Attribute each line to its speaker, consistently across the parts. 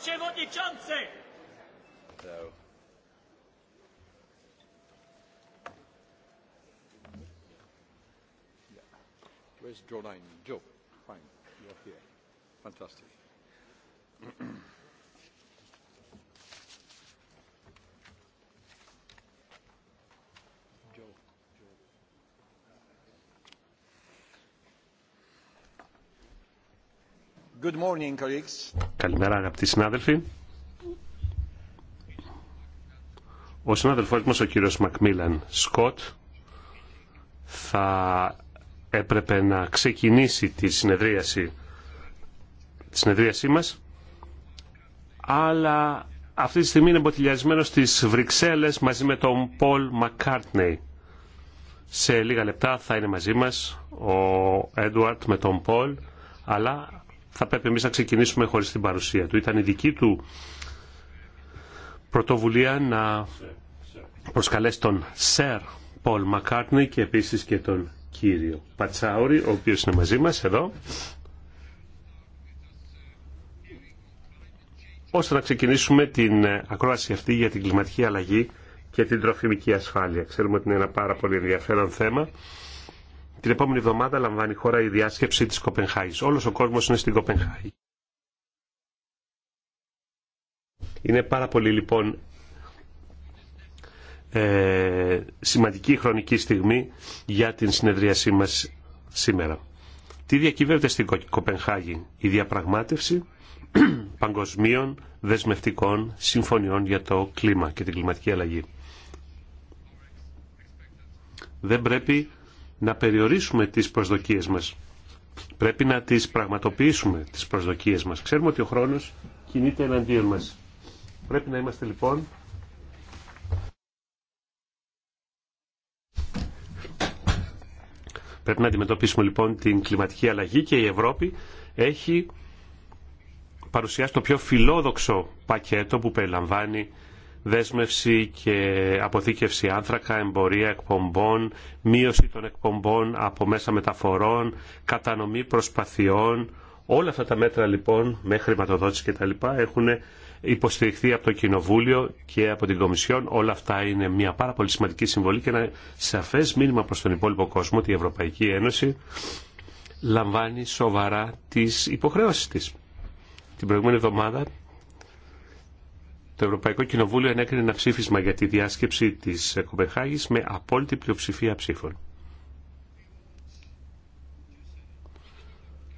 Speaker 1: przewodniczący!
Speaker 2: So. Where's Joe Joe, fine, you're here. Fantastic.
Speaker 1: Καλημέρα αγαπητοί συνάδελφοι. Ο συνάδελφός μας ο κύριος Μακμίλαν Σκοτ θα έπρεπε να ξεκινήσει τη συνεδρίαση τη συνεδρίασή μας αλλά αυτή τη στιγμή είναι εμποτιλιασμένος στις Βρυξέλλες μαζί με τον Πολ Μακκάρτνεϊ. Σε λίγα λεπτά θα είναι μαζί μας ο Έντουαρτ με τον Πολ αλλά θα πρέπει εμείς να ξεκινήσουμε χωρίς την παρουσία του. Ήταν η δική του πρωτοβουλία να προσκαλέσει τον Σερ Πολ Μακάρνι και επίσης και τον κύριο Πατσάουρη, ο οποίος είναι μαζί μας εδώ, ώστε να ξεκινήσουμε την ακρόαση αυτή για την κλιματική αλλαγή και την τροφιμική ασφάλεια. Ξέρουμε ότι είναι ένα πάρα πολύ ενδιαφέρον θέμα την επόμενη εβδομάδα λαμβάνει η χώρα η διάσκεψη της Κοπενχάγης. Όλος ο κόσμος είναι στην Κοπενχάγη. Είναι πάρα πολύ λοιπόν ε, σημαντική χρονική στιγμή για την συνεδρίασή μας σήμερα. Τι διακυβεύεται στην Κοπενχάγη. Η διαπραγμάτευση παγκοσμίων δεσμευτικών συμφωνιών για το κλίμα και την κλιματική αλλαγή. Δεν πρέπει να περιορίσουμε τις προσδοκίες μας. Πρέπει να τις πραγματοποιήσουμε τις προσδοκίες μας. Ξέρουμε ότι ο χρόνος κινείται εναντίον μας. Πρέπει να είμαστε λοιπόν Πρέπει να αντιμετωπίσουμε λοιπόν την κλιματική αλλαγή και η Ευρώπη έχει παρουσιάσει το πιο φιλόδοξο πακέτο που περιλαμβάνει δέσμευση και αποθήκευση άνθρακα, εμπορία εκπομπών, μείωση των εκπομπών από μέσα μεταφορών, κατανομή προσπαθειών. Όλα αυτά τα μέτρα λοιπόν με χρηματοδότηση κτλ. έχουν υποστηριχθεί από το Κοινοβούλιο και από την Κομισιόν. Όλα αυτά είναι μια πάρα πολύ σημαντική συμβολή και ένα σαφές μήνυμα προς τον υπόλοιπο κόσμο ότι η Ευρωπαϊκή Ένωση λαμβάνει σοβαρά τις υποχρεώσεις της. Την προηγούμενη εβδομάδα το Ευρωπαϊκό Κοινοβούλιο ενέκρινε ένα ψήφισμα για τη διάσκεψη της Κοπεχάγης με απόλυτη πλειοψηφία ψήφων.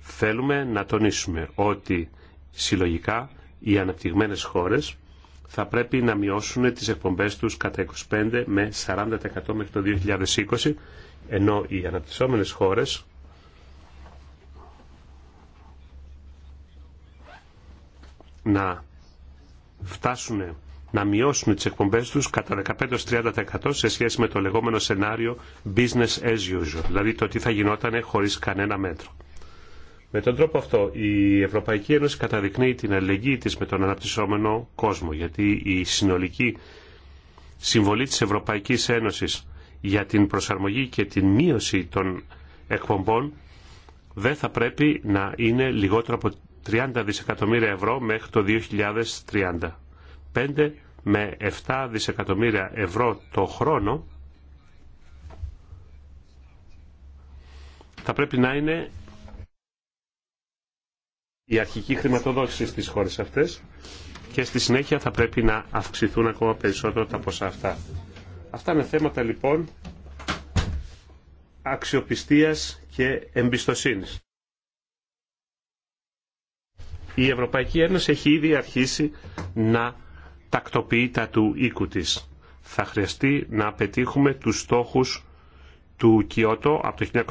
Speaker 1: Θέλουμε να τονίσουμε ότι συλλογικά οι αναπτυγμένες χώρες θα πρέπει να μειώσουν τις εκπομπές τους κατά 25 με 40% μέχρι το 2020, ενώ οι αναπτυσσόμενες χώρες να φτάσουν να μειώσουν τις εκπομπές τους κατά 15-30% σε σχέση με το λεγόμενο σενάριο business as usual, δηλαδή το τι θα γινόταν χωρίς κανένα μέτρο. Με τον τρόπο αυτό η Ευρωπαϊκή Ένωση καταδεικνύει την αλληλεγγύη της με τον αναπτυσσόμενο κόσμο, γιατί η συνολική συμβολή της Ευρωπαϊκής Ένωσης για την προσαρμογή και την μείωση των εκπομπών δεν θα πρέπει να είναι λιγότερο από 30 δισεκατομμύρια ευρώ μέχρι το 2030. 5 με 7 δισεκατομμύρια ευρώ το χρόνο θα πρέπει να είναι η αρχική χρηματοδότηση στις χώρες αυτές και στη συνέχεια θα πρέπει να αυξηθούν ακόμα περισσότερο τα ποσά αυτά. Αυτά είναι θέματα λοιπόν αξιοπιστίας και εμπιστοσύνης η Ευρωπαϊκή Ένωση έχει ήδη αρχίσει να τακτοποιεί τα του οίκου της. Θα χρειαστεί να πετύχουμε τους στόχους του Κιώτο από το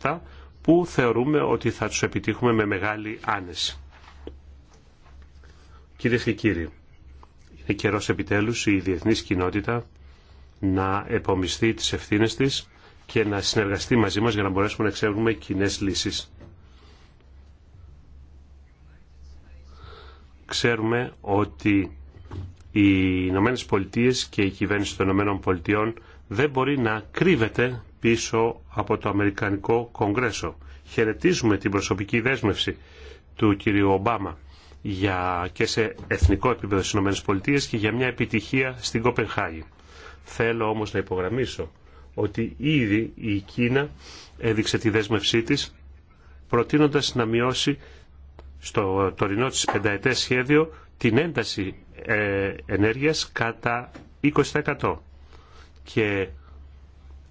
Speaker 1: 1997 που θεωρούμε ότι θα τους επιτύχουμε με μεγάλη άνεση. Κυρίε και κύριοι, είναι καιρό επιτέλους η διεθνής κοινότητα να επομιστεί τις ευθύνε της και να συνεργαστεί μαζί μας για να μπορέσουμε να ξέρουμε κοινέ λύσει. Ξέρουμε ότι οι Ηνωμένε Πολιτείε και η κυβέρνηση των Ηνωμένων Πολιτειών δεν μπορεί να κρύβεται πίσω από το Αμερικανικό Κογκρέσο. Χαιρετίζουμε την προσωπική δέσμευση του κ. Ομπάμα για, και σε εθνικό επίπεδο στις Πολιτείες και για μια επιτυχία στην Κοπενχάγη. Θέλω όμως να υπογραμμίσω ότι ήδη η Κίνα έδειξε τη δέσμευσή της προτείνοντας να μειώσει στο τωρινό της πενταετές σχέδιο την ένταση ε, ενέργειας κατά 20%. Και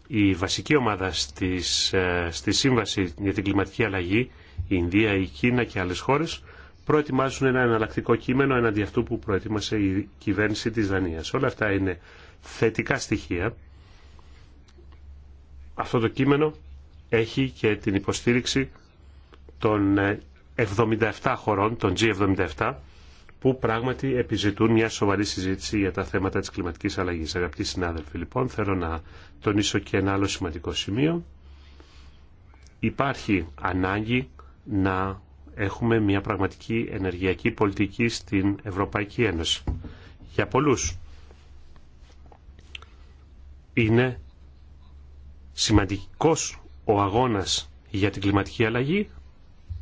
Speaker 1: η βασική ομάδα στις, ε, στη Σύμβαση για την Κλιματική Αλλαγή, η Ινδία, η Κίνα και άλλες χώρες, προετοιμάζουν ένα εναλλακτικό κείμενο εναντί αυτού που προετοίμασε η κυβέρνηση της Δανίας. Όλα αυτά είναι θετικά στοιχεία. Αυτό το κείμενο έχει και την υποστήριξη των ε, 77 χωρών, των G77, που πράγματι επιζητούν μια σοβαρή συζήτηση για τα θέματα της κλιματικής αλλαγής. Αγαπητοί συνάδελφοι, λοιπόν, θέλω να τονίσω και ένα άλλο σημαντικό σημείο. Υπάρχει ανάγκη να έχουμε μια πραγματική ενεργειακή πολιτική στην Ευρωπαϊκή Ένωση. Για πολλούς είναι σημαντικός ο αγώνας για την κλιματική αλλαγή,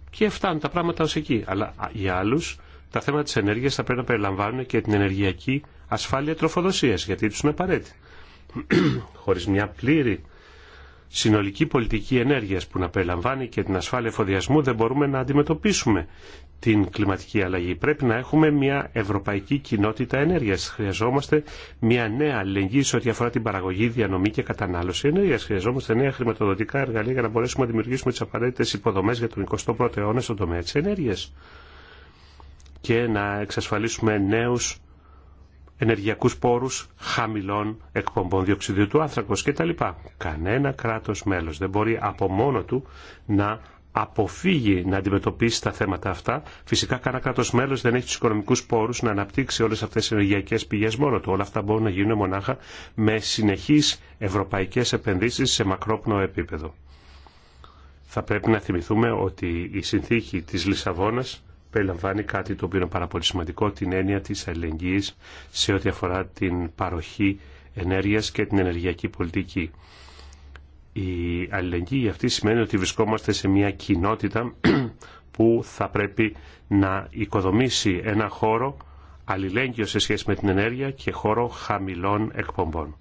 Speaker 1: και φτάνουν τα πράγματα ως εκεί. Αλλά για άλλους τα θέματα της ενέργειας θα πρέπει να περιλαμβάνουν και την ενεργειακή ασφάλεια τροφοδοσίας, γιατί τους είναι απαραίτητη. Χωρίς μια πλήρη συνολική πολιτική ενέργειας που να περιλαμβάνει και την ασφάλεια εφοδιασμού δεν μπορούμε να αντιμετωπίσουμε την κλιματική αλλαγή. Πρέπει να έχουμε μια ευρωπαϊκή κοινότητα ενέργειας. Χρειαζόμαστε μια νέα αλληλεγγύη σε ό,τι αφορά την παραγωγή, διανομή και κατανάλωση ενέργειας. Χρειαζόμαστε νέα χρηματοδοτικά εργαλεία για να μπορέσουμε να δημιουργήσουμε τις απαραίτητες υποδομές για τον 21ο αιώνα στον τομέα της ενέργειας και να εξασφαλίσουμε νέους ενεργειακούς πόρους χαμηλών εκπομπών διοξιδίου του άνθρακος κτλ. Κανένα κράτος μέλος δεν μπορεί από μόνο του να αποφύγει να αντιμετωπίσει τα θέματα αυτά. Φυσικά κανένα κράτο μέλο δεν έχει του οικονομικού πόρου να αναπτύξει όλε αυτέ τι ενεργειακέ πηγέ μόνο του. Όλα αυτά μπορούν να γίνουν μονάχα με συνεχεί ευρωπαϊκέ επενδύσει σε μακρόπνο επίπεδο. Θα πρέπει να θυμηθούμε ότι η συνθήκη τη Λισαβόνα περιλαμβάνει κάτι το οποίο είναι πάρα πολύ σημαντικό, την έννοια τη αλληλεγγύη σε ό,τι αφορά την παροχή ενέργεια και την ενεργειακή πολιτική. Η αλληλεγγύη αυτή σημαίνει ότι βρισκόμαστε σε μια κοινότητα που θα πρέπει να οικοδομήσει ένα χώρο αλληλέγγυο σε σχέση με την ενέργεια και χώρο χαμηλών εκπομπών.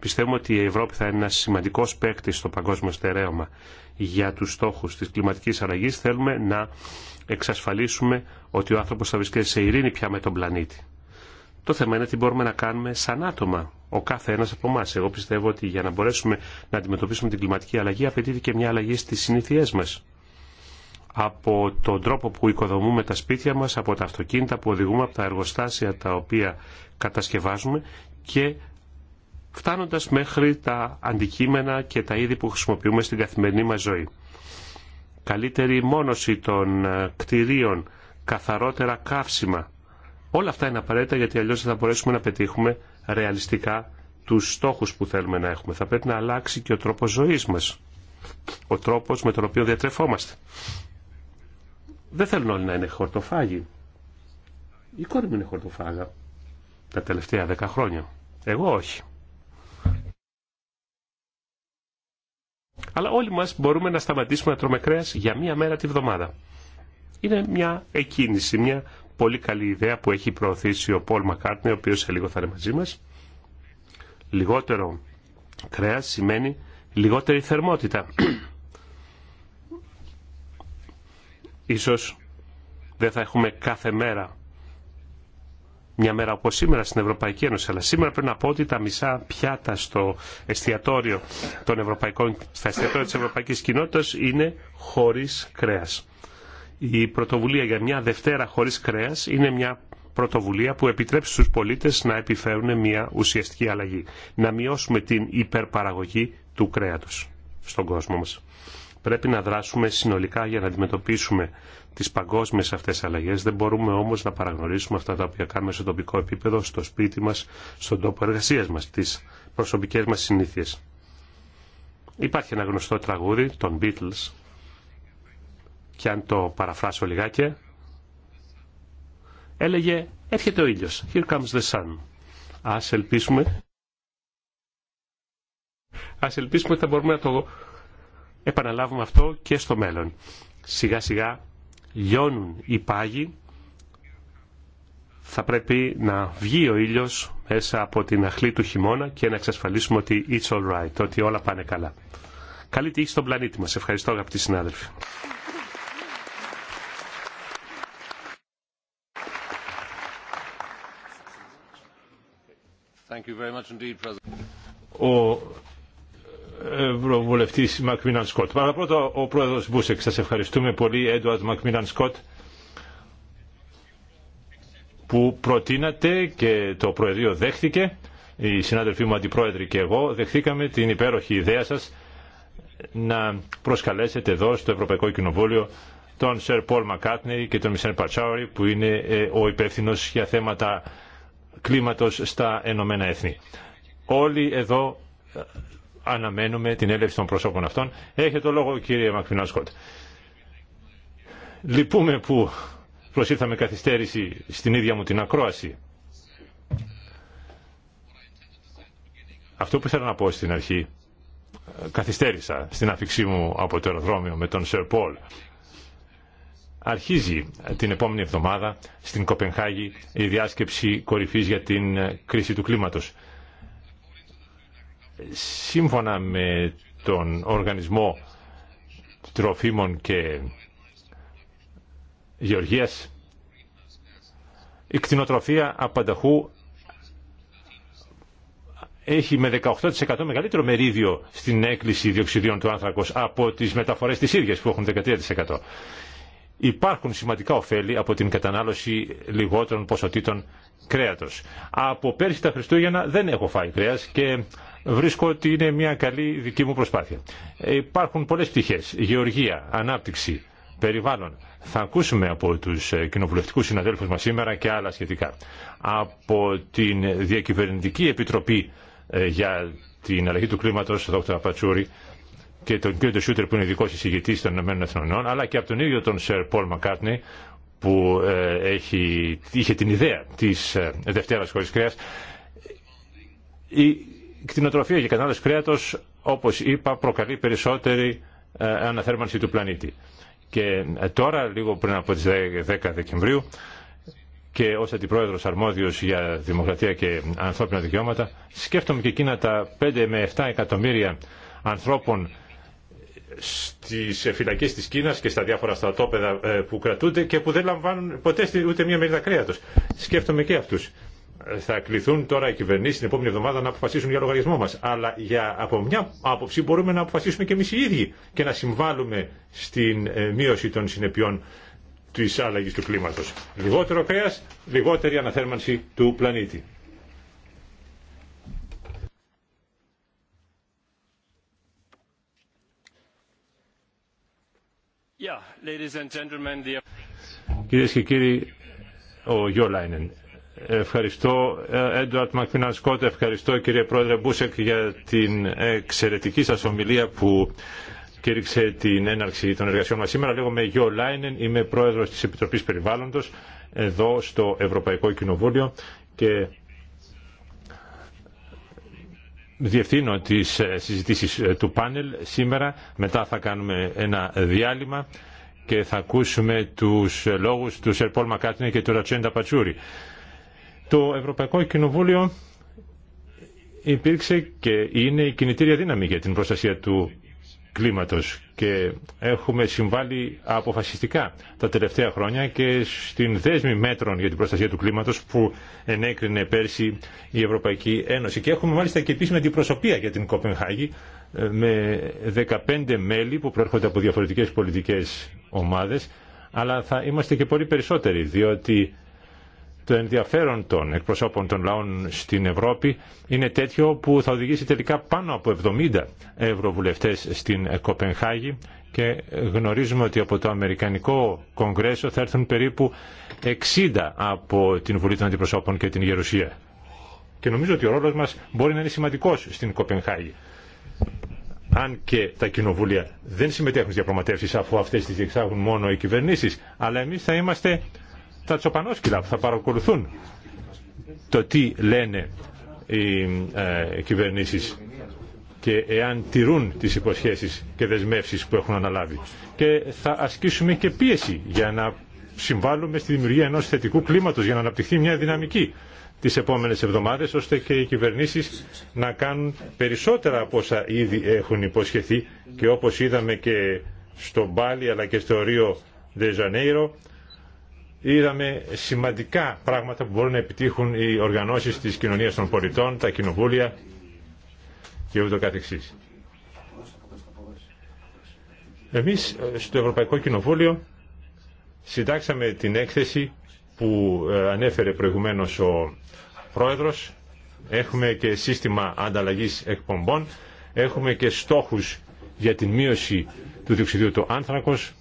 Speaker 1: Πιστεύουμε ότι η Ευρώπη θα είναι ένα σημαντικό παίκτη στο παγκόσμιο στερέωμα για του στόχου τη κλιματική αλλαγή. Θέλουμε να εξασφαλίσουμε ότι ο άνθρωπο θα βρίσκεται σε ειρήνη πια με τον πλανήτη. Το θέμα είναι τι μπορούμε να κάνουμε σαν άτομα, ο κάθε ένας από εμά. Εγώ πιστεύω ότι για να μπορέσουμε να αντιμετωπίσουμε την κλιματική αλλαγή απαιτείται και μια αλλαγή στις συνήθειές μας. Από τον τρόπο που οικοδομούμε τα σπίτια μας, από τα αυτοκίνητα που οδηγούμε, από τα εργοστάσια τα οποία κατασκευάζουμε και φτάνοντας μέχρι τα αντικείμενα και τα είδη που χρησιμοποιούμε στην καθημερινή μας ζωή. Καλύτερη μόνωση των ε, κτηρίων, καθαρότερα καύσιμα, Όλα αυτά είναι απαραίτητα γιατί αλλιώς δεν θα μπορέσουμε να πετύχουμε ρεαλιστικά τους στόχους που θέλουμε να έχουμε. Θα πρέπει να αλλάξει και ο τρόπος ζωής μας. Ο τρόπος με τον οποίο διατρεφόμαστε. Δεν θέλουν όλοι να είναι χορτοφάγοι. Η κόρη μου είναι χορτοφάγα τα τελευταία δέκα χρόνια. Εγώ όχι. Αλλά όλοι μας μπορούμε να σταματήσουμε να τρώμε κρέας για μία μέρα τη βδομάδα. Είναι μια εκκίνηση, μια πολύ καλή ιδέα που έχει προωθήσει ο Πολ Μακάρτνε, ο οποίος σε λίγο θα είναι μαζί μας. Λιγότερο κρέας σημαίνει λιγότερη θερμότητα. Ίσως δεν θα έχουμε κάθε μέρα μια μέρα όπως σήμερα στην Ευρωπαϊκή Ένωση, αλλά σήμερα πρέπει να πω ότι τα μισά πιάτα στο εστιατόριο των ευρωπαϊκών, στα εστιατόρια της Ευρωπαϊκής Κοινότητας είναι χωρίς κρέας. Η πρωτοβουλία για μια Δευτέρα χωρίς κρέας είναι μια πρωτοβουλία που επιτρέψει στους πολίτες να επιφέρουν μια ουσιαστική αλλαγή. Να μειώσουμε την υπερπαραγωγή του κρέατος στον κόσμο μας. Πρέπει να δράσουμε συνολικά για να αντιμετωπίσουμε τις παγκόσμιες αυτές αλλαγές. Δεν μπορούμε όμως να παραγνωρίσουμε αυτά τα οποία κάνουμε στο τοπικό επίπεδο, στο σπίτι μας, στον τόπο εργασίας μας, τι προσωπικές μας συνήθειες. Υπάρχει ένα γνωστό τραγούδι των Beatles και αν το παραφράσω λιγάκι, έλεγε «Έρχεται ο ήλιος, here comes the sun». Ας ελπίσουμε, ας ελπίσουμε ότι θα μπορούμε να το επαναλάβουμε αυτό και στο μέλλον. Σιγά σιγά λιώνουν οι πάγοι, θα πρέπει να βγει ο ήλιος μέσα από την αχλή του χειμώνα και να εξασφαλίσουμε ότι it's all right, ότι όλα πάνε καλά. Καλή τύχη στον πλανήτη μας. Ευχαριστώ αγαπητοί συνάδελφοι.
Speaker 2: ο ε, Ευρωβουλευτής Μακμίναν Σκοτ. Παρά ο πρόεδρος Μπούσεκ. Σας ευχαριστούμε πολύ, Έντουαρτ Μακμίναν Σκοτ, που προτείνατε και το Προεδρείο δέχτηκε. Οι συνάδελφοί μου αντιπρόεδροι και εγώ δεχτήκαμε την υπέροχη ιδέα σας να προσκαλέσετε εδώ στο Ευρωπαϊκό Κοινοβούλιο τον Σερ Πολ Μακάτνεϊ και τον Μισελ Πατσάουρη που είναι ε, ο υπεύθυνο για θέματα κλίματος στα Ενωμένα Έθνη. Όλοι εδώ ε, αναμένουμε την έλευση των προσώπων αυτών. Έχετε το λόγο κύριε Μακφινά Σκοτ. Λυπούμε που προσήλθαμε καθυστέρηση στην ίδια μου την ακρόαση. Αυτό που ήθελα να πω στην αρχή, ε, καθυστέρησα στην αφήξή μου από το αεροδρόμιο με τον Σερ Πολ Αρχίζει την επόμενη εβδομάδα στην Κοπενχάγη η διάσκεψη κορυφής για την κρίση του κλίματος. Σύμφωνα με τον Οργανισμό Τροφίμων και Γεωργίας, η κτηνοτροφία απανταχού έχει με 18% μεγαλύτερο μερίδιο στην έκκληση διοξιδίων του άνθρακος από τις μεταφορές της ίδιας που έχουν 13% υπάρχουν σημαντικά ωφέλη από την κατανάλωση λιγότερων ποσοτήτων κρέατος. Από πέρσι τα Χριστούγεννα δεν έχω φάει κρέας και βρίσκω ότι είναι μια καλή δική μου προσπάθεια. Υπάρχουν πολλές πτυχές. Γεωργία, ανάπτυξη, περιβάλλον. Θα ακούσουμε από τους ε, κοινοβουλευτικούς συναδέλφους μας σήμερα και άλλα σχετικά. Από την Διακυβερνητική Επιτροπή ε, για την Αλλαγή του Κλίματος, Δ. Πατσούρη, και τον κ. Σούτερ που είναι ειδικό εισηγητή των ΗΠΑ, αλλά και από τον ίδιο τον Σερ Πολ Μακάρτνι που ε, έχει, είχε την ιδέα τη ε, Δευτέρα Χωρί Κρέα. Η κτηνοτροφία για κατανάλωση κρέατο, όπω είπα, προκαλεί περισσότερη ε, αναθέρμανση του πλανήτη. Και ε, τώρα, λίγο πριν από τι 10 Δεκεμβρίου, και ως αντιπρόεδρος αρμόδιος για δημοκρατία και ανθρώπινα δικαιώματα, σκέφτομαι και εκείνα τα 5 με 7 εκατομμύρια ανθρώπων στις φυλακέ τη Κίνας και στα διάφορα στρατόπεδα ε, που κρατούνται και που δεν λαμβάνουν ποτέ ούτε μία μερίδα κρέατος. Σκέφτομαι και αυτούς. Ε, θα κληθούν τώρα οι κυβερνήσει την επόμενη εβδομάδα να αποφασίσουν για λογαριασμό μα. Αλλά για, από μια άποψη μπορούμε να αποφασίσουμε και εμεί οι ίδιοι και να συμβάλλουμε στην ε, μείωση των συνεπειών τη άλλαγη του κλίματο. Λιγότερο κρέα, λιγότερη αναθέρμανση του πλανήτη. Κύριε και κύριοι, ο Λάινεν. Ευχαριστώ, ε, Έντουαρτ Μακφίναν Σκότ, ευχαριστώ κύριε Πρόεδρε Μπούσεκ για την εξαιρετική σας ομιλία που κήρυξε την έναρξη των εργασιών μας σήμερα. Λέγομαι Γιώ Λάινεν, είμαι πρόεδρος της Επιτροπής Περιβάλλοντος εδώ στο Ευρωπαϊκό Κοινοβούλιο και διευθύνω τις ε, συζητήσεις ε, του πάνελ σήμερα. Μετά θα κάνουμε ένα διάλειμμα και θα ακούσουμε τους ε, λόγους του Σερ Πολ και του Ρατσέντα Πατσούρη. Το Ευρωπαϊκό Κοινοβούλιο υπήρξε και είναι η κινητήρια δύναμη για την προστασία του κλίματος και έχουμε συμβάλει αποφασιστικά τα τελευταία χρόνια και στην δέσμη μέτρων για την προστασία του κλίματος που ενέκρινε πέρσι η Ευρωπαϊκή Ένωση και έχουμε μάλιστα και την αντιπροσωπεία για την Κοπενχάγη ε, με 15 μέλη που προέρχονται από διαφορετικές πολιτικές ομάδες αλλά θα είμαστε και πολύ περισσότεροι διότι το ενδιαφέρον των εκπροσώπων των λαών στην Ευρώπη είναι τέτοιο που θα οδηγήσει τελικά πάνω από 70 ευρωβουλευτές στην Κοπενχάγη και γνωρίζουμε ότι από το Αμερικανικό Κογκρέσο θα έρθουν περίπου 60 από την Βουλή των Αντιπροσώπων και την Γερουσία. Και νομίζω ότι ο ρόλος μας μπορεί να είναι σημαντικός στην Κοπενχάγη. Αν και τα κοινοβούλια δεν συμμετέχουν στις διαπραγματεύσεις αφού αυτές τις διεξάγουν μόνο οι κυβερνήσεις, αλλά εμείς θα είμαστε τα τσοπανόσκυλα που θα παρακολουθούν το τι λένε οι ε, κυβερνήσεις και εάν τηρούν τις υποσχέσεις και δεσμεύσεις που έχουν αναλάβει. Και θα ασκήσουμε και πίεση για να συμβάλλουμε στη δημιουργία ενός θετικού κλίματος για να αναπτυχθεί μια δυναμική τις επόμενες εβδομάδες ώστε και οι κυβερνήσεις να κάνουν περισσότερα από όσα ήδη έχουν υποσχεθεί και όπως είδαμε και στο Μπάλι αλλά και στο Ρίο Δεζανέιρο είδαμε σημαντικά πράγματα που μπορούν να επιτύχουν οι οργανώσεις της κοινωνίας των πολιτών, τα κοινοβούλια και ούτω καθεξής. Εμείς ε, στο Ευρωπαϊκό Κοινοβούλιο συντάξαμε την έκθεση που ε, ανέφερε προηγουμένως ο Πρόεδρος. Έχουμε και σύστημα ανταλλαγής εκπομπών. Έχουμε και στόχους για την μείωση του διοξιδίου του άνθρακος.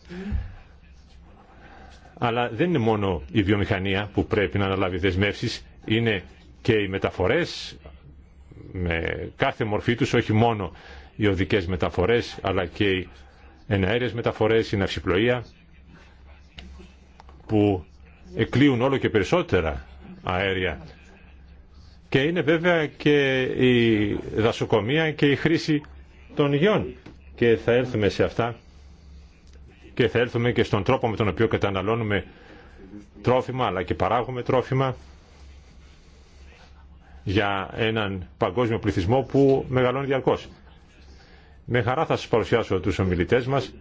Speaker 2: Αλλά δεν είναι μόνο η βιομηχανία που πρέπει να αναλάβει δεσμεύσει, είναι και οι μεταφορές με κάθε μορφή τους, όχι μόνο οι οδικές μεταφορές, αλλά και οι εναέρειε μεταφορές, η ναυσιπλοεία, που εκλείουν όλο και περισσότερα αέρια. Και είναι βέβαια και η δασοκομεία και η χρήση των γιών Και θα έρθουμε σε αυτά και θα έλθουμε και στον τρόπο με τον οποίο καταναλώνουμε τρόφιμα αλλά και παράγουμε τρόφιμα για έναν παγκόσμιο πληθυσμό που μεγαλώνει διαρκώς. Με χαρά θα σας παρουσιάσω τους ομιλητές μας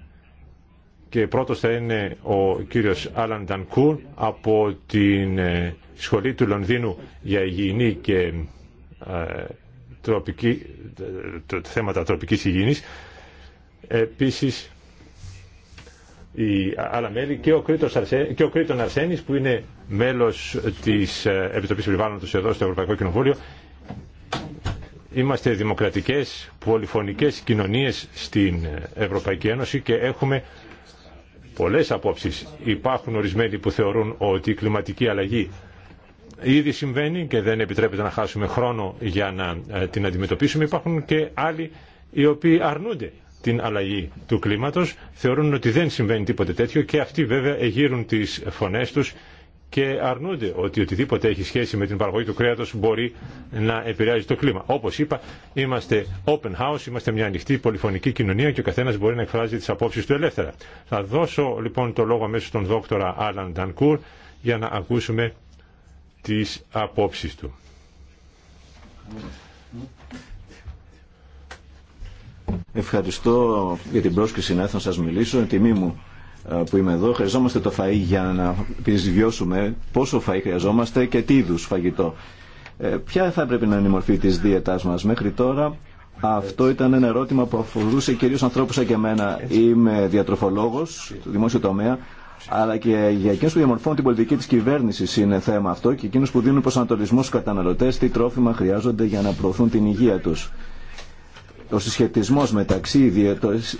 Speaker 2: και πρώτος θα είναι ο κύριος Άλαν Ντανκούρ από την ε, Σχολή του Λονδίνου για Υγιεινή και ε, τροπική, ε, θέματα τροπικής υγιεινής. Επίσης οι άλλα μέλη και ο, Κρήτος Αρσέ, Αρσένης που είναι μέλος της ε, Επιτροπής Περιβάλλοντος εδώ στο Ευρωπαϊκό Κοινοβούλιο. Είμαστε δημοκρατικές, πολυφωνικές κοινωνίες στην Ευρωπαϊκή Ένωση και έχουμε πολλές απόψεις. Υπάρχουν ορισμένοι που θεωρούν ότι η κλιματική αλλαγή ήδη συμβαίνει και δεν επιτρέπεται να χάσουμε χρόνο για να ε, την αντιμετωπίσουμε. Υπάρχουν και άλλοι οι οποίοι αρνούνται την αλλαγή του κλίματος, θεωρούν ότι δεν συμβαίνει τίποτε τέτοιο και αυτοί βέβαια εγείρουν τις φωνές τους και αρνούνται ότι οτιδήποτε έχει σχέση με την παραγωγή του κρέατος μπορεί να επηρεάζει το κλίμα. Όπως είπα, είμαστε open house, είμαστε μια ανοιχτή πολυφωνική κοινωνία και ο καθένας μπορεί να εκφράζει τις απόψεις του ελεύθερα. Θα δώσω λοιπόν το λόγο αμέσως στον δόκτορα Άλαν Ντανκούρ για να ακούσουμε τις απόψεις του.
Speaker 3: Ευχαριστώ για την πρόσκληση να έρθω να σας μιλήσω. Είναι τιμή μου ε, που είμαι εδώ. Χρειαζόμαστε το φαΐ για να επιβιώσουμε πόσο φαΐ χρειαζόμαστε και τι είδου φαγητό. Ε, ποια θα πρέπει να είναι η μορφή της δίαιτάς μας μέχρι τώρα. Αυτό ήταν ένα ερώτημα που αφορούσε κυρίως ανθρώπους σαν και εμένα. Είμαι διατροφολόγος του δημόσιου τομέα, αλλά και για εκείνου που διαμορφώνουν την πολιτική τη κυβέρνηση είναι θέμα αυτό και εκείνου που δίνουν προσανατολισμό στου καταναλωτέ, τι τρόφιμα χρειάζονται για να προωθούν την υγεία του ο συσχετισμός μεταξύ διαιτός,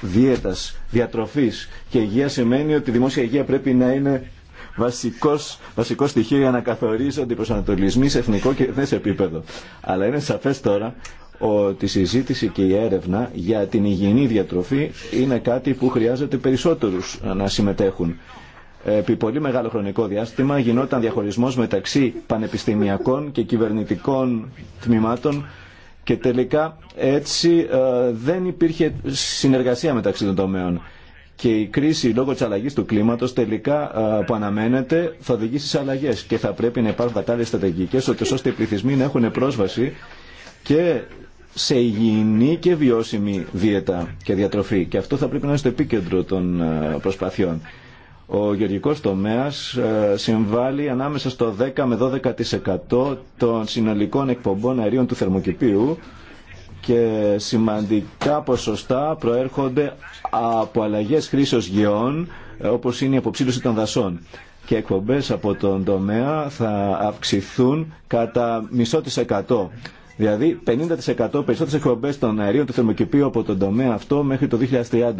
Speaker 3: δίαιτας, διατροφής και υγεία σημαίνει ότι η δημόσια υγεία πρέπει να είναι βασικός, βασικό στοιχείο για να καθορίζονται οι προσανατολισμοί σε εθνικό και σε επίπεδο. Αλλά είναι σαφές τώρα ότι η συζήτηση και η έρευνα για την υγιεινή διατροφή είναι κάτι που χρειάζεται περισσότερους να συμμετέχουν. Επί πολύ μεγάλο χρονικό διάστημα γινόταν διαχωρισμός μεταξύ πανεπιστημιακών και κυβερνητικών τμήματων και τελικά έτσι ε, δεν υπήρχε συνεργασία μεταξύ των τομέων. Και η κρίση λόγω τη αλλαγή του κλίματο τελικά ε, που αναμένεται θα οδηγήσει σε αλλαγέ και θα πρέπει να υπάρχουν κατάλληλε στρατηγικέ ώστε οι πληθυσμοί να έχουν πρόσβαση και σε υγιεινή και βιώσιμη δίαιτα και διατροφή. Και αυτό θα πρέπει να είναι στο επίκεντρο των ε, προσπαθειών. Ο γεωργικός τομέας ε, συμβάλλει ανάμεσα στο 10 με 12% των συνολικών εκπομπών αερίων του θερμοκηπίου και σημαντικά ποσοστά προέρχονται από αλλαγές χρήσεως γεών ε, όπως είναι η αποψήλωση των δασών και εκπομπές από τον τομέα θα αυξηθούν κατά μισό της εκατό Δηλαδή 50% περισσότερε εκπομπέ των αερίων του θερμοκηπίου από τον τομέα αυτό μέχρι το 2030.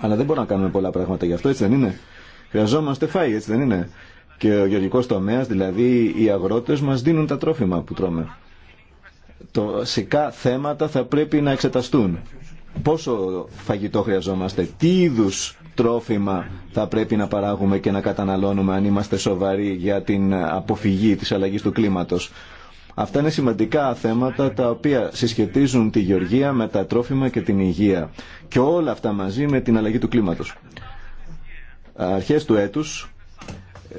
Speaker 3: Αλλά δεν μπορούμε να κάνουμε πολλά πράγματα γι' αυτό, έτσι δεν είναι. Χρειαζόμαστε φάει, έτσι δεν είναι. Και ο γεωργικό τομέα, δηλαδή οι αγρότε μα δίνουν τα τρόφιμα που τρώμε. Το σικά θέματα θα πρέπει να εξεταστούν. Πόσο φαγητό χρειαζόμαστε, τι είδου τρόφιμα θα πρέπει να παράγουμε και να καταναλώνουμε αν είμαστε σοβαροί για την αποφυγή της αλλαγής του κλίματος. Αυτά είναι σημαντικά θέματα τα οποία συσχετίζουν τη γεωργία με τα τρόφιμα και την υγεία. Και όλα αυτά μαζί με την αλλαγή του κλίματος. Αρχές του έτους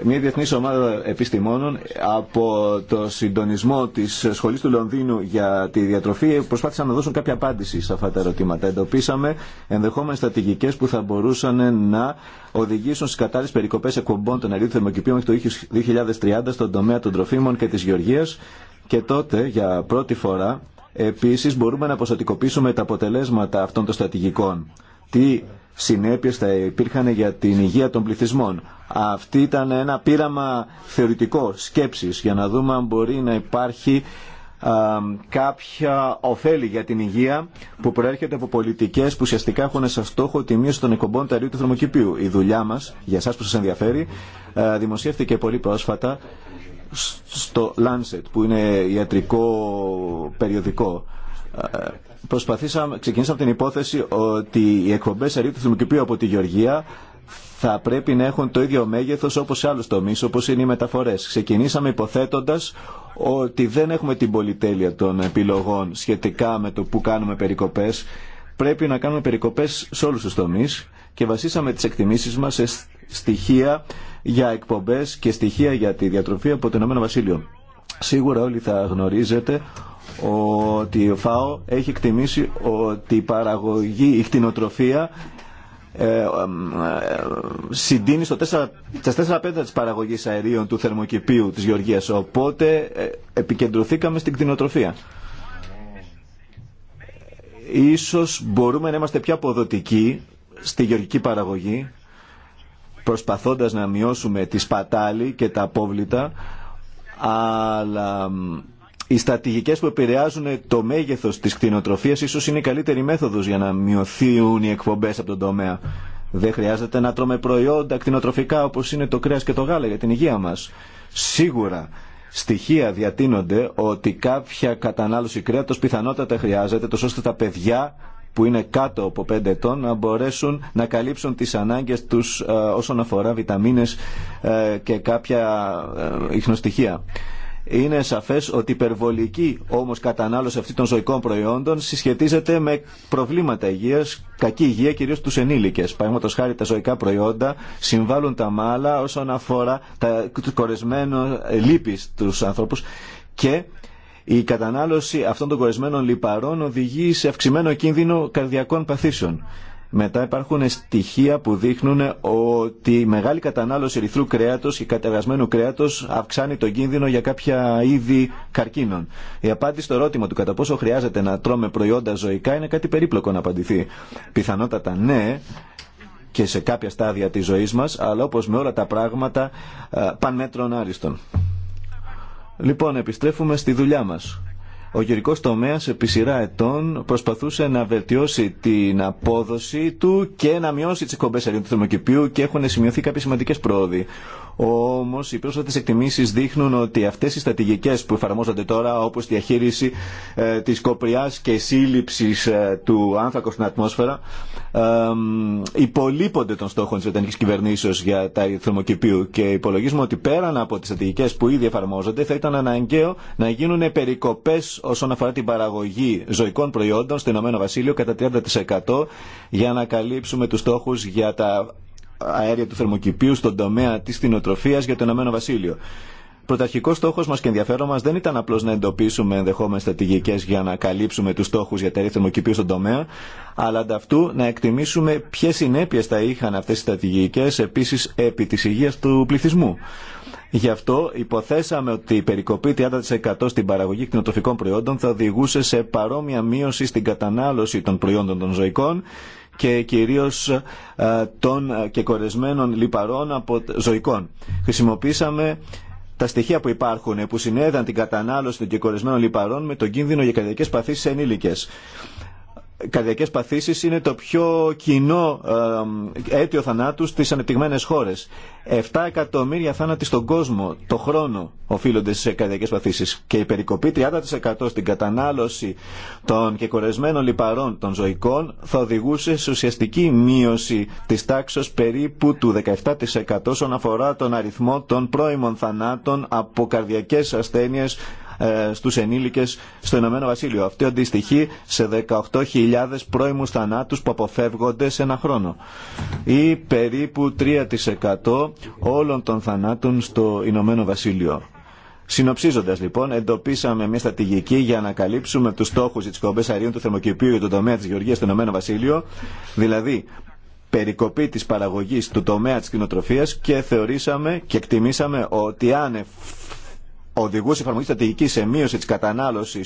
Speaker 3: μια διεθνή ομάδα επιστημόνων από το συντονισμό τη σχολή του Λονδίνου για τη διατροφή προσπάθησαν να δώσουν κάποια απάντηση σε αυτά τα ερωτήματα. Εντοπίσαμε ενδεχόμενε στρατηγικές που θα μπορούσαν να οδηγήσουν στι κατάλληλε περικοπές εκπομπών των αερίων θερμοκηπίων μέχρι το 2030 στον τομέα των τροφίμων και τη γεωργίας και τότε για πρώτη φορά επίση μπορούμε να αποστατικοποιήσουμε τα αποτελέσματα αυτών των στρατηγικών. Τι συνέπειες θα υπήρχαν για την υγεία των πληθυσμών. Αυτή ήταν ένα πείραμα θεωρητικό σκέψης για να δούμε αν μπορεί να υπάρχει κάποια ωφέλη για την υγεία που προέρχεται από πολιτικέ που ουσιαστικά έχουν σε στόχο τη μείωση των εκπομπών αερίου του θερμοκηπίου. Η δουλειά μα, για εσά που σα ενδιαφέρει, δημοσιεύτηκε πολύ πρόσφατα στο Lancet που είναι ιατρικό περιοδικό. Προσπαθήσαμε, ξεκινήσαμε από την υπόθεση ότι οι εκπομπέ αερίου του θερμοκηπίου από τη Γεωργία θα πρέπει να έχουν το ίδιο μέγεθο όπω σε άλλου τομεί, όπω είναι οι μεταφορέ. Ξεκινήσαμε υποθέτοντα ότι δεν έχουμε την πολυτέλεια των επιλογών σχετικά με το που κάνουμε περικοπέ. Πρέπει να κάνουμε περικοπέ σε όλου του τομεί και βασίσαμε τι εκτιμήσει μα σε στοιχεία για εκπομπέ και στοιχεία για τη διατροφή από το Ηνωμένο Βασίλειο. Σίγουρα όλοι θα γνωρίζετε ότι ο ΦΑΟ έχει εκτιμήσει ότι η παραγωγή, η κτηνοτροφία ε, ε, συντείνει στα 4, στις 4-5 της παραγωγής αερίων του θερμοκηπίου της Γεωργίας. Οπότε ε, επικεντρωθήκαμε στην κτηνοτροφία. Ίσως μπορούμε να είμαστε πιο αποδοτικοί στη γεωργική παραγωγή προσπαθώντας να μειώσουμε τη σπατάλη και τα απόβλητα αλλά οι στρατηγικέ που επηρεάζουν το μέγεθο τη κτηνοτροφίας ίσω είναι η καλύτερη μέθοδος για να μειωθούν οι εκπομπέ από τον τομέα. Δεν χρειάζεται να τρώμε προϊόντα κτηνοτροφικά όπω είναι το κρέα και το γάλα για την υγεία μα. Σίγουρα στοιχεία διατείνονται ότι κάποια κατανάλωση κρέατος πιθανότατα χρειάζεται τόσο ώστε τα παιδιά που είναι κάτω από 5 ετών να μπορέσουν να καλύψουν τις ανάγκες τους ε, όσον αφορά βιταμίνες ε, και κάποια ε, ίχνοστοιχεία. Είναι σαφές ότι η υπερβολική όμως κατανάλωση αυτή των ζωικών προϊόντων συσχετίζεται με προβλήματα υγείας, κακή υγεία κυρίως τους ενήλικες. Παραδείγματος χάρη τα ζωικά προϊόντα συμβάλλουν τα μάλα όσον αφορά τα κορεσμένο ε, λύπη τους ανθρώπους και η κατανάλωση αυτών των κορεσμένων λιπαρών οδηγεί σε αυξημένο κίνδυνο καρδιακών παθήσεων. Μετά υπάρχουν στοιχεία που δείχνουν ότι η μεγάλη κατανάλωση ρηθρού κρέατος και κατεργασμένου κρέατος αυξάνει τον κίνδυνο για κάποια είδη καρκίνων. Η απάντηση στο ερώτημα του κατά πόσο χρειάζεται να τρώμε προϊόντα ζωικά είναι κάτι περίπλοκο να απαντηθεί. Πιθανότατα ναι και σε κάποια στάδια της ζωής μας, αλλά όπως με όλα τα πράγματα πανέτρων άριστον. Λοιπόν, επιστρέφουμε στη δουλειά μας. Ο γερικό τομέα, επί σειρά ετών προσπαθούσε να βελτιώσει την απόδοση του και να μειώσει τι κομπές αερίων του θερμοκηπίου και έχουν σημειωθεί κάποιε σημαντικέ πρόοδοι. Όμω, οι πρόσφατες εκτιμήσει δείχνουν ότι αυτέ οι στρατηγικές που εφαρμόζονται τώρα όπω η διαχείριση ε, της κοπριάς και σύλληψη ε, του άνθρακου στην ατμόσφαιρα ε, υπολείπονται των στόχων τη Βρετανική κυβερνήσεω για τα θερμοκηπίου και υπολογίζουμε ότι πέραν από τι στρατηγικές που ήδη εφαρμόζονται θα ήταν αναγκαίο να γίνουν περικοπέ όσον αφορά την παραγωγή ζωικών προϊόντων στο Ηνωμένο Βασίλειο κατά 30% για να καλύψουμε τους στόχους για τα αέρια του θερμοκηπίου στον τομέα της κτηνοτροφίας για το Ηνωμένο Βασίλειο. Πρωταρχικό στόχο μα και ενδιαφέρον μα δεν ήταν απλώ να εντοπίσουμε ενδεχόμενε στρατηγικέ για να καλύψουμε του στόχου για τα θερμοκηπίου στον τομέα, αλλά ανταυτού να εκτιμήσουμε ποιε συνέπειε θα είχαν αυτέ οι στρατηγικέ επίση επί τη υγεία του πληθυσμού. Γι' αυτό υποθέσαμε ότι η περικοπή 30% στην παραγωγή κτηνοτροφικών προϊόντων θα οδηγούσε σε παρόμοια μείωση στην κατανάλωση των προϊόντων των ζωικών και κυρίως ε, των ε, κεκορεσμένων λιπαρών από ζωικών. Χρησιμοποίησαμε τα στοιχεία που υπάρχουν που συνέδαν την κατανάλωση των κεκορεσμένων λιπαρών με τον κίνδυνο για καρδιακές παθήσεις ενήλικες καρδιακές παθήσεις είναι το πιο κοινό αίτιο θανάτου στι ανεπτυγμένε χώρε. 7 εκατομμύρια θάνατοι στον κόσμο το χρόνο οφείλονται σε καρδιακέ παθήσει. και η περικοπή 30% στην κατανάλωση των κεκορεσμένων λιπαρών των ζωικών θα οδηγούσε σε ουσιαστική μείωση τη τάξη περίπου του 17% όσον αφορά τον αριθμό των πρώιμων θανάτων από καρδιακέ ασθένειε ε, στους ενήλικες στο Ηνωμένο Βασίλειο. Αυτή αντιστοιχεί σε 18.000 πρώιμους θανάτους που αποφεύγονται σε ένα χρόνο. Ή περίπου 3% όλων των θανάτων στο Ηνωμένο Βασίλειο. Συνοψίζοντα λοιπόν, εντοπίσαμε μια στρατηγική για να καλύψουμε του στόχου τη κομπέ αερίων του θερμοκηπίου για τον τομέα τη γεωργία στο Ηνωμένο Βασίλειο, δηλαδή περικοπή της παραγωγής του τομέα της κοινοτροφίας και θεωρήσαμε και εκτιμήσαμε ότι αν οδηγού εφαρμογή στρατηγική σε μείωση τη κατανάλωση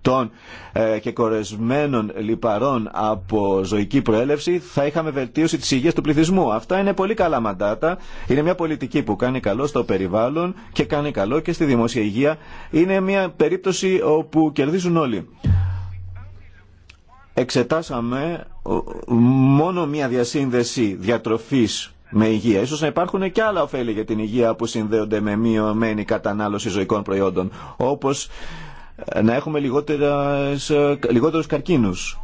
Speaker 3: των ε, και κορεσμένων λιπαρών από ζωική προέλευση, θα είχαμε βελτίωση τη υγεία του πληθυσμού. Αυτά είναι πολύ καλά μαντάτα. Είναι μια πολιτική που κάνει καλό στο περιβάλλον και κάνει καλό και στη δημόσια υγεία. Είναι μια περίπτωση όπου κερδίζουν όλοι. Εξετάσαμε μόνο μια διασύνδεση διατροφής με υγεία. Ίσως να υπάρχουν και άλλα ωφέλη για την υγεία που συνδέονται με μειωμένη κατανάλωση ζωικών προϊόντων, όπως ε, να έχουμε ε, λιγότερους καρκίνους.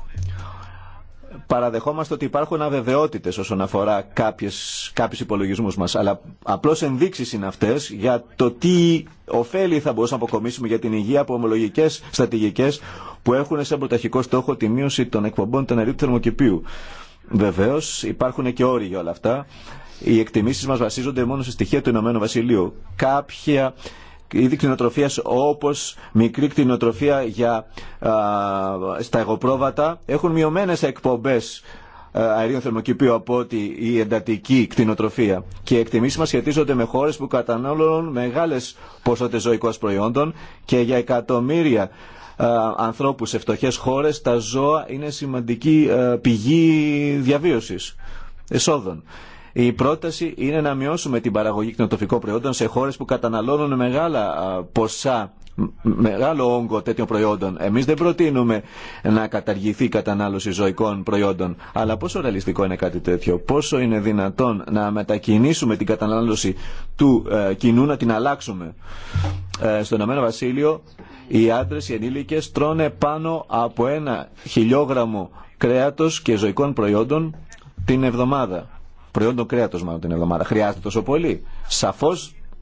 Speaker 3: Παραδεχόμαστε ότι υπάρχουν αβεβαιότητες όσον αφορά κάποιες, κάποιους υπολογισμούς μας, αλλά απλώς ενδείξεις είναι αυτές για το τι ωφέλη θα μπορούσαμε να αποκομίσουμε για την υγεία από ομολογικές στρατηγικές που έχουν σαν πρωταρχικό στόχο τη μείωση των εκπομπών του αερίου του θερμοκηπίου. Βεβαίω υπάρχουν και όροι για όλα αυτά. Οι εκτιμήσει μα βασίζονται μόνο σε στοιχεία του Ηνωμένου Βασιλείου. Κάποια είδη κτηνοτροφία όπω μικρή κτηνοτροφία για α, στα εγωπρόβατα έχουν μειωμένε εκπομπέ αερίων θερμοκηπίου από ότι η εντατική κτηνοτροφία. Και οι εκτιμήσει μα σχετίζονται με χώρε που κατανόλων μεγάλε ποσότητε ζωικών προϊόντων και για εκατομμύρια ε, ανθρώπους σε φτωχές χώρες τα ζώα είναι σημαντική ε, πηγή διαβίωσης εσόδων. Η πρόταση είναι να μειώσουμε την παραγωγή κτηνοτροφικών προϊόντων σε χώρες που καταναλώνουν μεγάλα ε, ποσά μεγάλο όγκο τέτοιων προϊόντων. Εμείς δεν προτείνουμε να καταργηθεί η κατανάλωση ζωικών προϊόντων. Αλλά πόσο ρεαλιστικό είναι κάτι τέτοιο. Πόσο είναι δυνατόν να μετακινήσουμε την κατανάλωση του ε, κοινού, να την αλλάξουμε. Ε, στον Ηνωμένο Βασίλειο οι άντρες, οι ενήλικες τρώνε πάνω από ένα χιλιόγραμμο κρέατος και ζωικών προϊόντων την εβδομάδα. Προϊόντων κρέατος μάλλον την εβδομάδα. Χρειάζεται τόσο πολύ. Σαφώ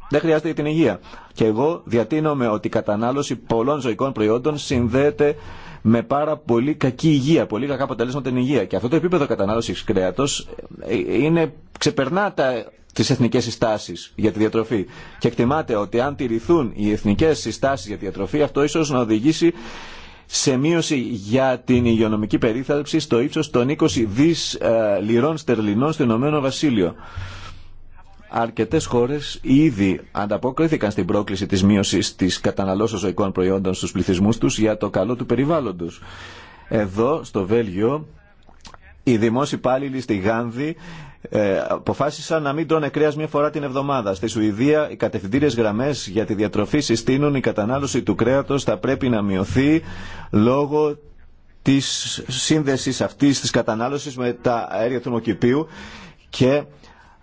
Speaker 3: δεν χρειάζεται για την υγεία. Και εγώ διατείνομαι ότι η κατανάλωση πολλών ζωικών προϊόντων συνδέεται με πάρα πολύ κακή υγεία, πολύ κακά αποτελέσματα την υγεία. Και αυτό το επίπεδο κατανάλωση κρέατο ε, ε, ξεπερνά τα, τις εθνικές συστάσεις για τη διατροφή. Και εκτιμάται ότι αν τηρηθούν οι εθνικές συστάσεις για τη διατροφή, αυτό ίσως να οδηγήσει σε μείωση για την υγειονομική περίθαλψη στο ύψος των 20 δις ε, λιρών στερλινών στο Ηνωμένο Βασίλειο αρκετές χώρες ήδη ανταποκρίθηκαν στην πρόκληση της μείωσης της καταναλώσεως ζωικών προϊόντων στους πληθυσμούς τους για το καλό του περιβάλλοντος. Εδώ, στο Βέλγιο, οι δημόσιοι υπάλληλοι στη Γάνδη ε, αποφάσισαν να μην τρώνε κρέας μία φορά την εβδομάδα. Στη Σουηδία οι κατευθυντήριε γραμμέ για τη διατροφή συστήνουν η κατανάλωση του κρέατος θα πρέπει να μειωθεί λόγω της σύνδεσης αυτής της κατανάλωσης με τα αέρια του και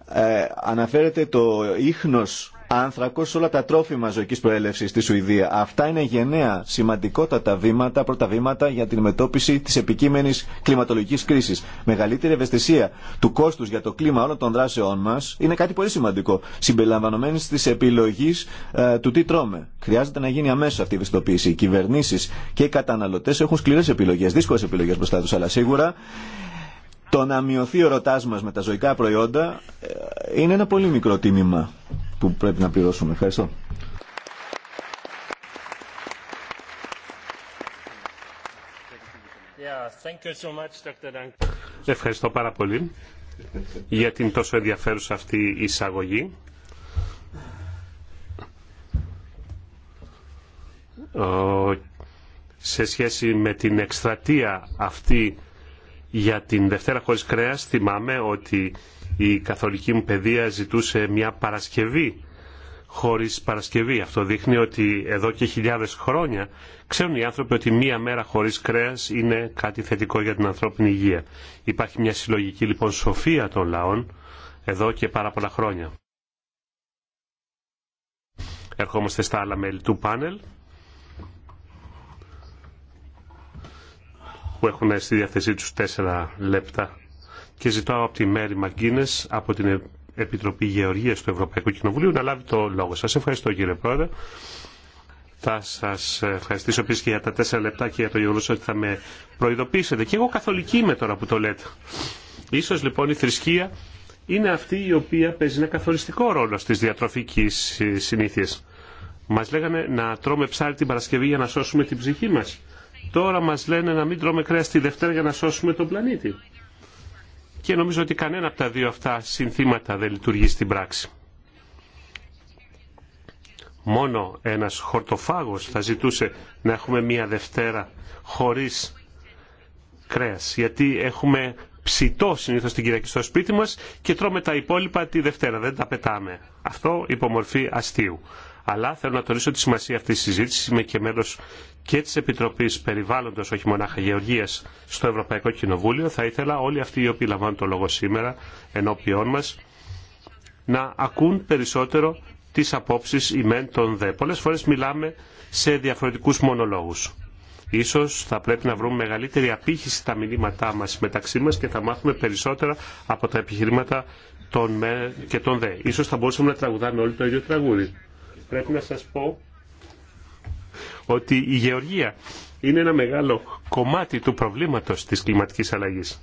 Speaker 3: ε, αναφέρεται το ίχνος άνθρακος σε όλα τα τρόφιμα ζωικής προέλευσης στη Σουηδία. Αυτά είναι γενναία σημαντικότατα βήματα, πρώτα βήματα για την μετώπιση της επικείμενης κλιματολογικής κρίσης. Μεγαλύτερη ευαισθησία του κόστους για το κλίμα όλων των δράσεών μας είναι κάτι πολύ σημαντικό, συμπεριλαμβανομένης τη επιλογή ε, του τι τρώμε. Χρειάζεται να γίνει αμέσως αυτή η ευαισθητοποίηση. Οι κυβερνήσεις και οι καταναλωτές έχουν σκληρέ επιλογέ, δύσκολε επιλογές μπροστά τους, αλλά σίγουρα το να μειωθεί ο ροτάς μας με τα ζωικά προϊόντα ε, είναι ένα πολύ μικρό τίμημα που πρέπει να πληρώσουμε. Ευχαριστώ.
Speaker 1: Ευχαριστώ πάρα πολύ για την τόσο ενδιαφέρουσα αυτή η εισαγωγή. Σε σχέση με την εκστρατεία αυτή για την Δευτέρα χωρίς κρέας θυμάμαι ότι η καθολική μου παιδεία ζητούσε μια Παρασκευή χωρίς Παρασκευή. Αυτό δείχνει ότι εδώ και χιλιάδες χρόνια ξέρουν οι άνθρωποι ότι μία μέρα χωρίς κρέας είναι κάτι θετικό για την ανθρώπινη υγεία. Υπάρχει μια συλλογική λοιπόν σοφία των λαών εδώ και πάρα πολλά χρόνια. Ερχόμαστε στα άλλα μέλη του πάνελ. που έχουν στη διάθεσή τους τέσσερα λεπτά και ζητάω από τη Μέρη Μαγκίνες από την Επιτροπή Γεωργίας του Ευρωπαϊκού Κοινοβουλίου να λάβει το λόγο. Σας ευχαριστώ κύριε Πρόεδρε. Θα σα ευχαριστήσω επίση και για τα τέσσερα λεπτά και για το γεγονό ότι θα με προειδοποιήσετε. Και εγώ καθολική είμαι τώρα που το λέτε. Ίσως λοιπόν η θρησκεία είναι αυτή η οποία παίζει ένα καθοριστικό ρόλο στις διατροφικές συνήθειες. Μας λέγανε να τρώμε ψάρι την Παρασκευή για να σώσουμε την ψυχή μας. Τώρα μας λένε να μην τρώμε κρέας τη Δευτέρα για να σώσουμε τον πλανήτη. Και νομίζω ότι κανένα από τα δύο αυτά συνθήματα δεν λειτουργεί στην πράξη. Μόνο ένας χορτοφάγος θα ζητούσε να έχουμε μία Δευτέρα χωρίς κρέας. Γιατί έχουμε ψητό συνήθως την Κυριακή στο σπίτι μας και τρώμε τα υπόλοιπα τη Δευτέρα. Δεν τα πετάμε. Αυτό υπομορφή αστείου. Αλλά θέλω να τονίσω τη σημασία αυτής της συζήτησης. Είμαι και μέλος και της Επιτροπής Περιβάλλοντος, όχι μονάχα Γεωργίας, στο Ευρωπαϊκό Κοινοβούλιο, θα ήθελα όλοι αυτοί οι οποίοι λαμβάνουν το λόγο σήμερα ενώπιόν μας να ακούν περισσότερο τις απόψεις ημέν των δε. Πολλές φορές μιλάμε σε διαφορετικούς μονολόγους. Ίσως θα πρέπει να βρούμε μεγαλύτερη απήχηση στα μηνύματά μας μεταξύ μας και θα μάθουμε περισσότερα από τα επιχειρήματα των με και των δε. Ίσως θα μπορούσαμε να τραγουδάμε όλοι το ίδιο τραγούδι. Πρέπει να σας πω ότι η γεωργία είναι ένα μεγάλο κομμάτι του προβλήματος της κλιματικής αλλαγής.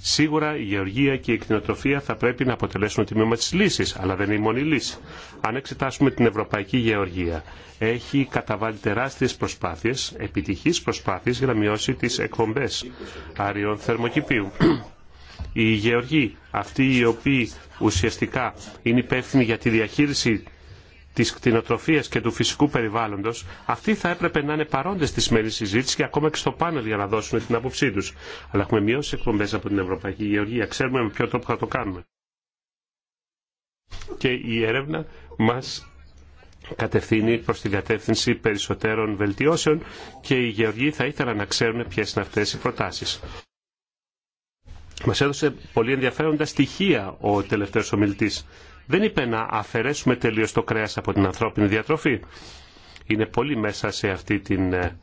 Speaker 1: Σίγουρα η γεωργία και η εκτινοτροφία θα πρέπει να αποτελέσουν τμήμα τη λύσης, αλλά δεν είναι η μόνη λύση. Αν εξετάσουμε την ευρωπαϊκή γεωργία, έχει καταβάλει τεράστιε προσπάθειε, επιτυχεί προσπάθειες για να μειώσει τι εκπομπές αριών θερμοκηπίου. Οι γεωργοί, αυτοί οι οποίοι ουσιαστικά είναι υπεύθυνοι για τη διαχείριση της κτηνοτροφίας και του φυσικού περιβάλλοντος, αυτοί θα έπρεπε να είναι παρόντες στη σημερινή συζήτηση και ακόμα και στο πάνελ για να δώσουν την άποψή τους. Αλλά έχουμε μειώσει εκπομπές από την Ευρωπαϊκή Γεωργία. Ξέρουμε με ποιο τρόπο θα το κάνουμε. Και η έρευνα μας κατευθύνει προς την κατεύθυνση περισσότερων βελτιώσεων και οι γεωργοί θα ήθελαν να ξέρουν ποιες είναι αυτές οι προτάσεις. Μας έδωσε πολύ ενδιαφέροντα στοιχεία ο τελευταίο ομιλητή δεν είπε να αφαιρέσουμε τελείως το κρέας από την ανθρώπινη διατροφή. Είναι πολύ μέσα σε αυτή την ε,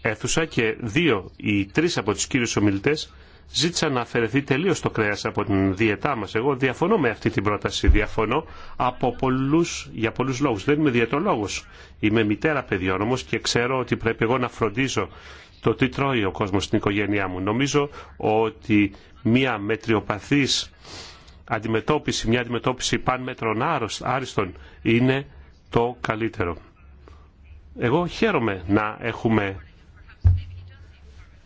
Speaker 1: αίθουσα και δύο ή τρεις από τους κύριους ομιλητές ζήτησαν να αφαιρεθεί τελείως το κρέας από την διαιτά μας. Εγώ διαφωνώ με αυτή την πρόταση. Διαφωνώ από πολλούς, για πολλούς λόγους. Δεν είμαι διαιτολόγος. Είμαι μητέρα παιδιών όμως και ξέρω ότι πρέπει εγώ να φροντίζω το τι τρώει ο κόσμος στην οικογένειά μου. Νομίζω ότι μια μετριοπαθής αντιμετώπιση, μια αντιμετώπιση πανμέτρων άριστον είναι το καλύτερο. Εγώ χαίρομαι να έχουμε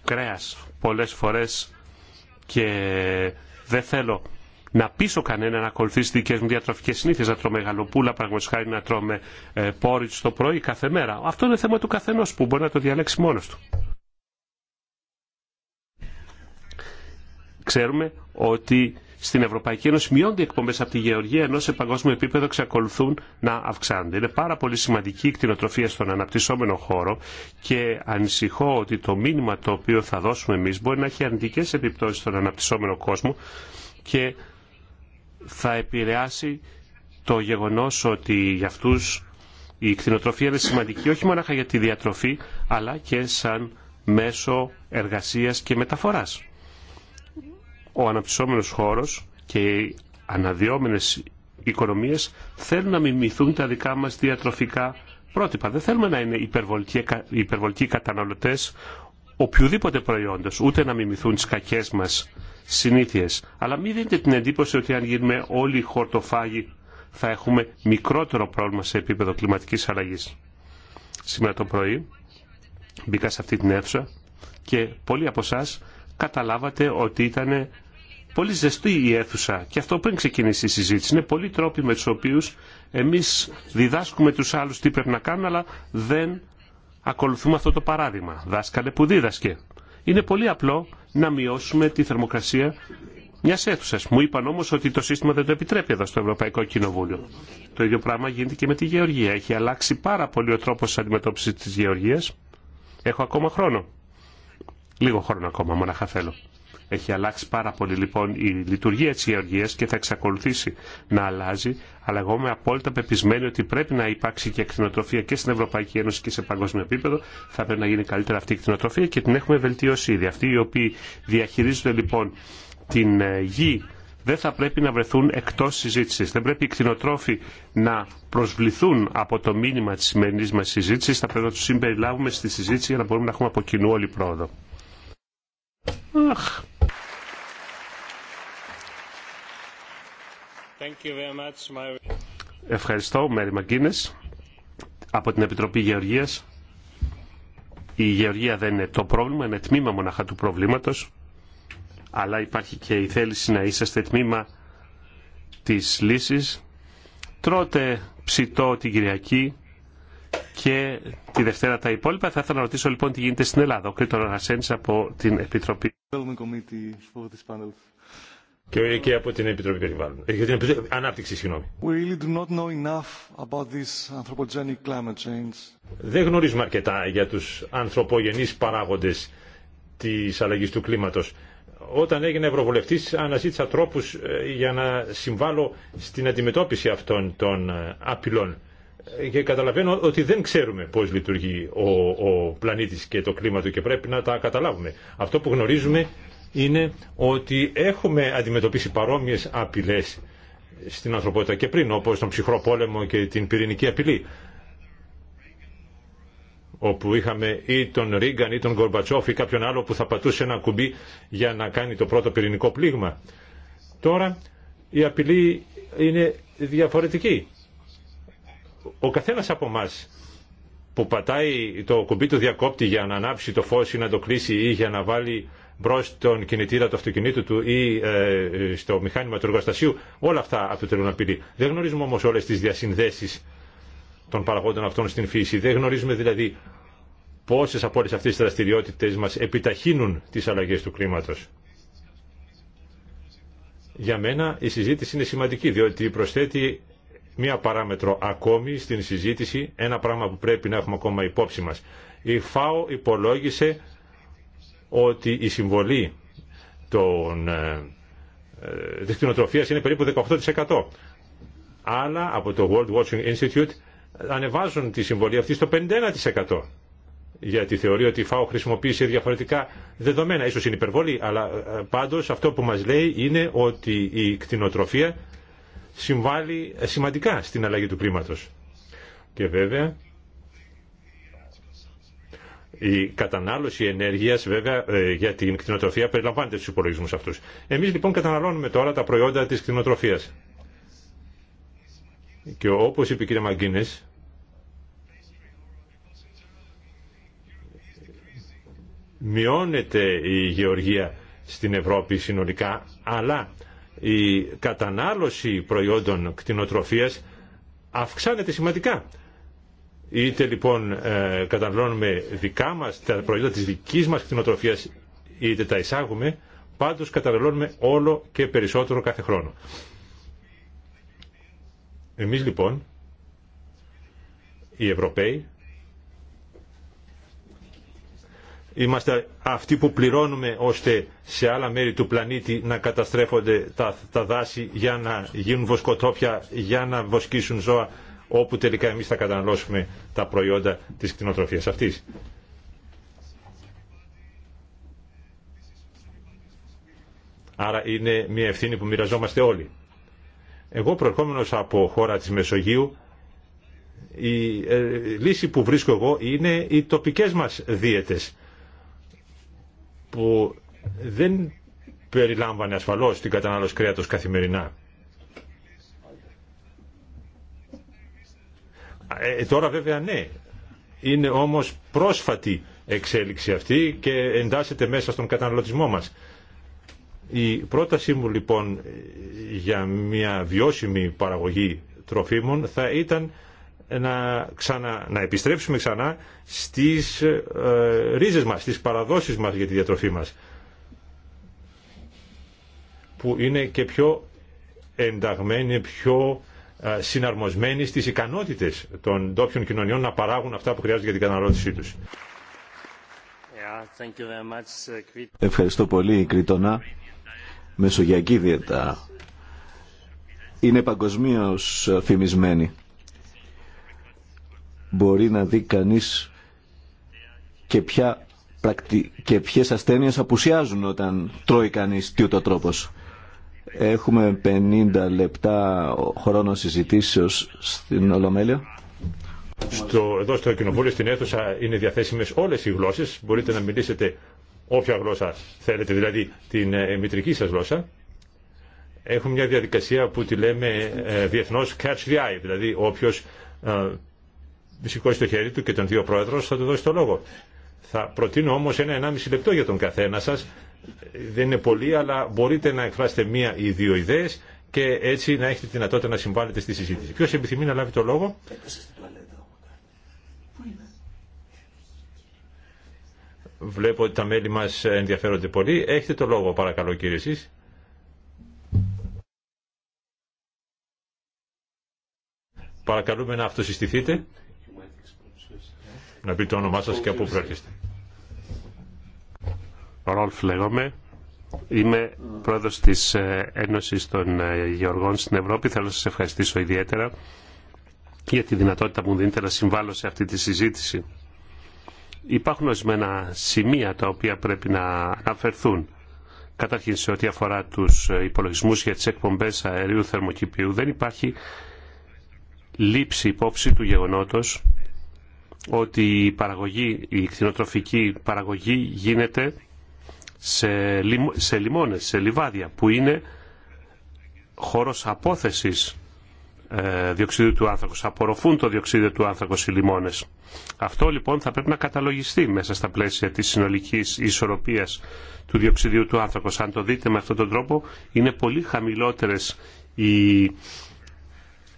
Speaker 1: κρέας πολλές φορές και δεν θέλω να πείσω κανένα να ακολουθήσει δικές μου διατροφικέ συνήθειες να τρώμε γαλοπούλα, πραγματικά να τρώμε ε, πόριτ το πρωί κάθε μέρα. Αυτό είναι θέμα του καθενός που μπορεί να το διαλέξει μόνος του. Ξέρουμε ότι στην Ευρωπαϊκή Ένωση μειώνται οι εκπομπέ από τη γεωργία, ενώ σε παγκόσμιο επίπεδο εξακολουθούν να αυξάνονται. Είναι πάρα πολύ σημαντική η κτηνοτροφία στον αναπτυσσόμενο χώρο και ανησυχώ ότι το μήνυμα το οποίο θα δώσουμε εμεί μπορεί να έχει αρνητικέ επιπτώσει στον αναπτυσσόμενο κόσμο και θα επηρεάσει το γεγονό ότι για αυτού η κτηνοτροφία είναι σημαντική όχι μόνο για τη διατροφή αλλά και σαν μέσο εργασίας και μεταφοράς ο αναπτυσσόμενος χώρος και οι αναδυόμενες οικονομίες θέλουν να μιμηθούν τα δικά μας διατροφικά πρότυπα. Δεν θέλουμε να είναι υπερβολικοί, υπερβολικοί καταναλωτές οποιοδήποτε προϊόντος, ούτε να μιμηθούν τις κακές μας συνήθειες. Αλλά μην δίνετε την εντύπωση ότι αν γίνουμε όλοι χορτοφάγοι θα έχουμε μικρότερο πρόβλημα σε επίπεδο κλιματικής αλλαγής. Σήμερα το πρωί μπήκα σε αυτή την αίθουσα και πολλοί από εσά καταλάβατε ότι ήταν πολύ ζεστή η αίθουσα και αυτό πριν ξεκινήσει η συζήτηση. Είναι πολλοί τρόποι με τους οποίους εμείς διδάσκουμε τους άλλους τι πρέπει να κάνουν αλλά δεν ακολουθούμε αυτό το παράδειγμα. Δάσκαλε που δίδασκε. Είναι πολύ απλό να μειώσουμε τη θερμοκρασία μια αίθουσα. Μου είπαν όμω ότι το σύστημα δεν το επιτρέπει εδώ στο Ευρωπαϊκό Κοινοβούλιο. Το ίδιο πράγμα γίνεται και με τη γεωργία. Έχει αλλάξει πάρα πολύ ο τρόπο αντιμετώπιση τη γεωργία. Έχω ακόμα χρόνο. Λίγο χρόνο ακόμα, μόνο θέλω. Έχει αλλάξει πάρα πολύ λοιπόν η λειτουργία της γεωργίας και θα εξακολουθήσει να αλλάζει, αλλά εγώ είμαι απόλυτα πεπισμένη ότι πρέπει να υπάρξει και κτηνοτροφία και στην Ευρωπαϊκή Ένωση και σε παγκόσμιο επίπεδο. Θα πρέπει να γίνει καλύτερα αυτή η κτηνοτροφία και την έχουμε βελτιώσει ήδη. Αυτοί οι οποίοι διαχειρίζονται λοιπόν την ε, γη δεν θα πρέπει να βρεθούν εκτός συζήτησης. Δεν πρέπει οι κτηνοτρόφοι να προσβληθούν από το μήνυμα της σημερινής μας συζήτησης. Θα πρέπει να τους συμπεριλάβουμε στη συζήτηση για να μπορούμε να έχουμε από κοινού όλη πρόοδο. Ευχαριστώ, Μέρι Μαγκίνες, από την Επιτροπή Γεωργίας. Η γεωργία δεν είναι το πρόβλημα, είναι τμήμα μοναχά του προβλήματος, αλλά υπάρχει και η θέληση να είσαστε τμήμα της λύσης. Τρώτε ψητό την Κυριακή και τη Δευτέρα τα υπόλοιπα. Θα ήθελα να ρωτήσω λοιπόν τι γίνεται στην Ελλάδα. Ο Κρήτορα Ρασένης από την Επιτροπή
Speaker 2: και, και από την Επιτροπή Περιβάλλον. Ε, για την Επιτροπή Ανάπτυξη, συγγνώμη.
Speaker 3: We do not know enough about this anthropogenic climate change.
Speaker 2: Δεν γνωρίζουμε αρκετά για τους ανθρωπογενείς παράγοντες της αλλαγής του κλίματος. Όταν έγινε Ευρωβουλευτής αναζήτησα τρόπους ε, για να συμβάλλω στην αντιμετώπιση αυτών των ε, απειλών. Και καταλαβαίνω ότι δεν ξέρουμε πώς λειτουργεί ο, ο πλανήτης και το κλίμα του και πρέπει να τα καταλάβουμε. Αυτό που γνωρίζουμε είναι ότι έχουμε αντιμετωπίσει παρόμοιες απειλές στην ανθρωπότητα και πριν, όπως τον ψυχρό πόλεμο και την πυρηνική απειλή όπου είχαμε ή τον Ρίγκαν ή τον Γκορμπατσόφ ή κάποιον άλλο που θα πατούσε ένα κουμπί για να κάνει το πρώτο πυρηνικό πλήγμα. Τώρα η απειλή είναι διαφορετική. Ο καθένας από εμά που πατάει το κουμπί του διακόπτη για να ανάψει το φως ή να το κλείσει ή για να βάλει μπρο στον κινητήρα του αυτοκινήτου του ή ε, στο μηχάνημα του εργοστασίου. Όλα αυτά αποτελούν απειλή. Δεν γνωρίζουμε όμω όλε τι διασυνδέσει των παραγόντων αυτών στην φύση. Δεν γνωρίζουμε δηλαδή πόσε από όλε αυτέ τι δραστηριότητε μα επιταχύνουν τι αλλαγέ του κλίματο. Για μένα η συζήτηση είναι σημαντική, διότι προσθέτει μία παράμετρο ακόμη στην συζήτηση, ένα πράγμα που πρέπει να έχουμε ακόμα υπόψη μας. Η ΦΑΟ υπολόγισε ότι η συμβολή των, ε, ε της κτηνοτροφίας είναι περίπου 18%. Αλλά από το World Watching Institute ανεβάζουν τη συμβολή αυτή στο 51% γιατί θεωρεί ότι η ΦΑΟ χρησιμοποίησε διαφορετικά δεδομένα. Ίσως είναι υπερβολή, αλλά ε, πάντως αυτό που μας λέει είναι ότι η κτηνοτροφία συμβάλλει ε, σημαντικά στην αλλαγή του κλίματος. Και βέβαια η κατανάλωση ενέργεια βέβαια ε, για την κτηνοτροφία περιλαμβάνεται στου υπολογισμού αυτού. Εμεί λοιπόν καταναλώνουμε τώρα τα προϊόντα τη κτηνοτροφία. Και όπω είπε η κυρία Μαγκίνε, μειώνεται η γεωργία στην Ευρώπη συνολικά, αλλά η κατανάλωση προϊόντων κτηνοτροφίας αυξάνεται σημαντικά. Είτε λοιπόν ε, καταναλώνουμε δικά μας, τα προϊόντα της δική μας κτηνοτροφίας, είτε τα εισάγουμε, πάντως καταναλώνουμε όλο και περισσότερο κάθε χρόνο. Εμείς λοιπόν, οι Ευρωπαίοι, είμαστε αυτοί που πληρώνουμε ώστε σε άλλα μέρη του πλανήτη να καταστρέφονται τα, τα δάση για να γίνουν βοσκοτόπια, για να βοσκήσουν ζώα όπου τελικά εμείς θα καταναλώσουμε τα προϊόντα της κτηνοτροφίας αυτής. Άρα είναι μια ευθύνη που μοιραζόμαστε όλοι. Εγώ προερχόμενος από χώρα της Μεσογείου, η ε, λύση που βρίσκω εγώ είναι οι τοπικές μας δίαιτες, που δεν περιλάμβανε ασφαλώς την κατανάλωση κρέατος καθημερινά. Ε, ε, τώρα βέβαια ναι. Είναι όμως πρόσφατη εξέλιξη αυτή και εντάσσεται μέσα στον καταναλωτισμό μας. Η πρότασή μου λοιπόν ε, για μια βιώσιμη παραγωγή τροφίμων θα ήταν να, ξανα, να επιστρέψουμε ξανά στις ε, ρίζες μας, στις παραδόσεις μας για τη διατροφή μας που είναι και πιο ενταγμένη, πιο ε, συναρμοσμένη στις ικανότητες των ντόπιων κοινωνιών να παράγουν αυτά που χρειάζονται για την καταναλώτησή τους.
Speaker 3: Ευχαριστώ πολύ, Κρήτονα. Μεσογειακή δίαιτα είναι παγκοσμίω φημισμένη. Μπορεί να δει κανείς και, ποια, και ποιες ασθένειες απουσιάζουν όταν τρώει κανείς τούτο τρόπος. Έχουμε 50 λεπτά χρόνο συζητήσεως στην Ολομέλεια. Στο,
Speaker 2: εδώ στο κοινοβούλιο, στην αίθουσα, είναι διαθέσιμες όλες οι γλώσσες. Μπορείτε να μιλήσετε όποια γλώσσα θέλετε, δηλαδή την ε, μητρική σας γλώσσα. Έχουμε μια διαδικασία που τη λέμε ε, διεθνώς catch the eye, δηλαδή όποιος ε, σηκώσει το χέρι του και τον δύο πρόεδρος θα του δώσει το λόγο. Θα προτείνω όμως ένα-ενάμιση λεπτό για τον καθένα σας δεν είναι πολλοί, αλλά μπορείτε να εκφράσετε μία ή δύο ιδέε και έτσι να έχετε τη δυνατότητα να συμβάλλετε στη συζήτηση. Ποιο επιθυμεί να λάβει το λόγο. Βλέπω ότι τα μέλη μας ενδιαφέρονται πολύ. Έχετε το λόγο παρακαλώ κύριε εσείς. Παρακαλούμε να αυτοσυστηθείτε. Να πείτε το όνομά σας και από πού προέρχεστε.
Speaker 1: Ρόλφ λέγομαι. Είμαι πρόεδρος της ε, Ένωσης των ε, Γεωργών στην Ευρώπη. Θέλω να σας ευχαριστήσω ιδιαίτερα για τη δυνατότητα που μου δίνετε να συμβάλλω σε αυτή τη συζήτηση. Υπάρχουν ορισμένα σημεία τα οποία πρέπει να αναφερθούν. Καταρχήν σε ό,τι αφορά τους ε, υπολογισμούς για τις εκπομπές αερίου θερμοκηπίου δεν υπάρχει λήψη υπόψη του γεγονότος ότι η παραγωγή, η κτηνοτροφική παραγωγή γίνεται σε, σε λιμόνες, σε λιβάδια που είναι χώρος απόθεσης ε, διοξιδίου του άνθρακος. Απορροφούν το διοξίδιο του άνθρακος οι λιμόνες. Αυτό λοιπόν θα πρέπει να καταλογιστεί μέσα στα πλαίσια της συνολικής ισορροπίας του διοξιδίου του άνθρακος. Αν το δείτε με αυτόν τον τρόπο είναι πολύ χαμηλότερες οι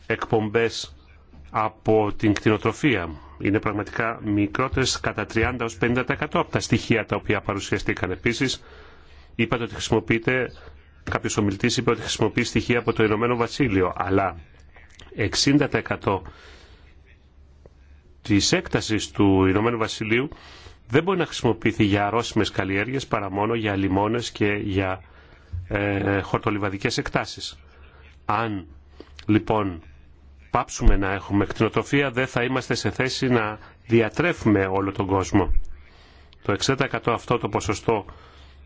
Speaker 1: εκπομπές από την κτηνοτροφία είναι πραγματικά μικρότερες κατά 30 50% από τα στοιχεία τα οποία παρουσιαστήκαν. Επίσης, είπατε ότι χρησιμοποιείτε, κάποιος ομιλητής είπε ότι χρησιμοποιεί στοιχεία από το Ηνωμένο Βασίλειο, αλλά 60% της έκτασης του Ηνωμένου Βασιλείου δεν μπορεί να χρησιμοποιηθεί για αρρώσιμες καλλιέργειες παρά μόνο για λιμόνες και για ε, ε χορτολιβαδικές εκτάσεις. Αν λοιπόν πάψουμε να έχουμε κτηνοτροφία δεν θα είμαστε σε θέση να διατρέφουμε όλο τον κόσμο. Το 60% αυτό το ποσοστό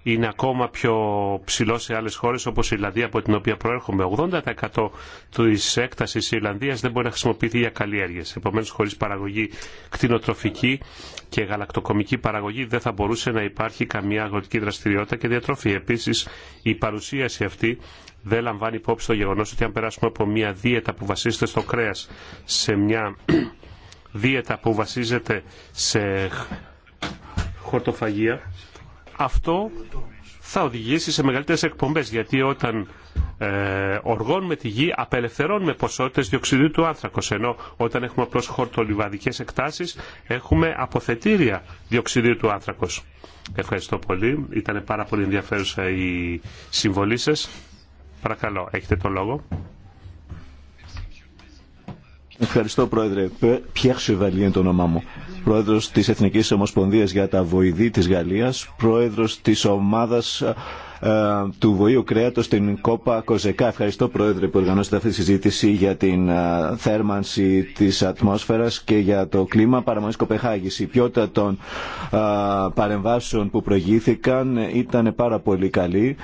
Speaker 1: είναι ακόμα πιο ψηλό σε άλλες χώρες όπως η Ιρλανδία από την οποία προέρχομαι. 80% της έκτασης της Ιρλανδίας δεν μπορεί να χρησιμοποιηθεί για καλλιέργειες. Επομένως χωρίς παραγωγή κτηνοτροφική και γαλακτοκομική παραγωγή δεν θα μπορούσε να υπάρχει καμία αγροτική δραστηριότητα και διατροφή. Επίσης η παρουσίαση αυτή δεν λαμβάνει υπόψη το γεγονός ότι αν περάσουμε από μια δίαιτα που βασίζεται στο κρέας σε μια δίαιτα που βασίζεται σε χορτοφαγία αυτό θα οδηγήσει σε μεγαλύτερες εκπομπές γιατί όταν ε, οργώνουμε τη γη απελευθερώνουμε ποσότητες διοξιδίου του άνθρακος ενώ όταν έχουμε απλώς χορτολιβαδικές εκτάσεις έχουμε αποθετήρια διοξιδίου του άνθρακος. Ευχαριστώ πολύ. Ήταν πάρα πολύ ενδιαφέρουσα η συμβολή σας. Παρακαλώ, έχετε το λόγο.
Speaker 3: Ευχαριστώ Πρόεδρε. Πιέρ Σεβαλή είναι το όνομά μου πρόεδρος της Εθνικής Ομοσπονδίας για τα Βοηδή της Γαλλίας, πρόεδρος της ομάδας ε, του Βοήου Κρέατο στην Κόπα Κοζεκά. Ευχαριστώ Πρόεδρε που οργανώσετε αυτή τη συζήτηση για την ε, θέρμανση της ατμόσφαιρας και για το κλίμα παραμονής Κοπεχάγη. Η ποιότητα των ε, παρεμβάσεων που προηγήθηκαν ήταν πάρα πολύ καλή.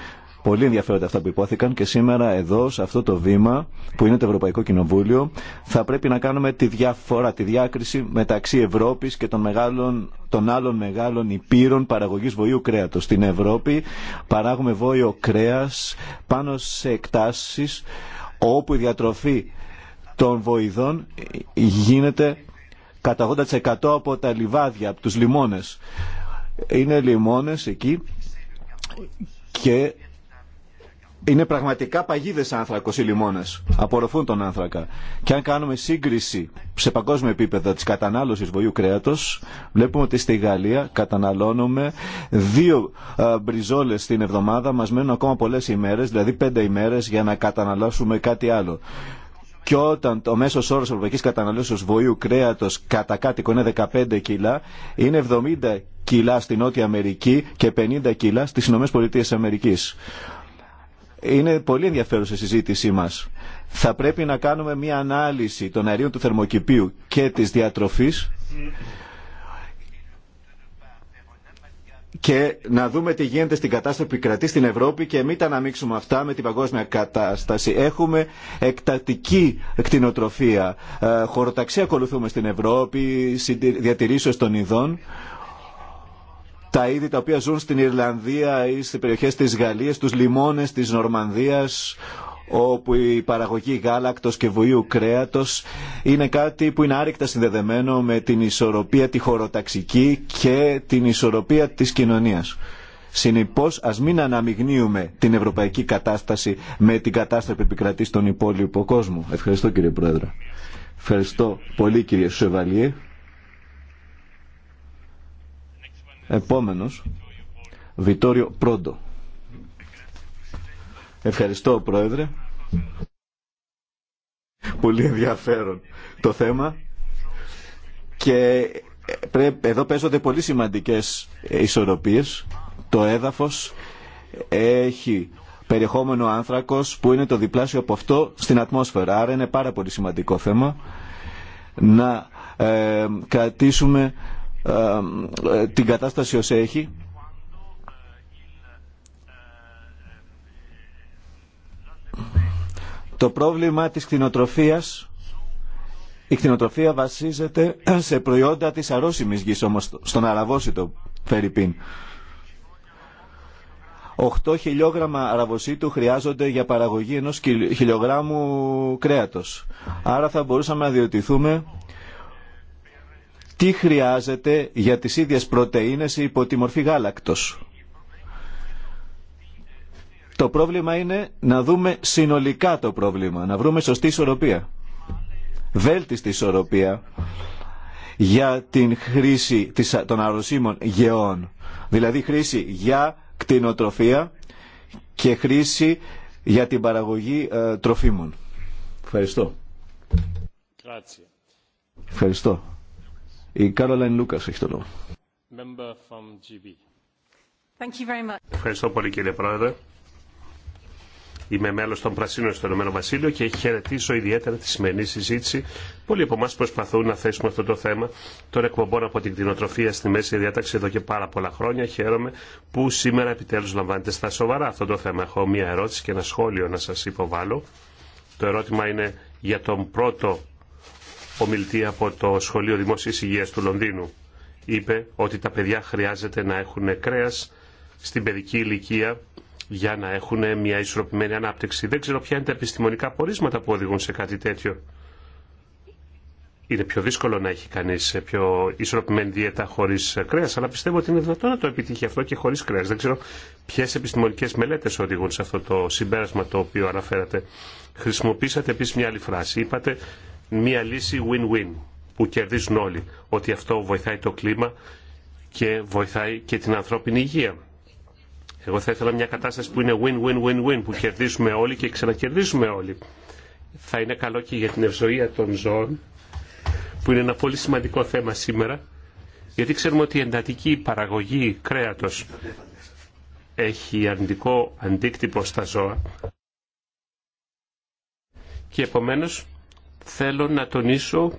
Speaker 3: Πολύ ενδιαφέροντα αυτά που υπόθηκαν και σήμερα εδώ, σε αυτό το βήμα που είναι το Ευρωπαϊκό Κοινοβούλιο, θα πρέπει να κάνουμε τη διαφορά, τη διάκριση μεταξύ Ευρώπη και των, μεγάλων, των άλλων μεγάλων υπήρων παραγωγή βοήου κρέατο. Στην Ευρώπη παράγουμε βόηο κρέα πάνω σε εκτάσει όπου η διατροφή των βοηδών γίνεται κατά 80% από τα λιβάδια, από τους λιμόνες. Είναι λιμόνες εκεί και είναι πραγματικά παγίδε άνθρακο οι λιμόνε. Απορροφούν τον άνθρακα. Και αν κάνουμε σύγκριση σε παγκόσμιο επίπεδο τη κατανάλωση βοηού κρέατο, βλέπουμε ότι στη Γαλλία καταναλώνουμε δύο ε, μπριζόλε την εβδομάδα. Μα μένουν ακόμα πολλέ ημέρε, δηλαδή πέντε ημέρε για να καταναλώσουμε κάτι άλλο. Και όταν το μέσο όρο ευρωπαϊκή καταναλώσεω βοηού κρέατο κατά κάτοικο είναι 15 κιλά, είναι 70 κιλά στην Νότια Αμερική και 50 κιλά στι ΗΠΑ. Είναι πολύ ενδιαφέρον η συζήτησή μας. Θα πρέπει να κάνουμε μια ανάλυση των αερίων του θερμοκηπίου και της διατροφής και να δούμε τι γίνεται στην κατάσταση που κρατεί στην Ευρώπη και μην τα αναμίξουμε αυτά με την παγκόσμια κατάσταση. Έχουμε εκτατική κτηνοτροφία. Ε, χωροταξία ακολουθούμε στην Ευρώπη, διατηρήσεω των ειδών τα είδη τα οποία ζουν στην Ιρλανδία ή στις περιοχές της Γαλλίας, τους λιμόνες της Νορμανδίας, όπου η παραγωγή γάλακτος και βουίου κρέατος είναι κάτι που είναι άρρηκτα συνδεδεμένο με την ισορροπία τη χωροταξική και την ισορροπία της κοινωνίας. Συνεπώς, ας μην αναμειγνύουμε την ευρωπαϊκή κατάσταση με την κατάσταση που επικρατεί στον υπόλοιπο κόσμο. Ευχαριστώ κύριε Πρόεδρε. Ευχαριστώ πολύ κύριε Σεβαλιέ. Επόμενος, Βιτόριο Πρόντο. Ευχαριστώ, Πρόεδρε. Πολύ ενδιαφέρον το θέμα. Και εδώ παίζονται πολύ σημαντικές ισορροπίες. Το έδαφος έχει περιεχόμενο άνθρακος που είναι το διπλάσιο από αυτό στην ατμόσφαιρα. Άρα είναι πάρα πολύ σημαντικό θέμα να ε, κρατήσουμε ε, την κατάσταση ως έχει το πρόβλημα της κτηνοτροφίας η κτηνοτροφία βασίζεται σε προϊόντα της αρρώσιμης γης όμως στον αραβόσιτο Φερρυπίν 8 χιλιόγραμμα αραβοσίτου χρειάζονται για παραγωγή ενός χιλιογράμμου κρέατος άρα θα μπορούσαμε να διωτηθούμε τι χρειάζεται για τις ίδιες πρωτεΐνες υπό τη μορφή γάλακτος. Το πρόβλημα είναι να δούμε συνολικά το πρόβλημα, να βρούμε σωστή ισορροπία, βέλτιστη ισορροπία για την χρήση των αρρωσίμων γεών, δηλαδή χρήση για κτηνοτροφία και χρήση για την παραγωγή ε, τροφίμων. Ευχαριστώ. Ευχαριστώ. Η Κάρολαϊν Λούκα έχει το λόγο.
Speaker 1: Ευχαριστώ πολύ κύριε Πρόεδρε. Είμαι μέλο των Πρασίνων στο Ηνωμένο Βασίλειο και χαιρετήσω ιδιαίτερα τη σημερινή συζήτηση. Πολλοί από εμά προσπαθούν να θέσουμε αυτό το θέμα των εκπομπών από την κτηνοτροφία στη μέση διάταξη εδώ και πάρα πολλά χρόνια. Χαίρομαι που σήμερα επιτέλου λαμβάνετε στα σοβαρά αυτό το θέμα. Έχω μία ερώτηση και ένα σχόλιο να σα υποβάλω. Το ερώτημα είναι για τον πρώτο ομιλητή από το Σχολείο Δημόσιας Υγείας του Λονδίνου. Είπε ότι τα παιδιά χρειάζεται να έχουν κρέας στην παιδική ηλικία για να έχουν μια ισορροπημένη ανάπτυξη. Δεν ξέρω ποια είναι τα επιστημονικά πορίσματα που οδηγούν σε κάτι τέτοιο. Είναι πιο δύσκολο να έχει κανεί πιο ισορροπημένη δίαιτα χωρί κρέα, αλλά πιστεύω ότι είναι δυνατόν να το επιτύχει αυτό και χωρί κρέα. Δεν ξέρω ποιε επιστημονικέ μελέτε οδηγούν σε αυτό το συμπέρασμα το οποίο αναφέρατε. Χρησιμοποίησατε επίση μια άλλη φράση. Είπατε μια λύση win-win που κερδίζουν όλοι. Ότι αυτό βοηθάει το κλίμα και βοηθάει και την ανθρώπινη υγεία. Εγώ θα ήθελα μια κατάσταση που είναι win-win-win-win, που κερδίζουμε όλοι και ξανακερδίζουμε όλοι. Θα είναι καλό και για την ευζοία των ζώων, που είναι ένα πολύ σημαντικό θέμα σήμερα, γιατί ξέρουμε ότι η εντατική παραγωγή κρέατος έχει αρνητικό αντίκτυπο στα ζώα και επομένως Θέλω να τονίσω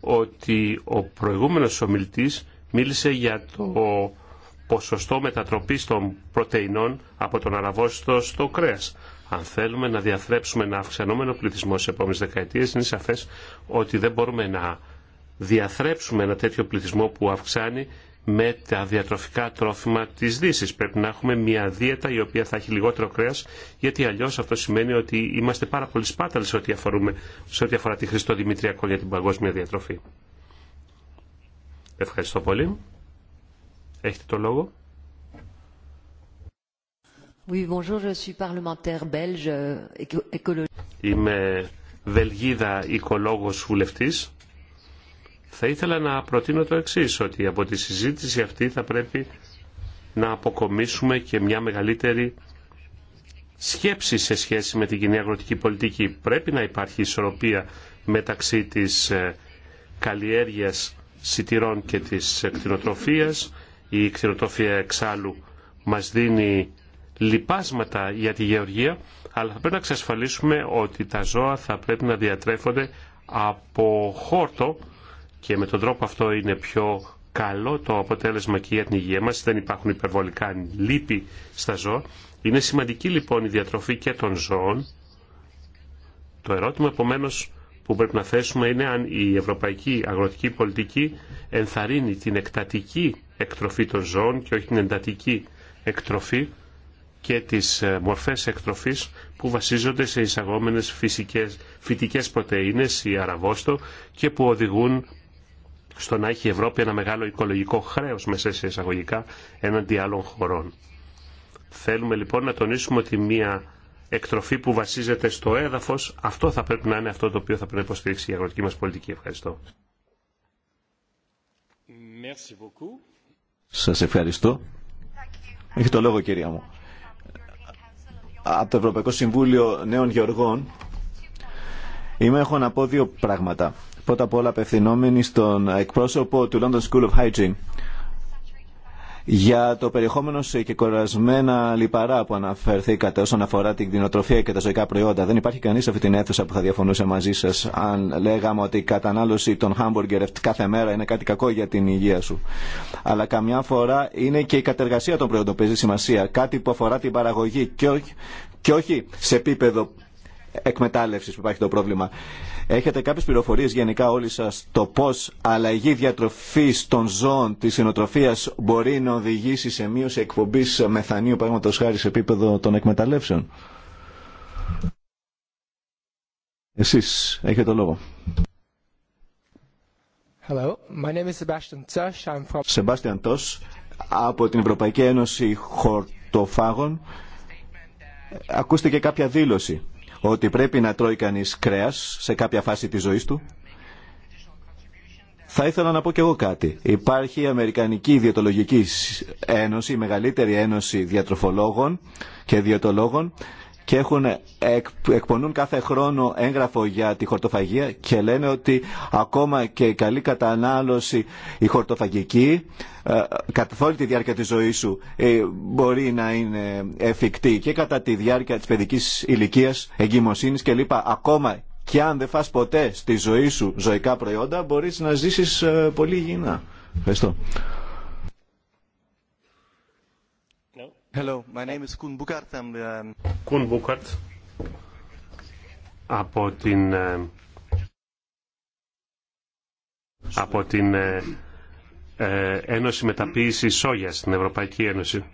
Speaker 1: ότι ο προηγούμενος ομιλητής μίλησε για το ποσοστό μετατροπής των πρωτεϊνών από τον αραβόστο στο κρέας. Αν θέλουμε να διαθρέψουμε ένα αυξανόμενο πληθυσμό σε επόμενες δεκαετίες, είναι σαφές ότι δεν μπορούμε να διαθρέψουμε ένα τέτοιο πληθυσμό που αυξάνει με τα διατροφικά τρόφιμα τη Δύση. Πρέπει να έχουμε μια δίαιτα η οποία θα έχει λιγότερο κρέας, γιατί αλλιώ αυτό σημαίνει ότι είμαστε πάρα πολύ σπάταλοι σε ό,τι, σε ό,τι αφορά τη Χριστό Δημητριακό για την παγκόσμια διατροφή. Ευχαριστώ πολύ. Έχετε το λόγο.
Speaker 3: Oui, bonjour, je suis parlementaire belge,
Speaker 1: Είμαι Βελγίδα οικολόγος βουλευτής θα ήθελα να προτείνω το εξής, ότι από τη συζήτηση αυτή θα πρέπει να αποκομίσουμε και μια μεγαλύτερη σκέψη σε σχέση με την κοινή αγροτική πολιτική. Πρέπει να υπάρχει ισορροπία μεταξύ της ε, καλλιέργειας σιτηρών και της ε, κτηνοτροφίας. Η κτηνοτροφία εξάλλου μας δίνει λιπάσματα για τη γεωργία, αλλά θα πρέπει να εξασφαλίσουμε ότι τα ζώα θα πρέπει να διατρέφονται από χόρτο και με τον τρόπο αυτό είναι πιο καλό το αποτέλεσμα και για την υγεία μας, δεν υπάρχουν υπερβολικά λύπη στα ζώα. Είναι σημαντική λοιπόν η διατροφή και των ζώων. Το ερώτημα επομένω που πρέπει να θέσουμε είναι αν η ευρωπαϊκή αγροτική πολιτική ενθαρρύνει την εκτατική εκτροφή των ζώων και όχι την εντατική εκτροφή και τις ε, μορφές εκτροφής που βασίζονται σε εισαγόμενες φυσικές, φυτικές πρωτεΐνες ή αραβόστο και που οδηγούν στο να έχει η Ευρώπη ένα μεγάλο οικολογικό χρέος μέσα σε εισαγωγικά έναντι άλλων χωρών. Θέλουμε λοιπόν να τονίσουμε ότι μια εκτροφή που βασίζεται στο έδαφος, αυτό θα πρέπει να είναι αυτό το οποίο θα πρέπει να υποστηρίξει η αγροτική μας πολιτική. Ευχαριστώ.
Speaker 3: Σας ευχαριστώ. Έχει το λόγο κυρία μου. Από το Ευρωπαϊκό Συμβούλιο Νέων Γεωργών είμαι έχω να πω δύο πράγματα. Πρώτα απ' όλα απευθυνόμενοι στον εκπρόσωπο του London School of Hygiene για το περιεχόμενο σε κορασμένα λιπαρά που αναφερθήκατε όσον αφορά την κτηνοτροφία και τα ζωικά προϊόντα. Δεν υπάρχει κανεί σε αυτή την αίθουσα που θα διαφωνούσε μαζί σα αν λέγαμε ότι η κατανάλωση των Hamburger κάθε μέρα είναι κάτι κακό για την υγεία σου. Αλλά καμιά φορά είναι και η κατεργασία των προϊόντων που παίζει σημασία. Κάτι που αφορά την παραγωγή και όχι, και όχι σε επίπεδο Εκμετάλλευση που υπάρχει το πρόβλημα. Έχετε κάποιες πληροφορίες γενικά όλοι σας το πώ αλλαγή διατροφή των ζώων της συνοτροφία μπορεί να οδηγήσει σε μείωση εκπομπή μεθανίου παραδείγματο χάρη σε επίπεδο των εκμεταλλεύσεων. Εσείς έχετε το λόγο. Hello, my name is Sebastian Tosh. I'm from... Sebastian Tosh, από την Ευρωπαϊκή Ένωση Χορτοφάγων. ακούστηκε κάποια δήλωση ότι πρέπει να τρώει κανείς κρέας σε κάποια φάση της ζωής του. Θα ήθελα να πω και εγώ κάτι. Υπάρχει η Αμερικανική Διατολογική Ένωση, η μεγαλύτερη ένωση διατροφολόγων και διατολόγων, και έχουν, εκπονούν κάθε χρόνο έγγραφο για τη χορτοφαγία και λένε ότι ακόμα και η καλή κατανάλωση η χορτοφαγική ε, κατά όλη τη διάρκεια της ζωής σου ε, μπορεί να είναι εφικτή και κατά τη διάρκεια της παιδικής ηλικίας, εγκυμοσύνης λοιπά Ακόμα και αν δεν φας ποτέ στη ζωή σου ζωικά προϊόντα μπορείς να ζήσεις ε, πολύ υγιεινά. Ευχαριστώ.
Speaker 1: Κούν Μπούκαρτ um, από την ε, ε, ε, Ένωση μεταποίηση Σόγια στην Ευρωπαϊκή Ένωση.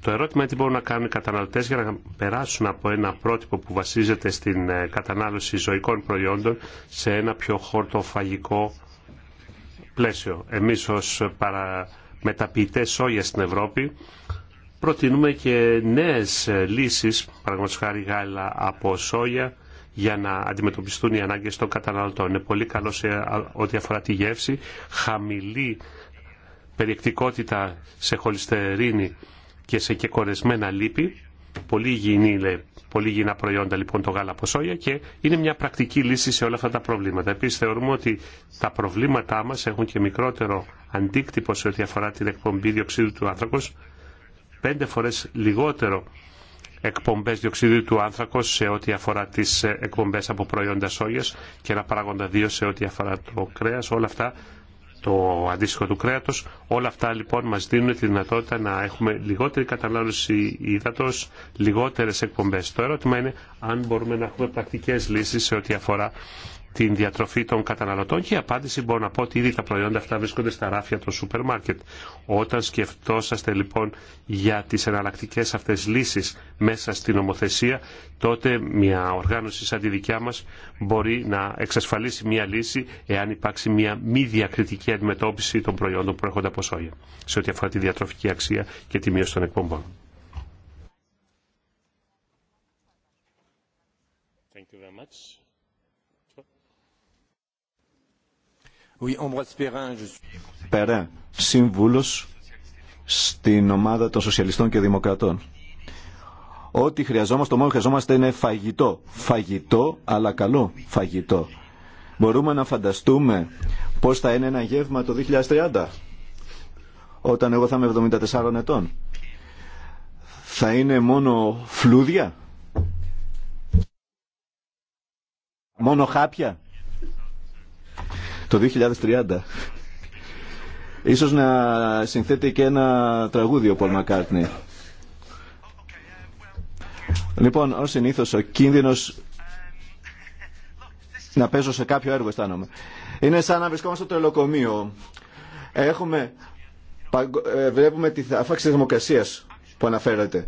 Speaker 1: Το ερώτημα είναι τι μπορούν να κάνουν οι καταναλωτές για να περάσουν από ένα πρότυπο που βασίζεται στην κατανάλωση ζωικών προϊόντων σε ένα πιο χορτοφαγικό πλαίσιο. Εμείς ως παραμεταποιητές σόγια στην Ευρώπη προτείνουμε και νέες λύσεις, παραδείγματος χάρη γάλα από σόγια, για να αντιμετωπιστούν οι ανάγκες των καταναλωτών. Είναι πολύ καλό σε ό,τι αφορά τη γεύση, χαμηλή περιεκτικότητα σε χολυστερίνη και σε κεκορεσμένα λίπη, πολύ υγιεινή λέει, πολύ υγιεινά προϊόντα λοιπόν το γάλα από σόγια και είναι μια πρακτική λύση σε όλα αυτά τα προβλήματα. Επίσης θεωρούμε ότι τα προβλήματά μας έχουν και μικρότερο αντίκτυπο σε ό,τι αφορά την εκπομπή διοξίδου του άνθρακος πέντε φορές λιγότερο εκπομπές διοξιδίου του άνθρακο σε ό,τι αφορά τις ε, εκπομπές από προϊόντα σόγιας και ένα παράγοντα δύο σε ό,τι αφορά το κρέας. Όλα αυτά, το αντίστοιχο του κρέατος, όλα αυτά λοιπόν μας δίνουν τη δυνατότητα να έχουμε λιγότερη κατανάλωση ύδατος, λιγότερες εκπομπές. Το ερώτημα είναι αν μπορούμε να έχουμε πρακτικές λύσεις σε ό,τι αφορά την διατροφή των καταναλωτών και η απάντηση μπορώ να πω ότι ήδη τα προϊόντα αυτά βρίσκονται στα ράφια των σούπερ μάρκετ. Όταν σκεφτόσαστε λοιπόν για τις εναλλακτικές αυτές λύσεις μέσα στην νομοθεσία, τότε μια οργάνωση σαν τη δικιά μας μπορεί να εξασφαλίσει μια λύση εάν υπάρξει μια μη διακριτική αντιμετώπιση των προϊόντων που έρχονται από σόγια σε ό,τι αφορά τη διατροφική αξία και τη μείωση των εκπομπών.
Speaker 3: Πέρα σύμβουλος στην ομάδα των Σοσιαλιστών και Δημοκρατών. Ό,τι χρειαζόμαστε, το μόνο χρειαζόμαστε είναι φαγητό. Φαγητό, αλλά καλό φαγητό. Μπορούμε να φανταστούμε πώς θα είναι ένα γεύμα το 2030, όταν εγώ θα είμαι 74 ετών. Θα είναι μόνο φλούδια, μόνο χάπια το 2030. Ίσως να συνθέτει και ένα τραγούδι ο Πολ Μακάρτνη. Λοιπόν, ως συνήθως ο κίνδυνος να παίζω σε κάποιο έργο αισθάνομαι. Είναι σαν να βρισκόμαστε στο τρελοκομείο. Έχουμε, ε, βλέπουμε τη αφάξη της δημοκρασίας που αναφέρεται.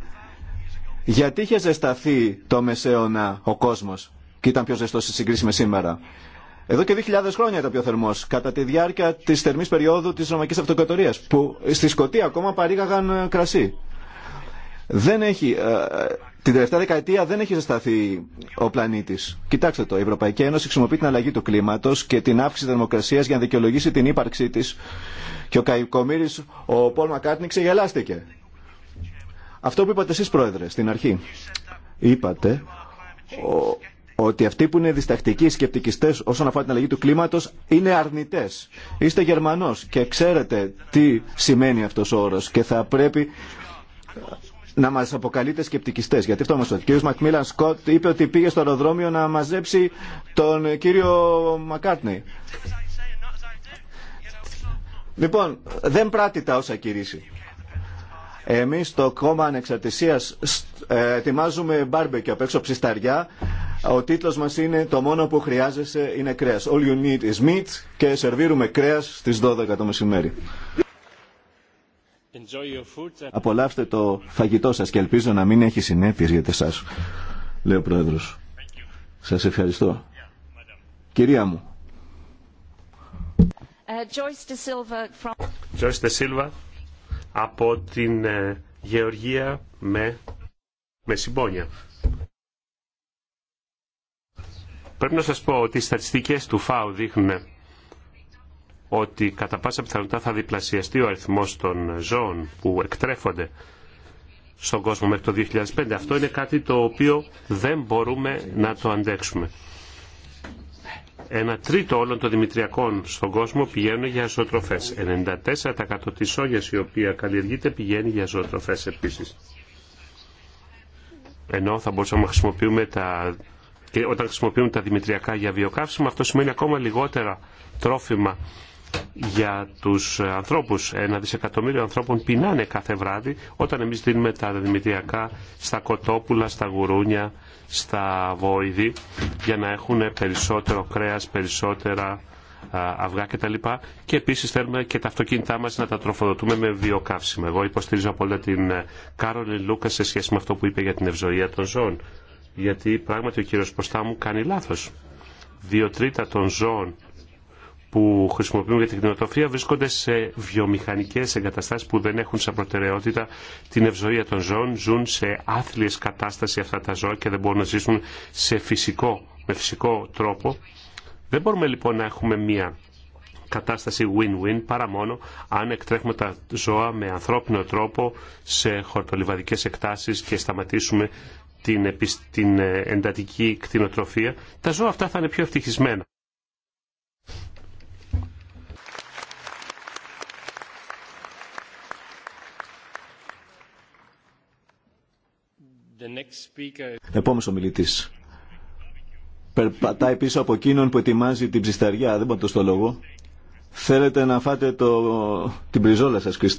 Speaker 3: Γιατί είχε ζεσταθεί το μεσαίωνα ο κόσμος και ήταν πιο ζεστός σε συγκρίση με σήμερα. Εδώ και 2.000 χρόνια ήταν πιο θερμό, κατά τη διάρκεια τη θερμή περίοδου τη Ρωμαϊκή Αυτοκρατορία, που στη Σκωτία ακόμα παρήγαγαν ε, κρασί. Δεν έχει, ε, την τελευταία δεκαετία δεν έχει ζεσταθεί ο πλανήτη. Κοιτάξτε το, η Ευρωπαϊκή Ένωση χρησιμοποιεί την αλλαγή του κλίματο και την αύξηση τη θερμοκρασία για να δικαιολογήσει την ύπαρξή τη. Και ο Καϊκομήρη, ο Πολ Μακάρνι, ξεγελάστηκε. Αυτό που είπατε εσεί, Πρόεδρε, στην αρχή. Είπατε ότι αυτοί που είναι διστακτικοί, σκεπτικιστέ όσον αφορά την αλλαγή του κλίματο είναι αρνητέ. Είστε Γερμανό και ξέρετε τι σημαίνει αυτό ο όρο και θα πρέπει να μα αποκαλείτε σκεπτικιστέ. Γιατί αυτό μα Ο κ. Μακμίλαν Σκοτ είπε ότι πήγε στο αεροδρόμιο να μαζέψει τον κύριο Μακάρτνεϊ. Λοιπόν, δεν πράττει τα όσα κηρύσσει. Εμείς στο κόμμα ανεξαρτησίας ε, ετοιμάζουμε μπάρμπεκι απ' έξω ψισταριά ο τίτλος μας είναι «Το μόνο που χρειάζεσαι είναι κρέας». All you need is meat και σερβίρουμε κρέας στις 12 το μεσημέρι. Απολαύστε το φαγητό σας και ελπίζω να μην έχει συνέπειες για εσάς, λέει ο Πρόεδρος. Σας ευχαριστώ. Κυρία μου. Ε,
Speaker 1: Joyce De Silva από την ε, Γεωργία με, με συμπόνια. Πρέπει να σας πω ότι οι στατιστικές του ΦΑΟ δείχνουν ότι κατά πάσα πιθανότητα θα διπλασιαστεί ο αριθμός των ζώων που εκτρέφονται στον κόσμο μέχρι το 2005. Αυτό είναι κάτι το οποίο δεν μπορούμε να το αντέξουμε. Ένα τρίτο όλων των δημητριακών στον κόσμο πηγαίνουν για ζωοτροφές. 94% της σόγιας η οποία καλλιεργείται πηγαίνει για ζωοτροφές επίσης. Ενώ θα μπορούσαμε να χρησιμοποιούμε τα και όταν χρησιμοποιούμε τα δημητριακά για βιοκαύσιμα, αυτό σημαίνει ακόμα λιγότερα τρόφιμα για τους ανθρώπους. Ένα δισεκατομμύριο ανθρώπων πεινάνε κάθε βράδυ όταν εμείς δίνουμε τα δημητριακά στα κοτόπουλα, στα γουρούνια, στα βόηδη για να έχουν περισσότερο κρέας, περισσότερα αυγά κτλ. Και επίσης θέλουμε και τα αυτοκίνητά μας να τα τροφοδοτούμε με βιοκαύσιμα. Εγώ υποστηρίζω απόλυτα την Κάρολιν Λούκα σε σχέση με αυτό που είπε για την ευζοία των ζώων γιατί πράγματι ο κύριος μου κάνει λάθος. Δύο τρίτα των ζώων που χρησιμοποιούν για την κτηνοτροφία βρίσκονται σε βιομηχανικές εγκαταστάσεις που δεν έχουν σαν προτεραιότητα την ευζοία των ζώων, ζουν σε άθλιες κατάσταση αυτά τα ζώα και δεν μπορούν να ζήσουν σε φυσικό, με φυσικό τρόπο. Δεν μπορούμε λοιπόν να έχουμε μία κατάσταση win-win παρά μόνο αν εκτρέχουμε τα ζώα με ανθρώπινο τρόπο σε χορτολιβαδικές εκτάσεις και σταματήσουμε την, την ε, εντατική κτηνοτροφία, τα ζώα αυτά θα είναι πιο ευτυχισμένα. Επόμενο
Speaker 3: Επόμενος ομιλητής. Περπατάει πίσω από εκείνον που ετοιμάζει την ψισταριά, δεν μπορώ το στο λόγο. Θέλετε να φάτε το... την πριζόλα σας, Chris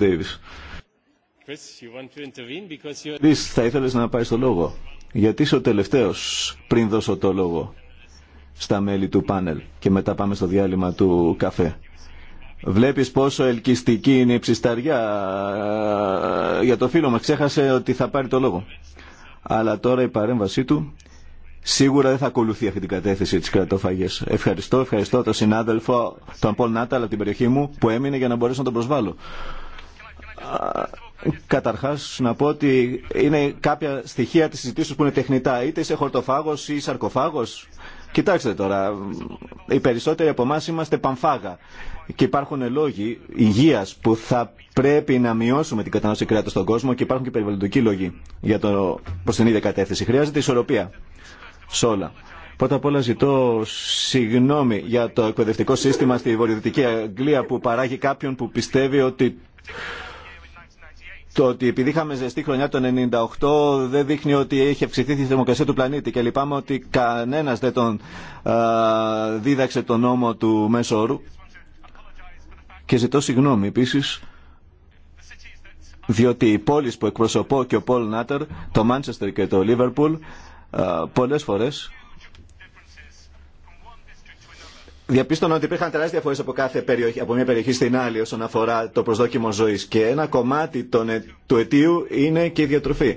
Speaker 2: Chris,
Speaker 3: θα ήθελες να πάρεις το λόγο. Γιατί είσαι ο τελευταίος πριν δώσω το λόγο στα μέλη του πάνελ και μετά πάμε στο διάλειμμα του καφέ. Βλέπεις πόσο ελκυστική είναι η ψησταριά ε, για το φίλο μας. Ξέχασε ότι θα πάρει το λόγο. Αλλά τώρα η παρέμβασή του σίγουρα δεν θα ακολουθεί αυτή την κατεύθυνση της κρατοφαγής. Ευχαριστώ, ευχαριστώ τον συνάδελφο, τον Πολ Νάτα, από την περιοχή μου, που έμεινε για να μπορέσω να τον προσβάλλω. Καταρχά να πω ότι είναι κάποια στοιχεία τη συζήτηση που είναι τεχνητά, είτε είσαι χορτοφάγο ή σαρκοφάγο. Κοιτάξτε τώρα, οι περισσότεροι από εμά είμαστε πανφάγα και υπάρχουν λόγοι υγεία που θα πρέπει να μειώσουμε την κατανάλωση κρέατο στον κόσμο και υπάρχουν και περιβαλλοντικοί λόγοι για το, προς την ίδια κατεύθυνση. Χρειάζεται ισορροπία σε όλα. Πρώτα απ' όλα ζητώ συγγνώμη για το εκπαιδευτικό σύστημα στη βορειοδυτική Αγγλία που παράγει κάποιον που πιστεύει ότι το ότι επειδή είχαμε ζεστή χρονιά το 98 δεν δείχνει ότι έχει αυξηθεί η θερμοκρασία του πλανήτη και λυπάμαι ότι κανένας δεν τον δίδαξε τον νόμο του όρου. και ζητώ συγγνώμη επίσης διότι οι πόλεις που εκπροσωπώ και ο Πολ Νάτερ, το Μάντσεστερ και το Λίβερπουλ πολλές φορές διαπίστωνα ότι υπήρχαν τεράστιε διαφορέ από, κάθε από μια περιοχή στην άλλη όσον αφορά το προσδόκιμο ζωή. Και ένα κομμάτι των, ε, του αιτίου είναι και η διατροφή.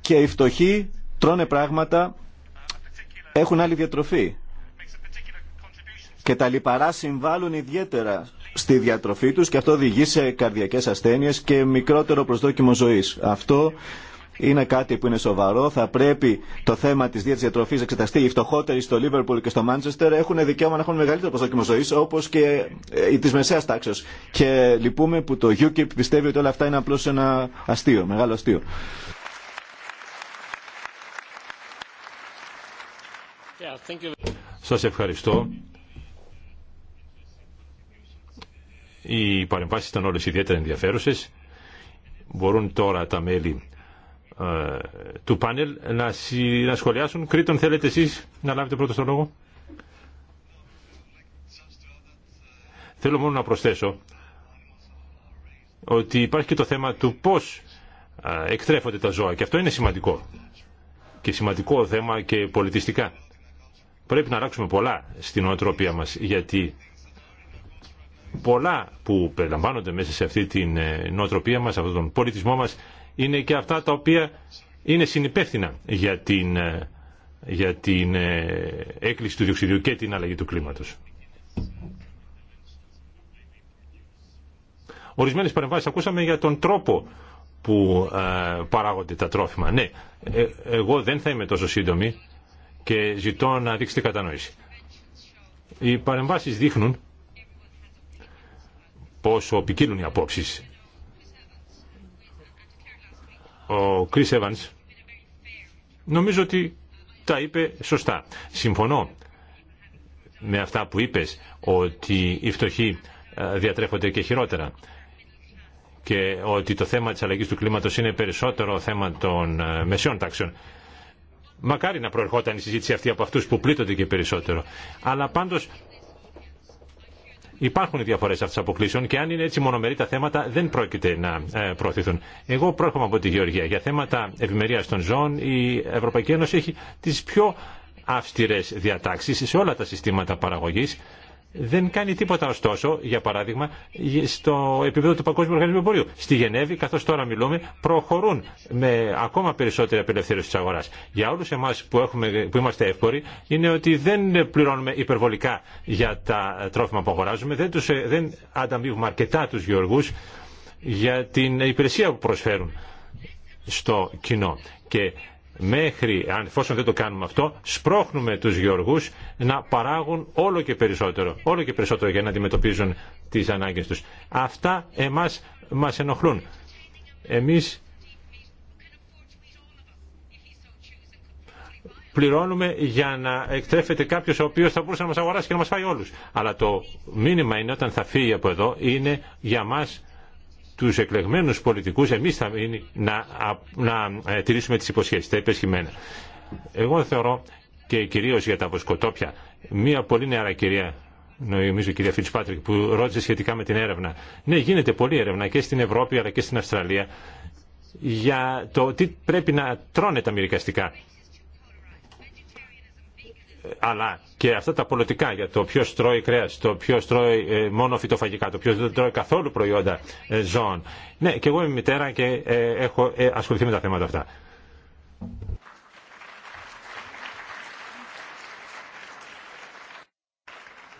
Speaker 3: Και οι φτωχοί τρώνε πράγματα, έχουν άλλη διατροφή. Και τα λιπαρά συμβάλλουν ιδιαίτερα στη διατροφή τους και αυτό οδηγεί σε καρδιακές ασθένειες και μικρότερο προσδόκιμο ζωής. Αυτό είναι κάτι που είναι σοβαρό. Θα πρέπει το θέμα τη διατροφής διατροφή να εξεταστεί. Οι φτωχότεροι στο Λίβερπουλ και στο Μάντσεστερ έχουν δικαίωμα να έχουν μεγαλύτερο προσδόκιμο ζωή, όπω και ε, τη μεσαία τάξεω. Και λυπούμε που το UKIP πιστεύει ότι όλα αυτά είναι απλώ ένα αστείο, μεγάλο αστείο.
Speaker 1: Yeah,
Speaker 2: Σας ευχαριστώ. Οι παρεμβάσει ήταν όλε ιδιαίτερα ενδιαφέρουσε. Μπορούν τώρα τα μέλη ε, του πάνελ να, να σχολιάσουν. Κρήτον θέλετε εσείς να λάβετε πρώτο το λόγο. Θέλω μόνο να προσθέσω ότι υπάρχει και το θέμα του πώς εκτρέφονται τα ζώα και αυτό είναι σημαντικό και σημαντικό θέμα και πολιτιστικά. Πρέπει να αλλάξουμε πολλά στην νοοτροπία μας γιατί πολλά που περιλαμβάνονται μέσα σε αυτή την ε, νοοτροπία μας, αυτόν τον πολιτισμό μας είναι και αυτά τα οποία είναι συνυπεύθυνα για την, ε, για την ε, έκκληση του διοξιδίου και την αλλαγή του κλίματος. Ορισμένες παρεμβάσεις ακούσαμε για τον τρόπο που ε, παράγονται τα τρόφιμα. Ναι, εγώ δεν θα είμαι τόσο σύντομη και ζητώ να δείξετε κατανόηση. Οι παρεμβάσεις δείχνουν πόσο ποικίλουν οι απόψεις ο Chris Evans νομίζω ότι τα είπε σωστά. Συμφωνώ με αυτά που είπες ότι οι φτωχοί ε, διατρέφονται και χειρότερα και ότι το θέμα της αλλαγής του κλίματος είναι περισσότερο θέμα των ε, μεσαίων τάξεων. Μακάρι να προερχόταν η συζήτηση αυτή από αυτούς που πλήττονται και περισσότερο. Αλλά πάντως Υπάρχουν διαφορέ αυτέ αποκλήσεων και αν είναι έτσι μονομερή τα θέματα δεν πρόκειται να ε, προωθηθούν. Εγώ προέρχομαι από τη Γεωργία. Για θέματα ευημερία των ζώων η Ευρωπαϊκή Ένωση έχει τι πιο αυστηρέ διατάξει σε όλα τα συστήματα παραγωγή δεν κάνει τίποτα ωστόσο, για παράδειγμα, στο επίπεδο του Παγκόσμιου Οργανισμού Εμπορίου. Στη Γενέβη, καθώ τώρα μιλούμε, προχωρούν με ακόμα περισσότερη απελευθέρωση τη αγορά. Για όλου εμά που, που είμαστε εύποροι, είναι ότι δεν πληρώνουμε υπερβολικά για τα τρόφιμα που αγοράζουμε, δεν, τους, δεν ανταμείβουμε αρκετά του γεωργού για την υπηρεσία που προσφέρουν στο κοινό. Και μέχρι, αν εφόσον δεν το κάνουμε αυτό, σπρώχνουμε τους γεωργούς να παράγουν όλο και περισσότερο, όλο και περισσότερο για να αντιμετωπίζουν τις ανάγκες τους. Αυτά εμάς μας ενοχλούν. Εμείς πληρώνουμε για να εκτρέφεται κάποιος ο οποίος θα μπορούσε να μας αγοράσει και να μας φάει όλους. Αλλά το μήνυμα είναι όταν θα φύγει από εδώ είναι για μας τους εκλεγμένους πολιτικούς εμείς θα μείνει να, να ε, τηρήσουμε τις υποσχέσεις, τα υπεσχημένα. Εγώ θεωρώ και κυρίως για τα βοσκοτόπια, μία πολύ νεαρά κυρία νομίζω κυρία Φίλτς Πάτρικ που ρώτησε σχετικά με την έρευνα. Ναι, γίνεται πολύ έρευνα και στην Ευρώπη αλλά και στην Αυστραλία για το τι πρέπει να τρώνε τα μυρικαστικά αλλά και αυτά τα πολιτικά για το ποιο τρώει κρέα, το ποιο τρώει ε, μόνο φυτοφαγικά, το ποιο δεν τρώει καθόλου προϊόντα ε, ζώων. Ναι, και εγώ είμαι μητέρα και ε, έχω ασχοληθεί με τα θέματα αυτά.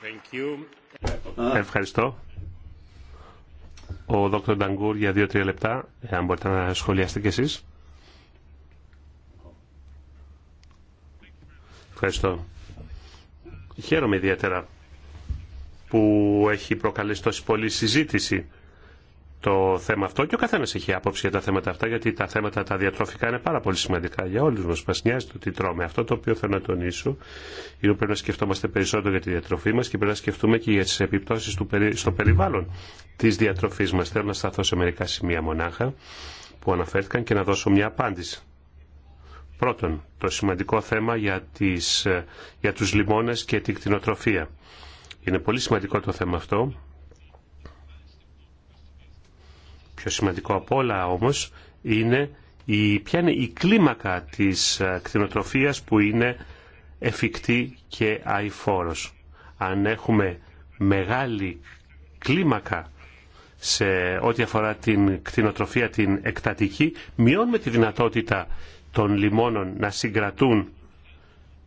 Speaker 1: Thank you. Ευχαριστώ. Ο Δόκτωρ Νταγκούρ για δύο-τρία λεπτά, αν μπορείτε να σχολιάσετε κι εσείς. Ευχαριστώ. Χαίρομαι ιδιαίτερα που έχει προκαλέσει τόση πολλή συζήτηση το θέμα αυτό και ο καθένα έχει άποψη για τα θέματα αυτά, γιατί τα θέματα τα διατροφικά είναι πάρα πολύ σημαντικά για όλου μα. Μα νοιάζει το τι τρώμε. Αυτό το οποίο θέλω να τονίσω είναι ότι πρέπει να σκεφτόμαστε περισσότερο για τη διατροφή μα και πρέπει να σκεφτούμε και για τι επιπτώσει στο περιβάλλον τη διατροφή μα. Θέλω να σταθώ σε μερικά σημεία μονάχα που αναφέρθηκαν και να δώσω μια απάντηση. Πρώτον, το σημαντικό θέμα για, τις, για τους λιμόνες και την κτηνοτροφία. Είναι πολύ σημαντικό το θέμα αυτό. Πιο σημαντικό από όλα όμως είναι η, ποια είναι η κλίμακα της ε, κτηνοτροφίας που είναι εφικτή και αηφόρος. Αν έχουμε μεγάλη κλίμακα σε ό,τι αφορά την κτηνοτροφία την εκτατική, μειώνουμε τη δυνατότητα των λιμόνων να συγκρατούν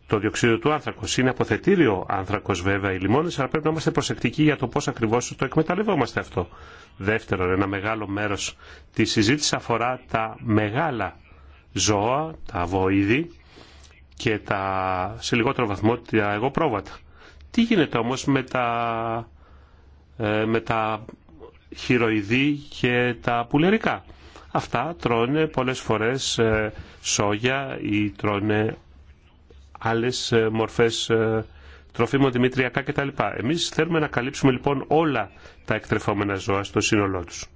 Speaker 1: το διοξείδιο του άνθρακος. Είναι αποθετήριο άνθρακος βέβαια οι λιμόνες αλλά πρέπει να είμαστε προσεκτικοί για το πώ ακριβώς το εκμεταλλευόμαστε αυτό. Δεύτερον, ένα μεγάλο μέρος της συζήτηση αφορά τα μεγάλα ζώα, τα βοήδη και τα, σε λιγότερο βαθμό τα εγωπρόβατα. Τι γίνεται όμως με τα, ε, με τα χειροειδή και τα πουλερικά αυτά τρώνε πολλές φορές ε, σόγια ή τρώνε άλλες ε, μορφές ε, τροφίμων δημητριακά κτλ. Εμείς θέλουμε να καλύψουμε λοιπόν όλα τα εκτρεφόμενα ζώα στο σύνολό τους.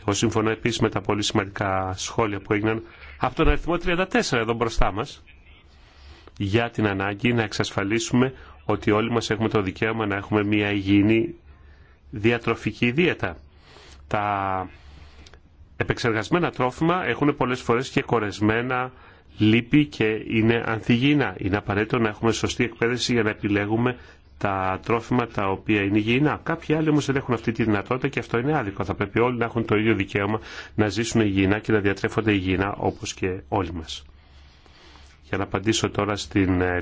Speaker 1: Εγώ συμφωνώ επίσης με τα πολύ σημαντικά σχόλια που έγιναν από τον αριθμό 34 εδώ μπροστά μας για την ανάγκη να εξασφαλίσουμε ότι όλοι μας έχουμε το δικαίωμα να έχουμε μια υγιεινή διατροφική δίαιτα. Τα επεξεργασμένα τρόφιμα έχουν πολλές φορές και κορεσμένα λύπη και είναι ανθυγίνα. Είναι απαραίτητο να έχουμε σωστή εκπαίδευση για να επιλέγουμε τα τρόφιμα τα οποία είναι υγιεινά. Κάποιοι άλλοι όμω δεν έχουν αυτή τη δυνατότητα και αυτό είναι άδικο. Θα πρέπει όλοι να έχουν το ίδιο δικαίωμα να ζήσουν υγιεινά και να διατρέφονται υγιεινά όπως και όλοι μας. Για να απαντήσω τώρα στην ε,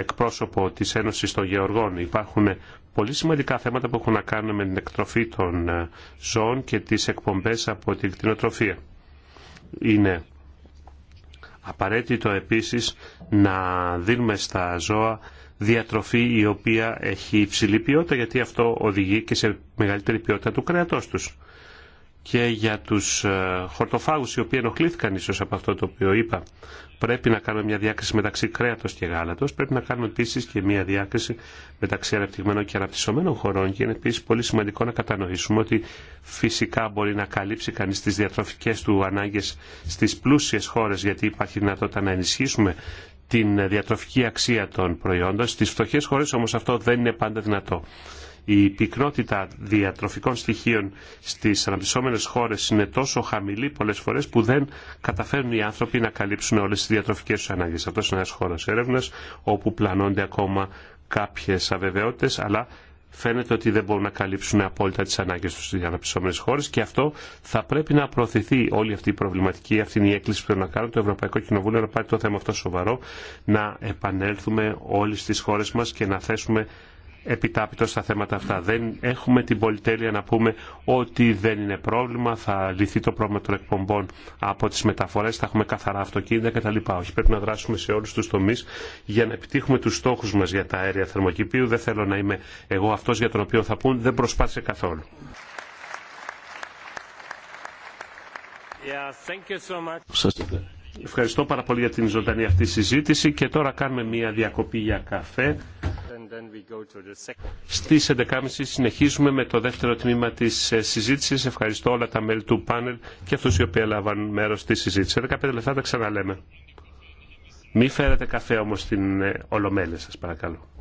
Speaker 1: εκπρόσωπο της Ένωσης των Γεωργών. Υπάρχουν πολύ σημαντικά θέματα που έχουν να κάνουν με την εκτροφή των ε, ζώων και τις εκπομπές από την κτηνοτροφία. Είναι απαραίτητο επίσης να δίνουμε στα ζώα διατροφή η οποία έχει υψηλή ποιότητα γιατί αυτό οδηγεί και σε μεγαλύτερη ποιότητα του κρέατός τους. Και για τους ε, χορτοφάγους οι οποίοι ενοχλήθηκαν ίσως από αυτό το οποίο είπα πρέπει να κάνουμε μια διάκριση μεταξύ κρέατος και γάλατος, πρέπει να κάνουμε επίσης και μια διάκριση μεταξύ αναπτυγμένων και αναπτυσσομένων χωρών και είναι επίσης πολύ σημαντικό να κατανοήσουμε ότι φυσικά μπορεί να καλύψει κανείς τις διατροφικές του ανάγκες στις πλούσιες χώρες γιατί υπάρχει δυνατότητα να ενισχύσουμε την διατροφική αξία των προϊόντων. Στις φτωχές χώρες όμως αυτό δεν είναι πάντα δυνατό η πυκνότητα διατροφικών στοιχείων στις αναπτυσσόμενες χώρες είναι τόσο χαμηλή πολλές φορές που δεν καταφέρνουν οι άνθρωποι να καλύψουν όλες τις διατροφικές τους ανάγκες. Αυτό είναι ένας χώρος έρευνας όπου πλανώνται ακόμα κάποιες αβεβαιότητες αλλά φαίνεται ότι δεν μπορούν να καλύψουν απόλυτα τις ανάγκες του στις αναπτυσσόμενες χώρες και αυτό θα πρέπει να προωθηθεί όλη αυτή η προβληματική, αυτή είναι η έκκληση που πρέπει να κάνουμε το Ευρωπαϊκό Κοινοβούλιο να πάρει το θέμα αυτό σοβαρό, να επανέλθουμε όλοι στις χώρες μας και να θέσουμε επιτάπητο στα θέματα αυτά. Δεν έχουμε την πολυτέλεια να πούμε ότι δεν είναι πρόβλημα, θα λυθεί το πρόβλημα των εκπομπών από τι μεταφορέ. θα έχουμε καθαρά αυτοκίνητα κτλ. Όχι, πρέπει να δράσουμε σε όλου του τομεί για να επιτύχουμε του στόχου μα για τα αέρια θερμοκηπίου. Δεν θέλω να είμαι εγώ αυτό για τον οποίο θα πούν δεν προσπάθησε καθόλου. Yeah, so ευχαριστώ πάρα πολύ για την ζωντανή αυτή συζήτηση και τώρα κάνουμε μια διακοπή για καφέ. Στις 11.30 συνεχίζουμε με το δεύτερο τμήμα της ε, συζήτησης. Ευχαριστώ όλα τα μέλη του πάνελ και αυτούς οι οποίοι έλαβαν μέρος στη συζήτηση. Σε 15 λεπτά τα ξαναλέμε. Μη φέρετε καφέ όμως στην ε, Ολομέλεια σας παρακαλώ.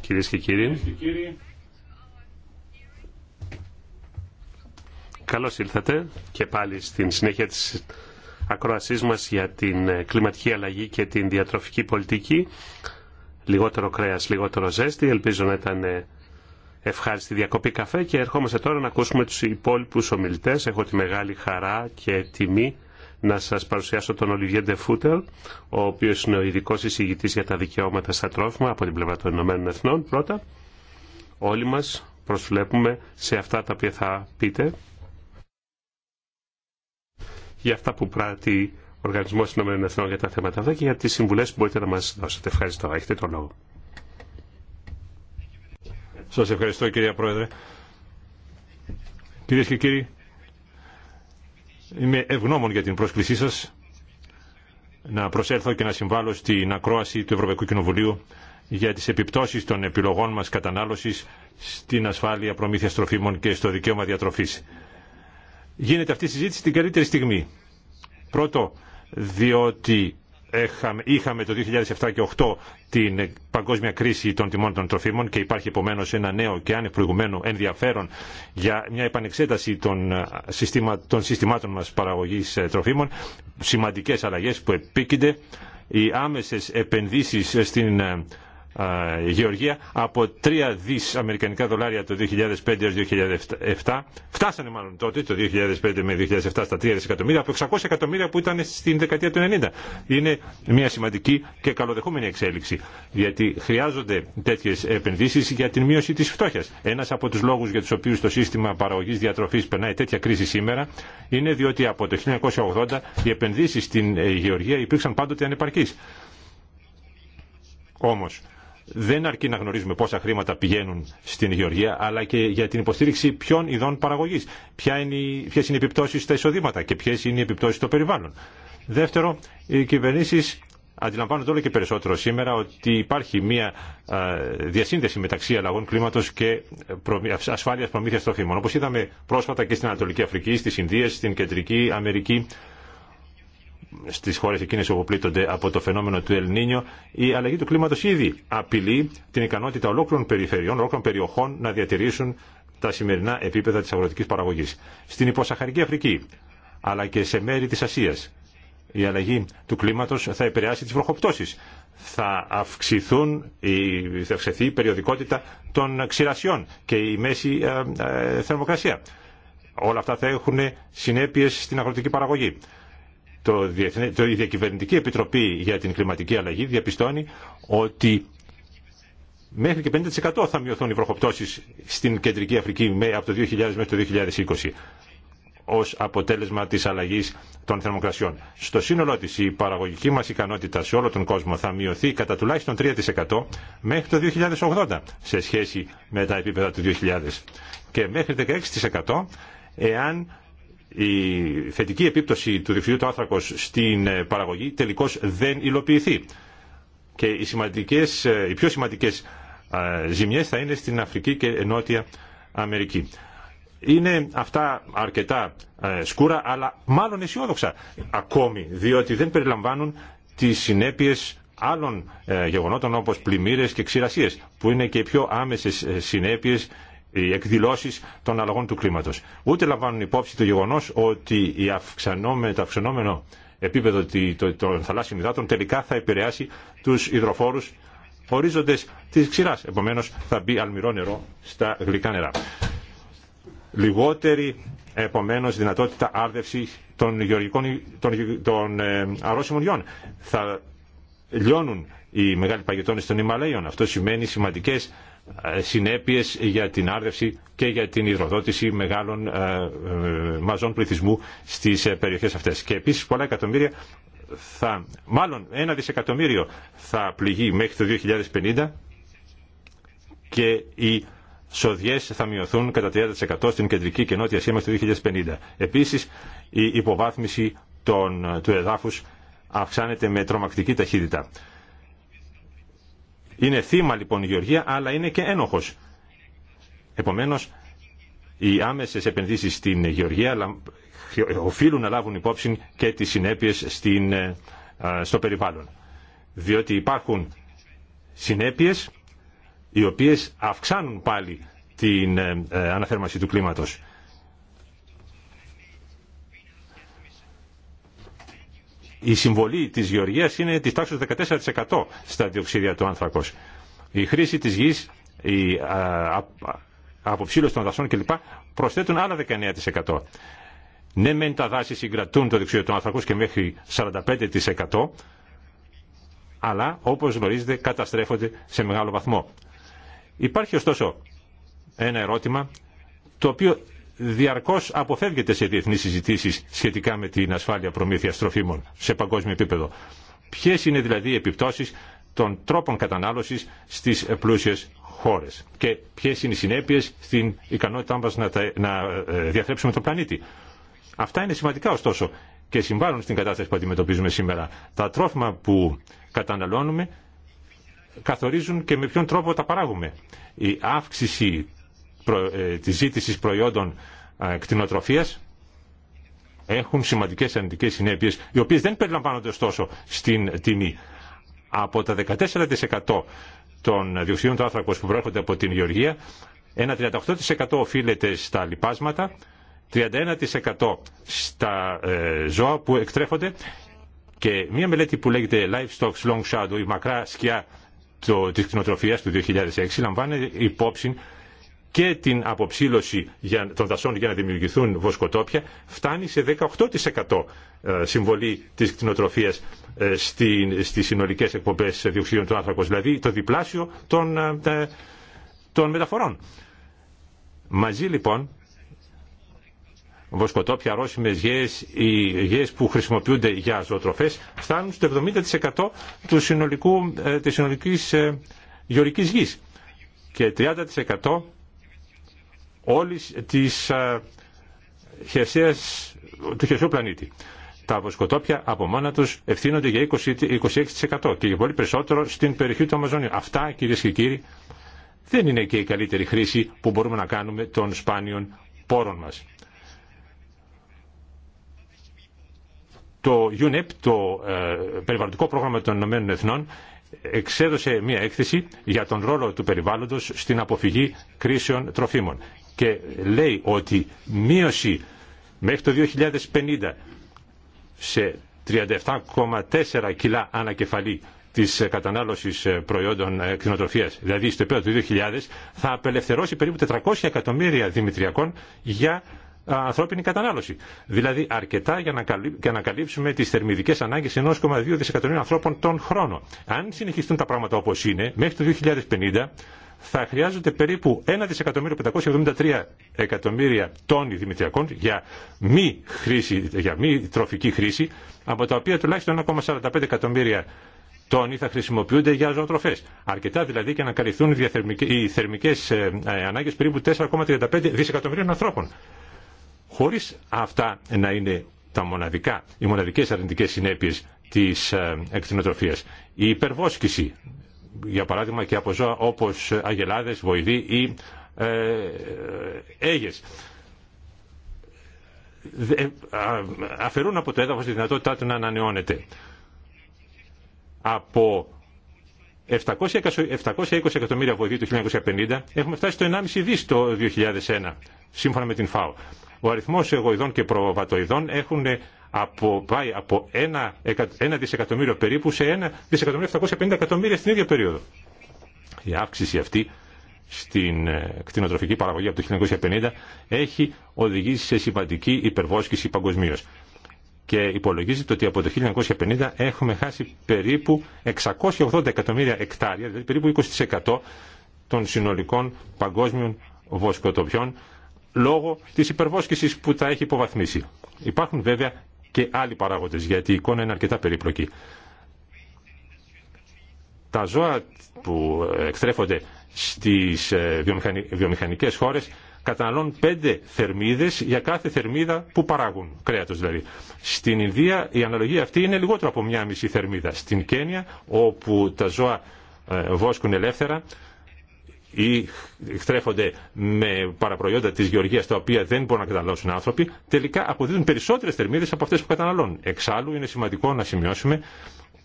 Speaker 1: Κυρίες και κύριοι, καλώς ήλθατε και πάλι στην συνέχεια της ακρόασής μας για την ε, κλιματική αλλαγή και την διατροφική πολιτική. Λιγότερο κρέας, λιγότερο ζέστη. Ελπίζω να ήταν ε, ευχάριστη διακοπή καφέ και ερχόμαστε τώρα να ακούσουμε τους υπόλοιπους ομιλητές. Έχω τη μεγάλη χαρά και τιμή να σας παρουσιάσω τον Ολιβιέ Ντεφούτερ, ο οποίος είναι ο ειδικό εισηγητή για τα δικαιώματα στα τρόφιμα από την πλευρά των Ηνωμένων Εθνών. Πρώτα, όλοι μας προσβλέπουμε σε αυτά τα οποία θα πείτε, για αυτά που πράττει ο Οργανισμός Εθνών για τα θέματα αυτά και για τις συμβουλές που μπορείτε να μας δώσετε. Ευχαριστώ. Έχετε τον λόγο. Σας ευχαριστώ κυρία Πρόεδρε.
Speaker 2: Κυρίες και κύριοι, Είμαι ευγνώμων για την πρόσκλησή σας να προσέλθω και να συμβάλλω στην ακρόαση του Ευρωπαϊκού Κοινοβουλίου για τις επιπτώσεις των επιλογών μας κατανάλωσης στην ασφάλεια προμήθειας τροφίμων και στο δικαίωμα διατροφής. Γίνεται αυτή η συζήτηση την καλύτερη στιγμή. Πρώτο, διότι είχαμε το 2007 και 2008 την παγκόσμια κρίση των τιμών των τροφίμων και υπάρχει επομένω ένα νέο και άνευ ενδιαφέρον για μια επανεξέταση των, ε, συστημάτων μας παραγωγής ε, τροφίμων, σημαντικές αλλαγές που επίκυνται, οι άμεσες επενδύσεις ε, στην Γεωργία από 3 δις αμερικανικά δολάρια το 2005 έως 2007 φτάσανε μάλλον τότε το 2005 με 2007 στα 3 εκατομμύρια από 600 εκατομμύρια που ήταν στην δεκαετία του 90 είναι μια σημαντική και καλοδεχούμενη εξέλιξη γιατί χρειάζονται τέτοιες επενδύσεις για την μείωση της φτώχειας ένας από τους λόγους για τους οποίους το σύστημα παραγωγής διατροφής περνάει τέτοια κρίση σήμερα είναι διότι από το 1980 οι επενδύσεις στην Γεωργία υπήρξαν πάντοτε ανεπαρκείς όμως δεν αρκεί να γνωρίζουμε πόσα χρήματα πηγαίνουν στην γεωργία, αλλά και για την υποστήριξη ποιων ειδών παραγωγή. Ποιε είναι οι επιπτώσει στα εισοδήματα και ποιε είναι οι επιπτώσει στο περιβάλλον. Δεύτερο, οι κυβερνήσει αντιλαμβάνονται όλο και περισσότερο σήμερα ότι υπάρχει μια διασύνδεση μεταξύ αλλαγών κλίματο και ε, ασφάλειας προμήθειας τροφίμων. Όπω είδαμε πρόσφατα και στην Ανατολική Αφρική, στι Ινδίε, στην Κεντρική Αμερική, στις χώρες εκείνες όπου πλήττονται από το φαινόμενο του Ελνίνιο, η αλλαγή του κλίματος ήδη απειλεί την ικανότητα ολόκληρων περιφερειών, ολόκληρων περιοχών να διατηρήσουν τα σημερινά επίπεδα της αγροτικής παραγωγής. Στην υποσαχαρική Αφρική, αλλά και σε μέρη της Ασίας, η αλλαγή του κλίματος θα επηρεάσει τις βροχοπτώσεις. Θα, αυξηθούν, θα αυξηθεί η περιοδικότητα των ξηρασιών και η μέση ε, ε, θερμοκρασία. Όλα αυτά θα έχουν συνέπειες στην αγροτική παραγωγή. Το, Διεθνέ, το, η Διακυβερνητική Επιτροπή για την Κλιματική Αλλαγή διαπιστώνει ότι μέχρι και 50% θα μειωθούν οι βροχοπτώσεις στην Κεντρική Αφρική από το 2000 μέχρι το 2020 ως αποτέλεσμα της αλλαγής των θερμοκρασιών. Στο σύνολό της η παραγωγική μας ικανότητα σε όλο τον κόσμο θα μειωθεί κατά τουλάχιστον 3% μέχρι το 2080 σε σχέση με τα επίπεδα του 2000 και μέχρι 16% εάν η θετική επίπτωση του διοξιδίου του άνθρακος στην ε, παραγωγή τελικώς δεν υλοποιηθεί. Και οι, σημαντικές, ε, οι πιο σημαντικές ε, ζημιές θα είναι στην Αφρική και Νότια Αμερική. Είναι αυτά αρκετά σκούρα, αλλά μάλλον αισιόδοξα ακόμη, διότι δεν περιλαμβάνουν τις συνέπειες άλλων γεγονότων όπως πλημμύρες και ξηρασίες, που είναι και οι πιο άμεσες συνέπειες οι εκδηλώσει των αλλαγών του κλίματος. Ούτε λαμβάνουν υπόψη το γεγονός ότι η αυξανόμε, το αυξανόμενο επίπεδο των θαλάσσιων υδάτων τελικά θα επηρεάσει τους υδροφόρους ορίζοντες τη ξηρά. Επομένως θα μπει αλμυρό νερό στα γλυκά νερά. Λιγότερη επομένως δυνατότητα άρδευση των, γεωργικών, των, των ε, αρρώσιμων γιών. Θα λιώνουν οι μεγάλοι παγετώνε των Ιμαλαίων. Αυτό σημαίνει σημαντικέ. Ε, συνέπειες για την άρδευση και για την υδροδότηση μεγάλων ε, ε, μαζών πληθυσμού στις περιοχές αυτές. Και επίσης πολλά εκατομμύρια θα, μάλλον ένα δισεκατομμύριο θα πληγεί μέχρι το 2050 και οι σοδιές θα μειωθούν κατά 30% στην κεντρική και νότια Ασία μέχρι το 2050. Επίσης η υποβάθμιση του εδάφους αυξάνεται με τρομακτική ταχύτητα. Είναι θύμα λοιπόν η γεωργία, αλλά είναι και ένοχος. Επομένως, οι άμεσε επενδύσεις στην γεωργία οφείλουν να λάβουν υπόψη και τις συνέπειες ε, στο περιβάλλον. Διότι υπάρχουν συνέπειες οι οποίες αυξάνουν πάλι την ε, ε, αναθέρμανση του κλίματος. η συμβολή της γεωργίας είναι της τάξης 14% στα διοξίδια του άνθρακος. Η χρήση της γης, η αποψήλωση των δασών κλπ. προσθέτουν άλλα 19%. Ναι, μεν τα δάση συγκρατούν το διοξείδιο του άνθρακος και μέχρι 45%, αλλά όπως γνωρίζετε καταστρέφονται σε μεγάλο βαθμό. Υπάρχει ωστόσο ένα ερώτημα το οποίο διαρκώς αποφεύγεται σε διεθνείς συζητήσεις σχετικά με την ασφάλεια προμήθειας τροφίμων σε παγκόσμιο επίπεδο. Ποιες είναι δηλαδή οι επιπτώσεις των τρόπων κατανάλωσης στις πλούσιες χώρες και ποιες είναι οι συνέπειες στην ικανότητά μας να, τα, να ε, διαθρέψουμε τον πλανήτη. Αυτά είναι σημαντικά ωστόσο και συμβάλλουν στην κατάσταση που αντιμετωπίζουμε σήμερα. Τα τρόφιμα που καταναλώνουμε καθορίζουν και με ποιον τρόπο τα παράγουμε. Η αύξηση ε, της ζήτησης προϊόντων ε, κτηνοτροφίας έχουν σημαντικές αρνητικές συνέπειες, οι οποίες δεν περιλαμβάνονται ωστόσο στην τιμή. Από τα 14% των διοξιδίων του άνθρακος που προέρχονται από την Γεωργία, ένα 38% οφείλεται στα λοιπάσματα, 31% στα ε, ζώα που εκτρέφονται και μια μελέτη που λέγεται Livestock Long Shadow, η μακρά σκιά το, της κτηνοτροφίας του 2006, λαμβάνει υπόψη και την αποψήλωση των δασών για να δημιουργηθούν βοσκοτόπια φτάνει σε 18% ε, συμβολή της κτηνοτροφίας ε, στις συνολικές εκπομπές διοξιδίων του άνθρακος, δηλαδή το διπλάσιο των, ε, των μεταφορών. Μαζί λοιπόν βοσκοτόπια, αρρώσιμες γέες, οι γέες που χρησιμοποιούνται για ζωοτροφές φτάνουν στο 70% του συνολικού, της συνολικής γεωρικής γης και 30% όλης της ε, χερσαίας, του χερσαίου πλανήτη. Τα βοσκοτόπια από μόνα τους ευθύνονται για 20-26% και για πολύ περισσότερο στην περιοχή του Αμαζόνιου. Αυτά κυρίε και κύριοι δεν είναι και η καλύτερη χρήση που μπορούμε να κάνουμε των σπάνιων πόρων μας. Το UNEP, το ε, Περιβαλλοντικό Πρόγραμμα των Ηνωμένων Εθνών, εξέδωσε μια έκθεση για τον ρόλο του περιβάλλοντος στην αποφυγή κρίσεων τροφίμων και λέει ότι μείωση μέχρι το 2050 σε 37,4 κιλά ανακεφαλή της κατανάλωσης ε, προϊόντων ε, κτηνοτροφίας, δηλαδή στο επίπεδο του 2000, θα απελευθερώσει περίπου 400 εκατομμύρια δημητριακών για ανθρώπινη κατανάλωση. Δηλαδή αρκετά για να καλύψουμε τις θερμιδικές ανάγκες 1,2 δισεκατομμύρια ανθρώπων τον χρόνο. Αν συνεχιστούν τα πράγματα όπως είναι, μέχρι το 2050 θα χρειάζονται περίπου 1.573 εκατομμύρια τόνοι δημητριακών για μη, χρήση, για μη τροφική χρήση, από τα οποία τουλάχιστον 1,45 εκατομμύρια τόνοι θα χρησιμοποιούνται για ζωοτροφές. Αρκετά δηλαδή και να καλυφθούν οι θερμικές ε, ε, ανάγκες περίπου 4,35 δισεκατομμυρίων ανθρώπων. Χωρίς αυτά να είναι τα μοναδικά, οι μοναδικές αρνητικές συνέπειες της ε, εκτινοτροφίας. Η υπερβόσκηση για παράδειγμα και από ζώα όπως αγελάδες, βοηδοί ή ε, έγες. Ε, αφαιρούν από το έδαφος τη δυνατότητά του να ανανεώνεται. Από 720 εκατομμύρια βοηθοί το 1950 έχουμε φτάσει στο 1,5 δις το 2001, σύμφωνα με την ΦΑΟ. Ο αριθμός εγωειδών και προβατοειδών έχουν ε, από, πάει από ένα δισεκατομμύριο περίπου σε ένα δισεκατομμύριο 750 εκατομμύρια στην ίδια περίοδο. Η αύξηση αυτή στην ε, κτηνοτροφική παραγωγή από το 1950 έχει οδηγήσει σε σημαντική υπερβόσκηση παγκοσμίω. Και υπολογίζεται ότι από το 1950 έχουμε χάσει περίπου 680 εκατομμύρια εκτάρια, δηλαδή περίπου 20% των συνολικών παγκόσμιων βοσκοτοπιών λόγω της υπερβόσκησης που τα έχει υποβαθμίσει. Υπάρχουν βέβαια και άλλοι παράγοντες, γιατί η εικόνα είναι αρκετά περίπλοκη. Τα ζώα που εκτρέφονται στις ε, βιομηχανικές χώρες καταναλώνουν πέντε θερμίδες για κάθε θερμίδα που παράγουν, κρέατος δηλαδή. Στην Ινδία η αναλογία αυτή είναι λιγότερο από μία μισή θερμίδα. Στην Κένια, όπου τα ζώα ε, βόσκουν ελεύθερα, ή εκτρέφονται με παραπροϊόντα της γεωργίας τα οποία δεν μπορούν να καταναλώσουν άνθρωποι, τελικά αποδίδουν περισσότερες θερμίδες από αυτές που καταναλώνουν. Εξάλλου είναι σημαντικό να σημειώσουμε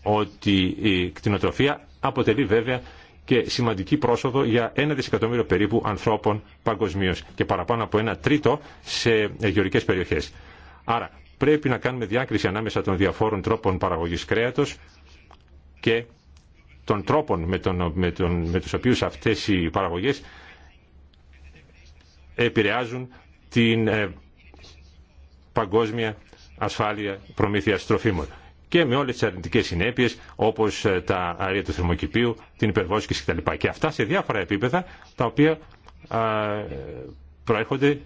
Speaker 2: ότι η κτηνοτροφία αποτελεί βέβαια και σημαντική πρόσοδο για δισεκατομμύριο περίπου ανθρώπων περίπου ανθρώπων παγκοσμίω και παραπάνω από ένα τρίτο σε γεωργικές περιοχές. Άρα πρέπει να κάνουμε αποδιδουν περισσοτερε θερμιδες απο αυτε των διαφόρων τρόπων παραγωγής κρέατος και σημαντικη προσοδο για ενα δισεκατομμυριο περιπου ανθρωπων παγκοσμιω και παραπανω απο ενα τριτο σε γεωργικες περιοχε αρα πρεπει να κανουμε διακριση αναμεσα των διαφορων τροπων παραγωγη κρεατο και των τρόπων με, τον, με, τον, με τους οποίους αυτές οι παραγωγές επηρεάζουν την ε, παγκόσμια ασφάλεια προμήθειας τροφίμων και με όλες τις αρνητικές συνέπειες όπως ε, τα αρία του θερμοκηπίου, την υπερβόσκηση κτλ. Και αυτά σε διάφορα επίπεδα τα οποία προέρχονται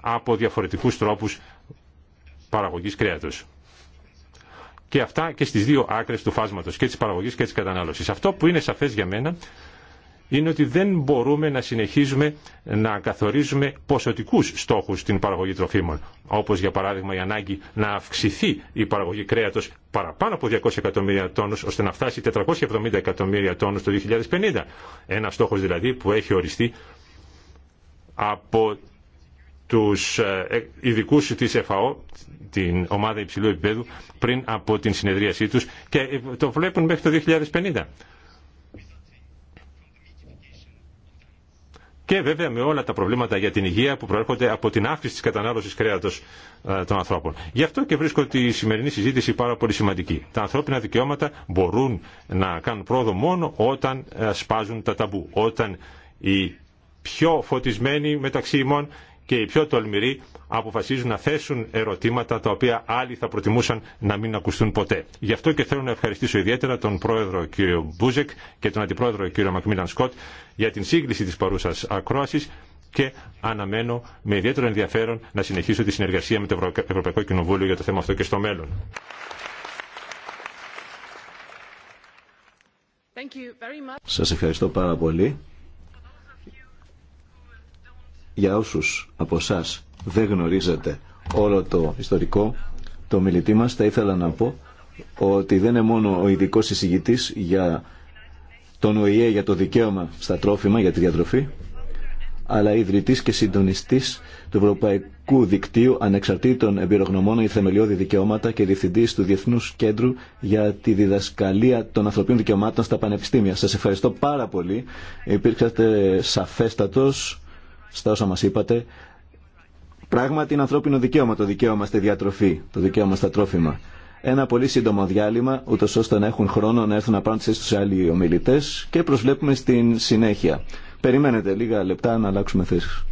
Speaker 2: από διαφορετικούς τρόπους παραγωγής κρέατος και αυτά και στις δύο άκρες του φάσματος και της παραγωγής και της κατανάλωσης. Αυτό που είναι σαφές για μένα είναι ότι δεν μπορούμε να συνεχίζουμε να καθορίζουμε ποσοτικούς στόχους στην παραγωγή τροφίμων, όπως για παράδειγμα η ανάγκη να αυξηθεί η παραγωγή κρέατος παραπάνω από 200 εκατομμύρια τόνους, ώστε να φτάσει 470 εκατομμύρια τόνους το 2050. Ένα στόχος δηλαδή που έχει οριστεί από τους ε, ε, ειδικού της ΕΦΑΟ την ομάδα υψηλού επίπεδου πριν από την συνεδρίασή τους και ε, το βλέπουν μέχρι το 2050. Και βέβαια με όλα τα προβλήματα για την υγεία που προέρχονται από την αύξηση της κατανάλωσης κρέατος ε, των ανθρώπων. Γι' αυτό και βρίσκω τη σημερινή συζήτηση πάρα πολύ σημαντική. Τα ανθρώπινα δικαιώματα μπορούν να κάνουν πρόοδο μόνο όταν ε, σπάζουν τα ταμπού, όταν οι πιο φωτισμένοι μεταξύ ημών και οι πιο τολμηροί αποφασίζουν να θέσουν ερωτήματα τα οποία άλλοι θα προτιμούσαν να μην ακουστούν ποτέ. Γι' αυτό και θέλω να ευχαριστήσω ιδιαίτερα τον πρόεδρο κ. Μπούζεκ και τον αντιπρόεδρο κ. Μακμίλαν Σκοτ για την σύγκληση της παρούσας ακρόασης και αναμένω με ιδιαίτερο ενδιαφέρον να συνεχίσω τη συνεργασία με το Ευρωπαϊκό Κοινοβούλιο για το θέμα αυτό και στο μέλλον.
Speaker 3: Σας ευχαριστώ πάρα πολύ για όσους από εσά δεν γνωρίζετε όλο το ιστορικό το μιλητή μας, θα ήθελα να πω ότι δεν είναι μόνο ο ειδικό εισηγητής για τον ΟΗΕ για το δικαίωμα στα τρόφιμα, για τη διατροφή, αλλά ιδρυτής και συντονιστής του Ευρωπαϊκού Δικτύου Ανεξαρτήτων Εμπειρογνωμών για Θεμελιώδη Δικαιώματα και διευθυντής του Διεθνούς Κέντρου για τη Διδασκαλία των Ανθρωπίνων Δικαιωμάτων στα Πανεπιστήμια. Σας ευχαριστώ πάρα πολύ. Υπήρξατε σαφέστατος στα όσα μας είπατε. Πράγματι είναι ανθρώπινο δικαίωμα το δικαίωμα στη διατροφή, το δικαίωμα στα τρόφιμα. Ένα πολύ σύντομο διάλειμμα, ούτω ώστε να έχουν χρόνο να έρθουν να στους ομιλητές άλλοι ομιλητέ και προσβλέπουμε στην συνέχεια. Περιμένετε λίγα λεπτά να αλλάξουμε θέσεις.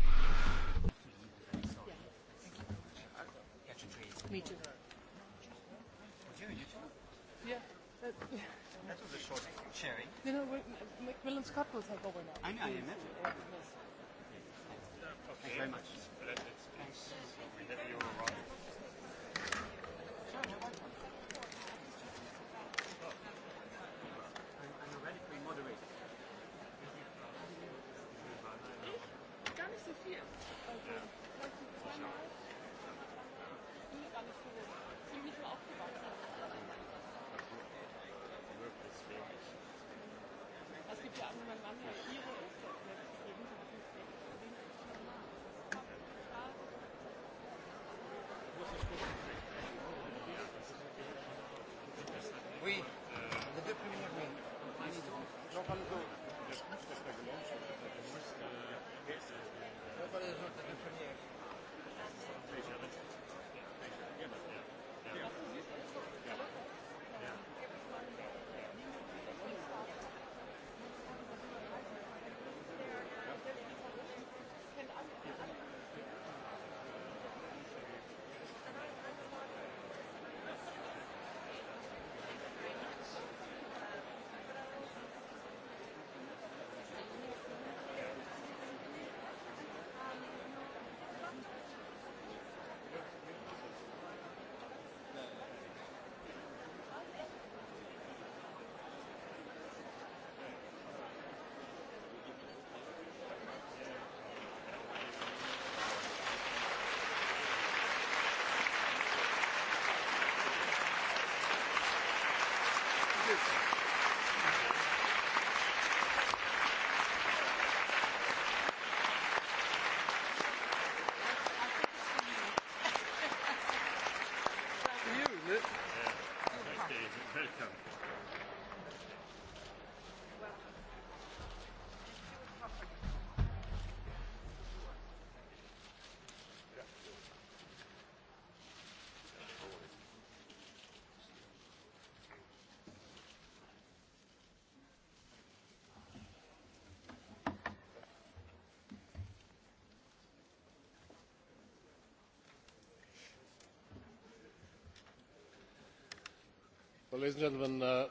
Speaker 1: Uh,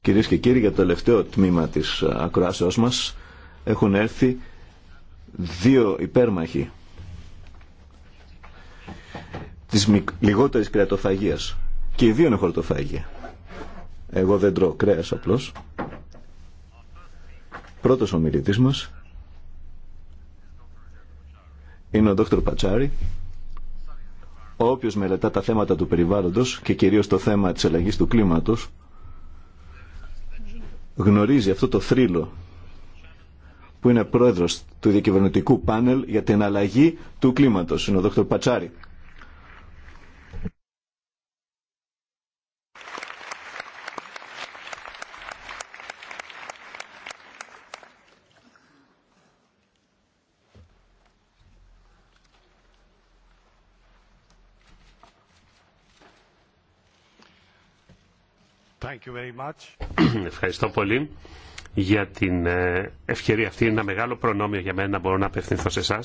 Speaker 3: Κυρίε και κύριοι, για το τελευταίο τμήμα της ε, ακροάσεώ μας έχουν έρθει δύο υπέρμαχοι της λιγότερη κρεατοφαγία. Και οι δύο είναι χορτοφάγια. Εγώ δεν τρώω κρέας απλώς. Πρώτος ομιλητής μας είναι ο Δόκτωρ Πατσάρη, Όποιος μελετά τα θέματα του περιβάλλοντος και κυρίως το θέμα της αλλαγής του κλίματος γνωρίζει αυτό το θρύλο που είναι πρόεδρος του διακυβερνητικού πάνελ για την αλλαγή του κλίματος, είναι ο Δ. Πατσάρη.
Speaker 1: Ευχαριστώ πολύ για την ε, ευκαιρία αυτή. Είναι ένα μεγάλο προνόμιο για μένα να μπορώ να απευθυνθώ σε εσά.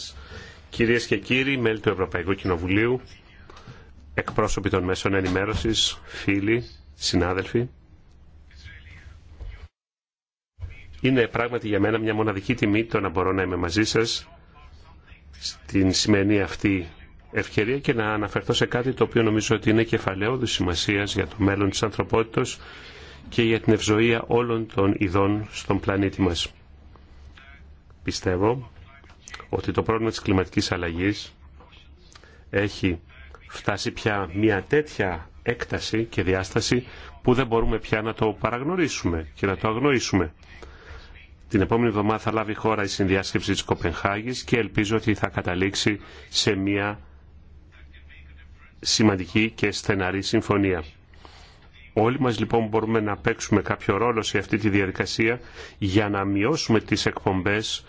Speaker 1: Κυρίε και κύριοι, μέλη του Ευρωπαϊκού Κοινοβουλίου, εκπρόσωποι των μέσων ενημέρωση, φίλοι, συνάδελφοι. Είναι πράγματι για μένα μια μοναδική τιμή το να μπορώ να είμαι μαζί σα στην σημερινή αυτή ευκαιρία και να αναφερθώ σε κάτι το οποίο νομίζω ότι είναι κεφαλαίο σημασία για το μέλλον τη ανθρωπότητα και για την ευζοία όλων των ειδών στον πλανήτη μας. Πιστεύω ότι το πρόβλημα της κλιματικής αλλαγής έχει φτάσει πια μια τέτοια έκταση και διάσταση που δεν μπορούμε πια να το παραγνωρίσουμε και να το αγνοήσουμε. Την επόμενη εβδομάδα θα λάβει χώρα η συνδιάσκεψη της Κοπενχάγης και ελπίζω ότι θα καταλήξει σε μια σημαντική και στεναρή συμφωνία. Όλοι μας λοιπόν μπορούμε να παίξουμε κάποιο ρόλο σε αυτή τη διαδικασία για να μειώσουμε τις εκπομπές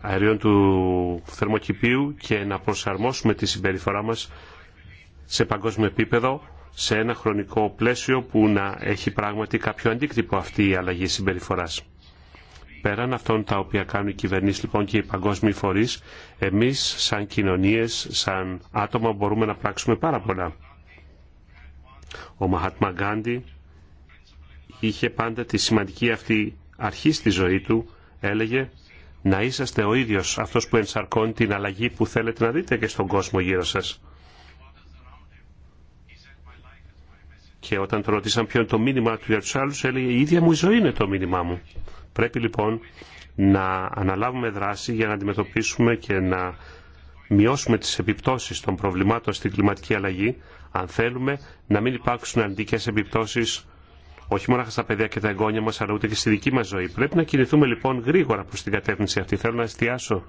Speaker 1: αερίων του θερμοκηπίου και να προσαρμόσουμε τη συμπεριφορά μας σε παγκόσμιο επίπεδο σε ένα χρονικό πλαίσιο που να έχει πράγματι κάποιο αντίκτυπο αυτή η αλλαγή συμπεριφοράς. Πέραν αυτών τα οποία κάνουν οι κυβερνήσεις λοιπόν και οι παγκόσμιοι φορείς, εμείς σαν κοινωνίες, σαν άτομα μπορούμε να πράξουμε πάρα πολλά. Ο Μαχατμα Γκάντι είχε πάντα τη σημαντική αυτή αρχή στη ζωή του, έλεγε να είσαστε ο ίδιος αυτός που ενσαρκώνει την αλλαγή που θέλετε να δείτε και στον κόσμο γύρω σας. Και όταν τον ρωτήσαν ποιο είναι το μήνυμά του για τους άλλους, έλεγε η ίδια μου η ζωή είναι το μήνυμά μου. Πρέπει λοιπόν να αναλάβουμε δράση για να αντιμετωπίσουμε και να μειώσουμε τις επιπτώσεις των προβλημάτων στην κλιματική αλλαγή, αν θέλουμε να μην υπάρξουν αντικές επιπτώσει όχι μόνο στα παιδιά και τα εγγόνια μα αλλά ούτε και στη δική μα ζωή. Πρέπει να κινηθούμε λοιπόν γρήγορα προ την κατεύθυνση αυτή. Θέλω να εστιάσω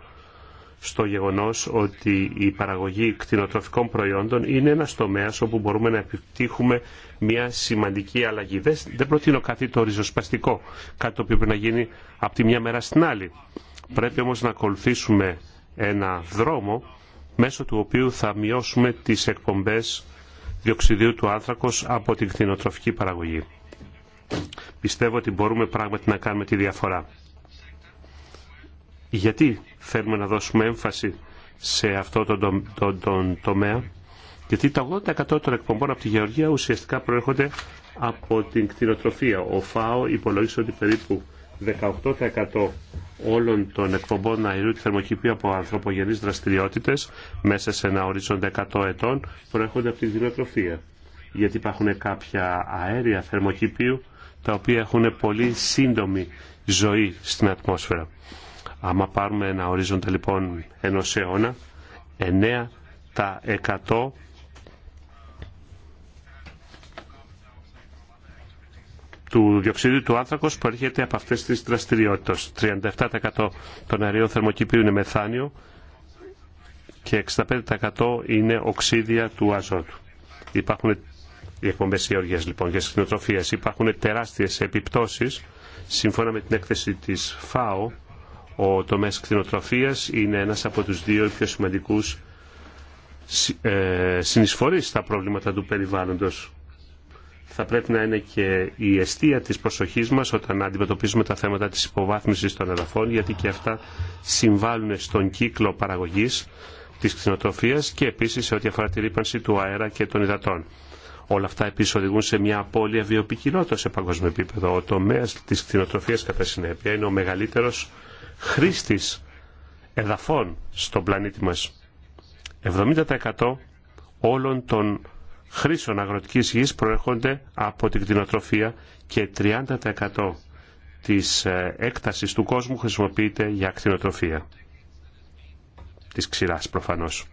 Speaker 1: στο γεγονό ότι η παραγωγή κτηνοτροφικών προϊόντων είναι ένα τομέα όπου μπορούμε να επιτύχουμε μια σημαντική αλλαγή. Δεν προτείνω κάτι το ριζοσπαστικό, κάτι το οποίο πρέπει να γίνει από τη μια μέρα στην άλλη. Πρέπει όμω να ακολουθήσουμε ένα δρόμο μέσω του οποίου θα μειώσουμε τις εκπομπές διοξιδίου του άνθρακος από την κτηνοτροφική παραγωγή. Πιστεύω ότι μπορούμε πράγματι να κάνουμε τη διαφορά. Γιατί θέλουμε να δώσουμε έμφαση σε αυτό το, τομέα, γιατί τα 80% των εκπομπών από τη Γεωργία ουσιαστικά προέρχονται από την κτηνοτροφία. Ο ΦΑΟ υπολογίζει ότι περίπου 18% όλων των εκπομπών αερίου και θερμοκηπίου από ανθρωπογενείς δραστηριότητες μέσα σε ένα ορίζοντα 100 ετών προέρχονται από τη δημοτροφία, Γιατί υπάρχουν κάποια αέρια θερμοκηπίου τα οποία έχουν πολύ σύντομη ζωή στην ατμόσφαιρα. Άμα πάρουμε ένα ορίζοντα λοιπόν ενός αιώνα, 9% του διοξιδίου του άνθρακος έρχεται από αυτές τις δραστηριότητες. 37% των αερίων θερμοκηπίου είναι μεθάνιο και 65% είναι οξύδια του αζότου. Υπάρχουν οι εκπομπές λοιπόν και συχνοτροφίας. Υπάρχουν τεράστιες επιπτώσεις. Σύμφωνα με την έκθεση της ΦΑΟ, ο τομέας κτηνοτροφίας είναι ένας από τους δύο πιο σημαντικούς ε, συνεισφορείς στα προβλήματα του περιβάλλοντος θα πρέπει να είναι και η αιστεία της προσοχής μας όταν αντιμετωπίζουμε τα θέματα της υποβάθμισης των εδαφών γιατί και αυτά συμβάλλουν στον κύκλο παραγωγής της κτηνοτροφίας και επίσης σε ό,τι αφορά τη ρήπανση του αέρα και των υδατών. Όλα αυτά επίσης οδηγούν σε μια απώλεια βιοπικιλότητα σε παγκόσμιο επίπεδο. Ο τομέα της κτηνοτροφία, κατά συνέπεια, είναι ο μεγαλύτερο χρήστη εδαφών στον πλανήτη μας. 70% όλων των χρήσεων αγροτικής γης προέρχονται από την κτηνοτροφία και 30% της ε, έκτασης του κόσμου χρησιμοποιείται για κτηνοτροφία. Της ξηράς προφανώς.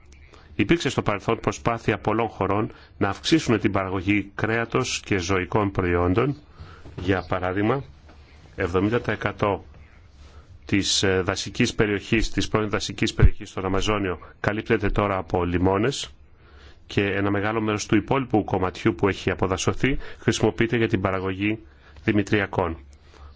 Speaker 1: Υπήρξε στο παρελθόν προσπάθεια πολλών χωρών να αυξήσουν την παραγωγή κρέατος και ζωικών προϊόντων. Για παράδειγμα, 70% της ε, δασικής περιοχής, της πρώην δασικής περιοχής στον Αμαζόνιο καλύπτεται τώρα από λιμόνες και ένα μεγάλο μέρος του υπόλοιπου κομματιού που έχει αποδασωθεί χρησιμοποιείται για την παραγωγή δημητριακών.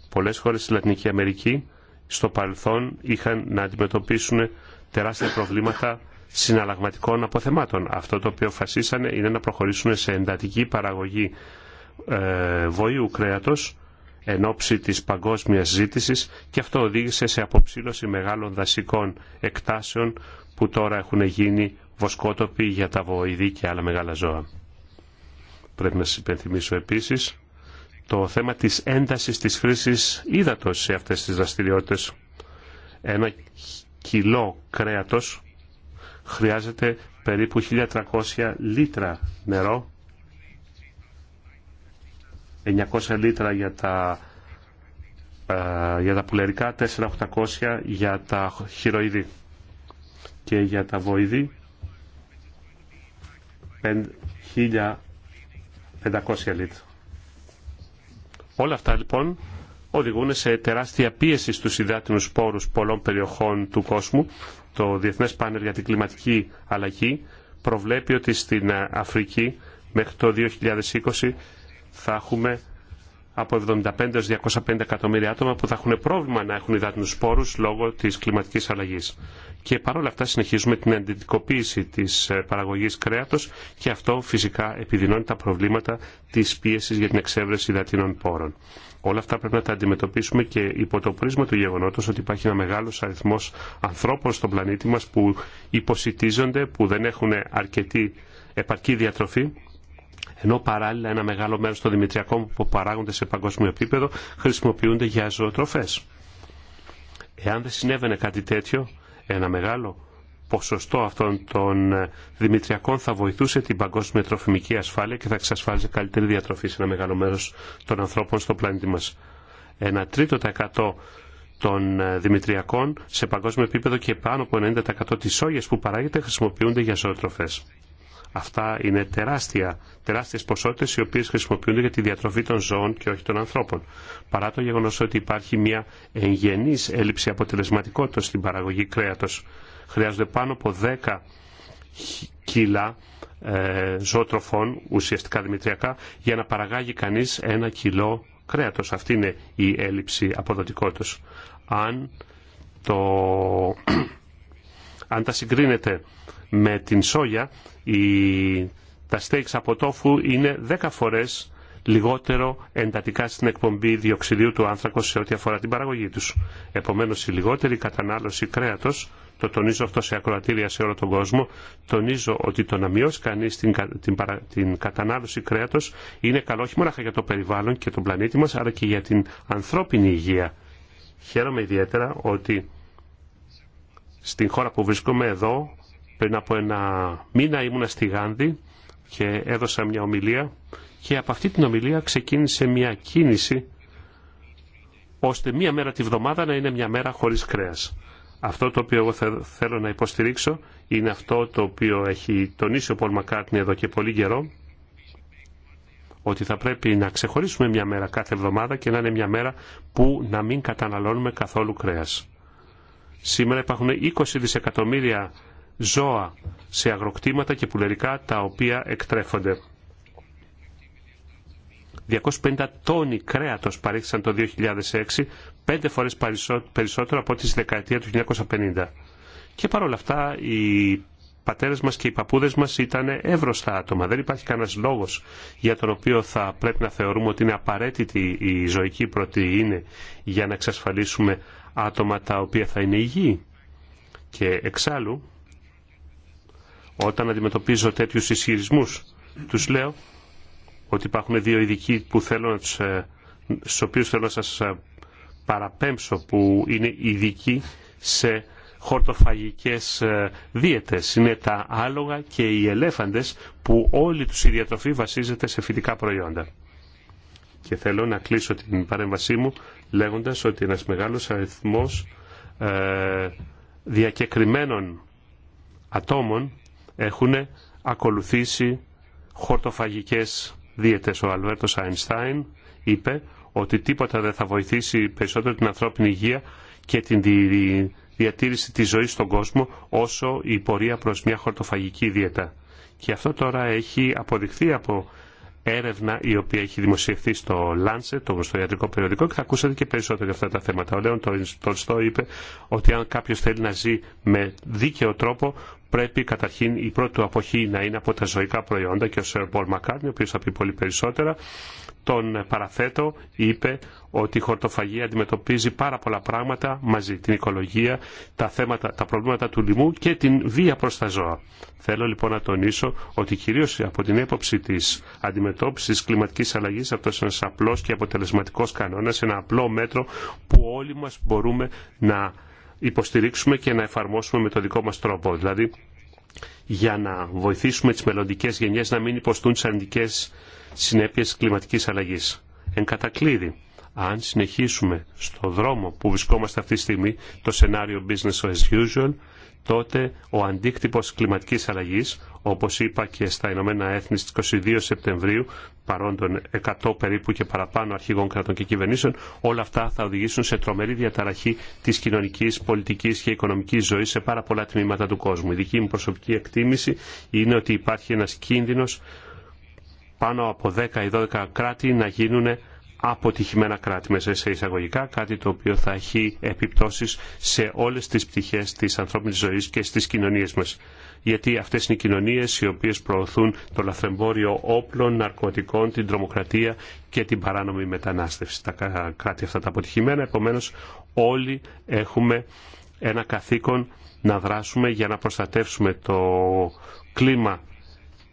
Speaker 1: Πολλές χώρες στη Λατινική Αμερική στο παρελθόν είχαν να αντιμετωπίσουν τεράστια προβλήματα συναλλαγματικών αποθεμάτων. Αυτό το οποίο φασίσανε είναι να προχωρήσουν σε εντατική παραγωγή ε, βοήου κρέατος εν ώψη της παγκόσμιας ζήτησης και αυτό οδήγησε σε αποψήλωση μεγάλων δασικών εκτάσεων που τώρα έχουν γίνει βοσκότοποι για τα βοηδή και άλλα μεγάλα ζώα. Πρέπει να σας υπενθυμίσω επίσης το θέμα της έντασης της χρήσης ύδατος σε αυτές τις δραστηριότητες. Ένα κιλό κρέατος χρειάζεται περίπου 1.300 λίτρα νερό, 900 λίτρα για τα, ε, για τα πουλερικά, 4.800 για τα χειροειδή και για τα βοηδή 1500 λίτρα. Όλα αυτά λοιπόν οδηγούν σε τεράστια πίεση στους υδάτινους πόρους πολλών περιοχών του κόσμου. Το Διεθνές Πάνελ για την Κλιματική Αλλαγή προβλέπει ότι στην Αφρική μέχρι το 2020 θα έχουμε από 75 έως 250 εκατομμύρια άτομα που θα έχουν πρόβλημα να έχουν υδάτινους σπόρους λόγω της κλιματικής αλλαγής. Και παρόλα αυτά συνεχίζουμε την αντιδικοποίηση της ε, παραγωγής κρέατος και αυτό φυσικά επιδεινώνει τα προβλήματα της πίεσης για την εξέβρεση υδατινών πόρων. Όλα αυτά πρέπει να τα αντιμετωπίσουμε και υπό το πρίσμα του γεγονότος ότι υπάρχει ένα μεγάλος αριθμός ανθρώπων στον πλανήτη μας που υποσυτίζονται, που δεν έχουν αρκετή επαρκή διατροφή ενώ παράλληλα ένα μεγάλο μέρος των δημητριακών που παράγονται σε παγκόσμιο επίπεδο χρησιμοποιούνται για ζωοτροφές. Εάν δεν συνέβαινε κάτι τέτοιο, ένα μεγάλο ποσοστό αυτών των ε, δημητριακών θα βοηθούσε την παγκόσμια τροφιμική ασφάλεια και θα εξασφάλιζε καλύτερη διατροφή σε ένα μεγάλο μέρος των ανθρώπων στο πλανήτη μας. Ένα τρίτο τα εκατό των ε, δημητριακών σε παγκόσμιο επίπεδο και πάνω από 90% της σόγιας που παράγεται χρησιμοποιούνται για ζωοτροφές. Αυτά είναι τεράστια, τεράστιες ποσότητες οι οποίες χρησιμοποιούνται για τη διατροφή των ζώων και όχι των ανθρώπων. Παρά το γεγονός ότι υπάρχει μια εγγενής έλλειψη αποτελεσματικότητας στην παραγωγή κρέατος. Χρειάζονται πάνω από 10 κιλά ε, ζωοτροφών, ουσιαστικά δημητριακά, για να παραγάγει κανείς ένα κιλό κρέατος. Αυτή είναι η έλλειψη αποδοτικότητας. Αν το αν τα συγκρίνετε με την σόγια, η, τα στέικς από τόφου είναι 10 φορές λιγότερο εντατικά στην εκπομπή διοξιδίου του άνθρακος σε ό,τι αφορά την παραγωγή τους. Επομένως, η λιγότερη κατανάλωση κρέατος, το τονίζω αυτό σε ακροατήρια σε όλο τον κόσμο, τονίζω ότι το να μειώσει κανείς την, την, την κατανάλωση κρέατος είναι καλό όχι μόνο για το περιβάλλον και τον πλανήτη μας, αλλά και για την ανθρώπινη υγεία. Χαίρομαι ιδιαίτερα ότι στην χώρα που βρίσκομαι εδώ, πριν από ένα μήνα ήμουνα στη Γάνδη και έδωσα μια ομιλία και από αυτή την ομιλία ξεκίνησε μια κίνηση ώστε μία μέρα τη βδομάδα να είναι μια μέρα χωρίς κρέας. Αυτό το οποίο εγώ θέλω να υποστηρίξω είναι αυτό το οποίο έχει τονίσει ο Πολ Μακάρτνη εδώ και πολύ καιρό ότι θα πρέπει να ξεχωρίσουμε μια μέρα κάθε εβδομάδα και να είναι μια μέρα που να μην καταναλώνουμε καθόλου κρέας. Σήμερα υπάρχουν 20 δισεκατομμύρια ζώα σε αγροκτήματα και πουλερικά τα οποία εκτρέφονται. 250 τόνοι κρέατος παρήχθησαν το 2006, πέντε φορές περισσότερο από τις δεκαετία του 1950. Και παρόλα αυτά οι πατέρες μας και οι παππούδες μας ήταν εύρωστα άτομα. Δεν υπάρχει κανένας λόγος για τον οποίο θα πρέπει να θεωρούμε ότι είναι απαραίτητη η ζωική πρωτεΐνη για να εξασφαλίσουμε άτομα τα οποία θα είναι υγιή. Και εξάλλου, όταν αντιμετωπίζω τέτοιους ισχυρισμού, τους λέω ότι υπάρχουν δύο ειδικοί που θέλω να τους, ε, οποίους θέλω να σας ε, παραπέμψω που είναι ειδικοί σε χορτοφαγικές ε, δίαιτες. Είναι τα άλογα και οι ελέφαντες που όλη τους η διατροφή βασίζεται σε φυτικά προϊόντα. Και θέλω να κλείσω την παρέμβασή μου λέγοντας ότι ένας μεγάλος αριθμός ε, διακεκριμένων ατόμων έχουν ακολουθήσει χορτοφαγικές δίαιτες. Ο Αλβέρτος Αϊνστάιν είπε ότι τίποτα δεν θα βοηθήσει περισσότερο την ανθρώπινη υγεία και την διατήρηση της ζωής στον κόσμο όσο η πορεία προς μια χορτοφαγική δίαιτα. Και αυτό τώρα έχει αποδειχθεί από έρευνα η οποία έχει δημοσιευθεί στο Lancet, το ιατρικό περιοδικό, και θα ακούσατε και περισσότερο για αυτά τα θέματα. Ο Λέων Τολστό είπε ότι αν κάποιο θέλει να ζει με δίκαιο τρόπο, πρέπει καταρχήν η πρώτη του αποχή να είναι από τα ζωικά προϊόντα και ο Σερ Πολ Μακάρνι, ο οποίο θα πει πολύ περισσότερα, τον παραθέτω, είπε ότι η χορτοφαγία αντιμετωπίζει πάρα πολλά πράγματα μαζί, την οικολογία, τα, θέματα, τα προβλήματα του λοιμού και την βία προς τα ζώα. Θέλω λοιπόν να τονίσω ότι κυρίως από την έποψη της αντιμετώπισης κλιματικής αλλαγής αυτός είναι ένας απλός και αποτελεσματικός κανόνας, ένα απλό μέτρο που όλοι μας μπορούμε να υποστηρίξουμε και να εφαρμόσουμε με το δικό μας τρόπο. Δηλαδή για να βοηθήσουμε τις μελλοντικές γενιές να μην υποστούν τις αντικές συνέπειες κλιματικής αλλαγής. Εν κατακλείδη, αν συνεχίσουμε στο δρόμο που βρισκόμαστε αυτή τη στιγμή, το σενάριο business as usual, τότε ο αντίκτυπος κλιματικής αλλαγής, όπως είπα και στα Ηνωμένα Έθνη στις 22 Σεπτεμβρίου, παρόν των 100 περίπου και παραπάνω αρχηγών κρατών και κυβερνήσεων, όλα αυτά θα οδηγήσουν σε τρομερή διαταραχή της κοινωνικής, πολιτικής και οικονομικής ζωής σε πάρα πολλά τμήματα του κόσμου. Η δική μου προσωπική εκτίμηση είναι ότι υπάρχει ένας κίνδυνος πάνω από 10 ή 12 κράτη να γίνουν αποτυχημένα κράτη μέσα σε εισαγωγικά, κάτι το οποίο θα έχει επιπτώσεις σε όλες τις πτυχές της ανθρώπινης ζωής και στις κοινωνίες μας. Γιατί αυτές είναι οι κοινωνίες οι οποίες προωθούν το λαθρεμπόριο όπλων, ναρκωτικών, την τρομοκρατία και την παράνομη μετανάστευση. Τα κράτη αυτά τα αποτυχημένα, επομένως όλοι έχουμε ένα καθήκον να δράσουμε για να προστατεύσουμε το κλίμα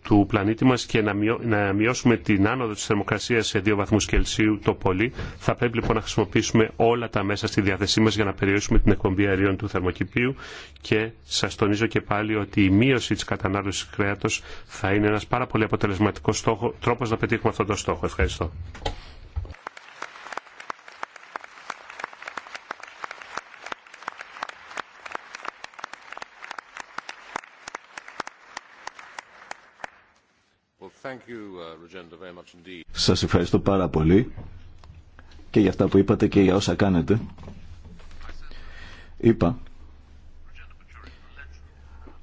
Speaker 1: του πλανήτη μας και να μειώσουμε την άνοδο της θερμοκρασίας σε 2 βαθμούς Κελσίου το πολύ. Θα πρέπει λοιπόν να χρησιμοποιήσουμε όλα τα μέσα στη διάθεσή μας για να περιορίσουμε την εκπομπή αερίων του θερμοκηπίου και σας τονίζω και πάλι ότι η μείωση της κατανάλωσης κρέατος θα είναι ένας πάρα πολύ αποτελεσματικός στόχο, τρόπος να πετύχουμε αυτό τον στόχο. Ευχαριστώ.
Speaker 3: Σας ευχαριστώ πάρα πολύ και για αυτά που είπατε και για όσα κάνετε. Είπα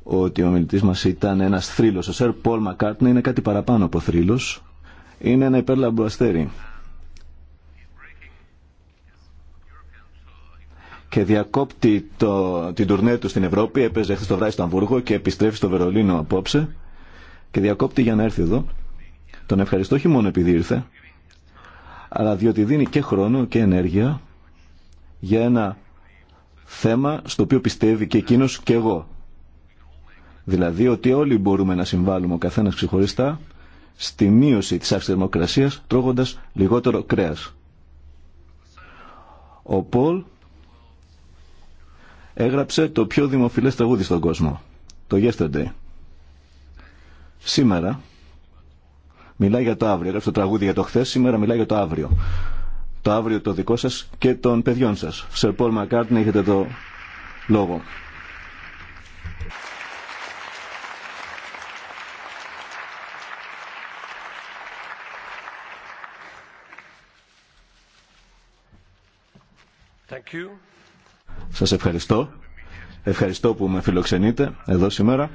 Speaker 3: ότι ο μιλητής μας ήταν ένας θρύλος Ο Σερ Πολ Μακάρτνε είναι κάτι παραπάνω από θρύλος Είναι ένα υπέρλαμπο αστέρι. Και διακόπτει το, την τουρνέ του στην Ευρώπη. Έπαιζε χθε το βράδυ στο Αμβούργο και επιστρέφει στο Βερολίνο απόψε. Και διακόπτει για να έρθει εδώ. Τον ευχαριστώ όχι μόνο επειδή ήρθε, αλλά διότι δίνει και χρόνο και ενέργεια για ένα θέμα στο οποίο πιστεύει και εκείνος και εγώ. Δηλαδή ότι όλοι μπορούμε να συμβάλλουμε ο καθένας ξεχωριστά στη μείωση της άξιας τρώγοντα τρώγοντας λιγότερο κρέας. Ο Πολ έγραψε το πιο δημοφιλές τραγούδι στον κόσμο, το Yesterday. Σήμερα μιλάει για το αύριο. Έγραψε το τραγούδι για το χθε, σήμερα μιλάει για το αύριο. Το αύριο το δικό σα και των παιδιών σα. Σερ Πολ Μακάρτιν, έχετε το λόγο. Thank Σας ευχαριστώ. Ευχαριστώ που με φιλοξενείτε εδώ σήμερα.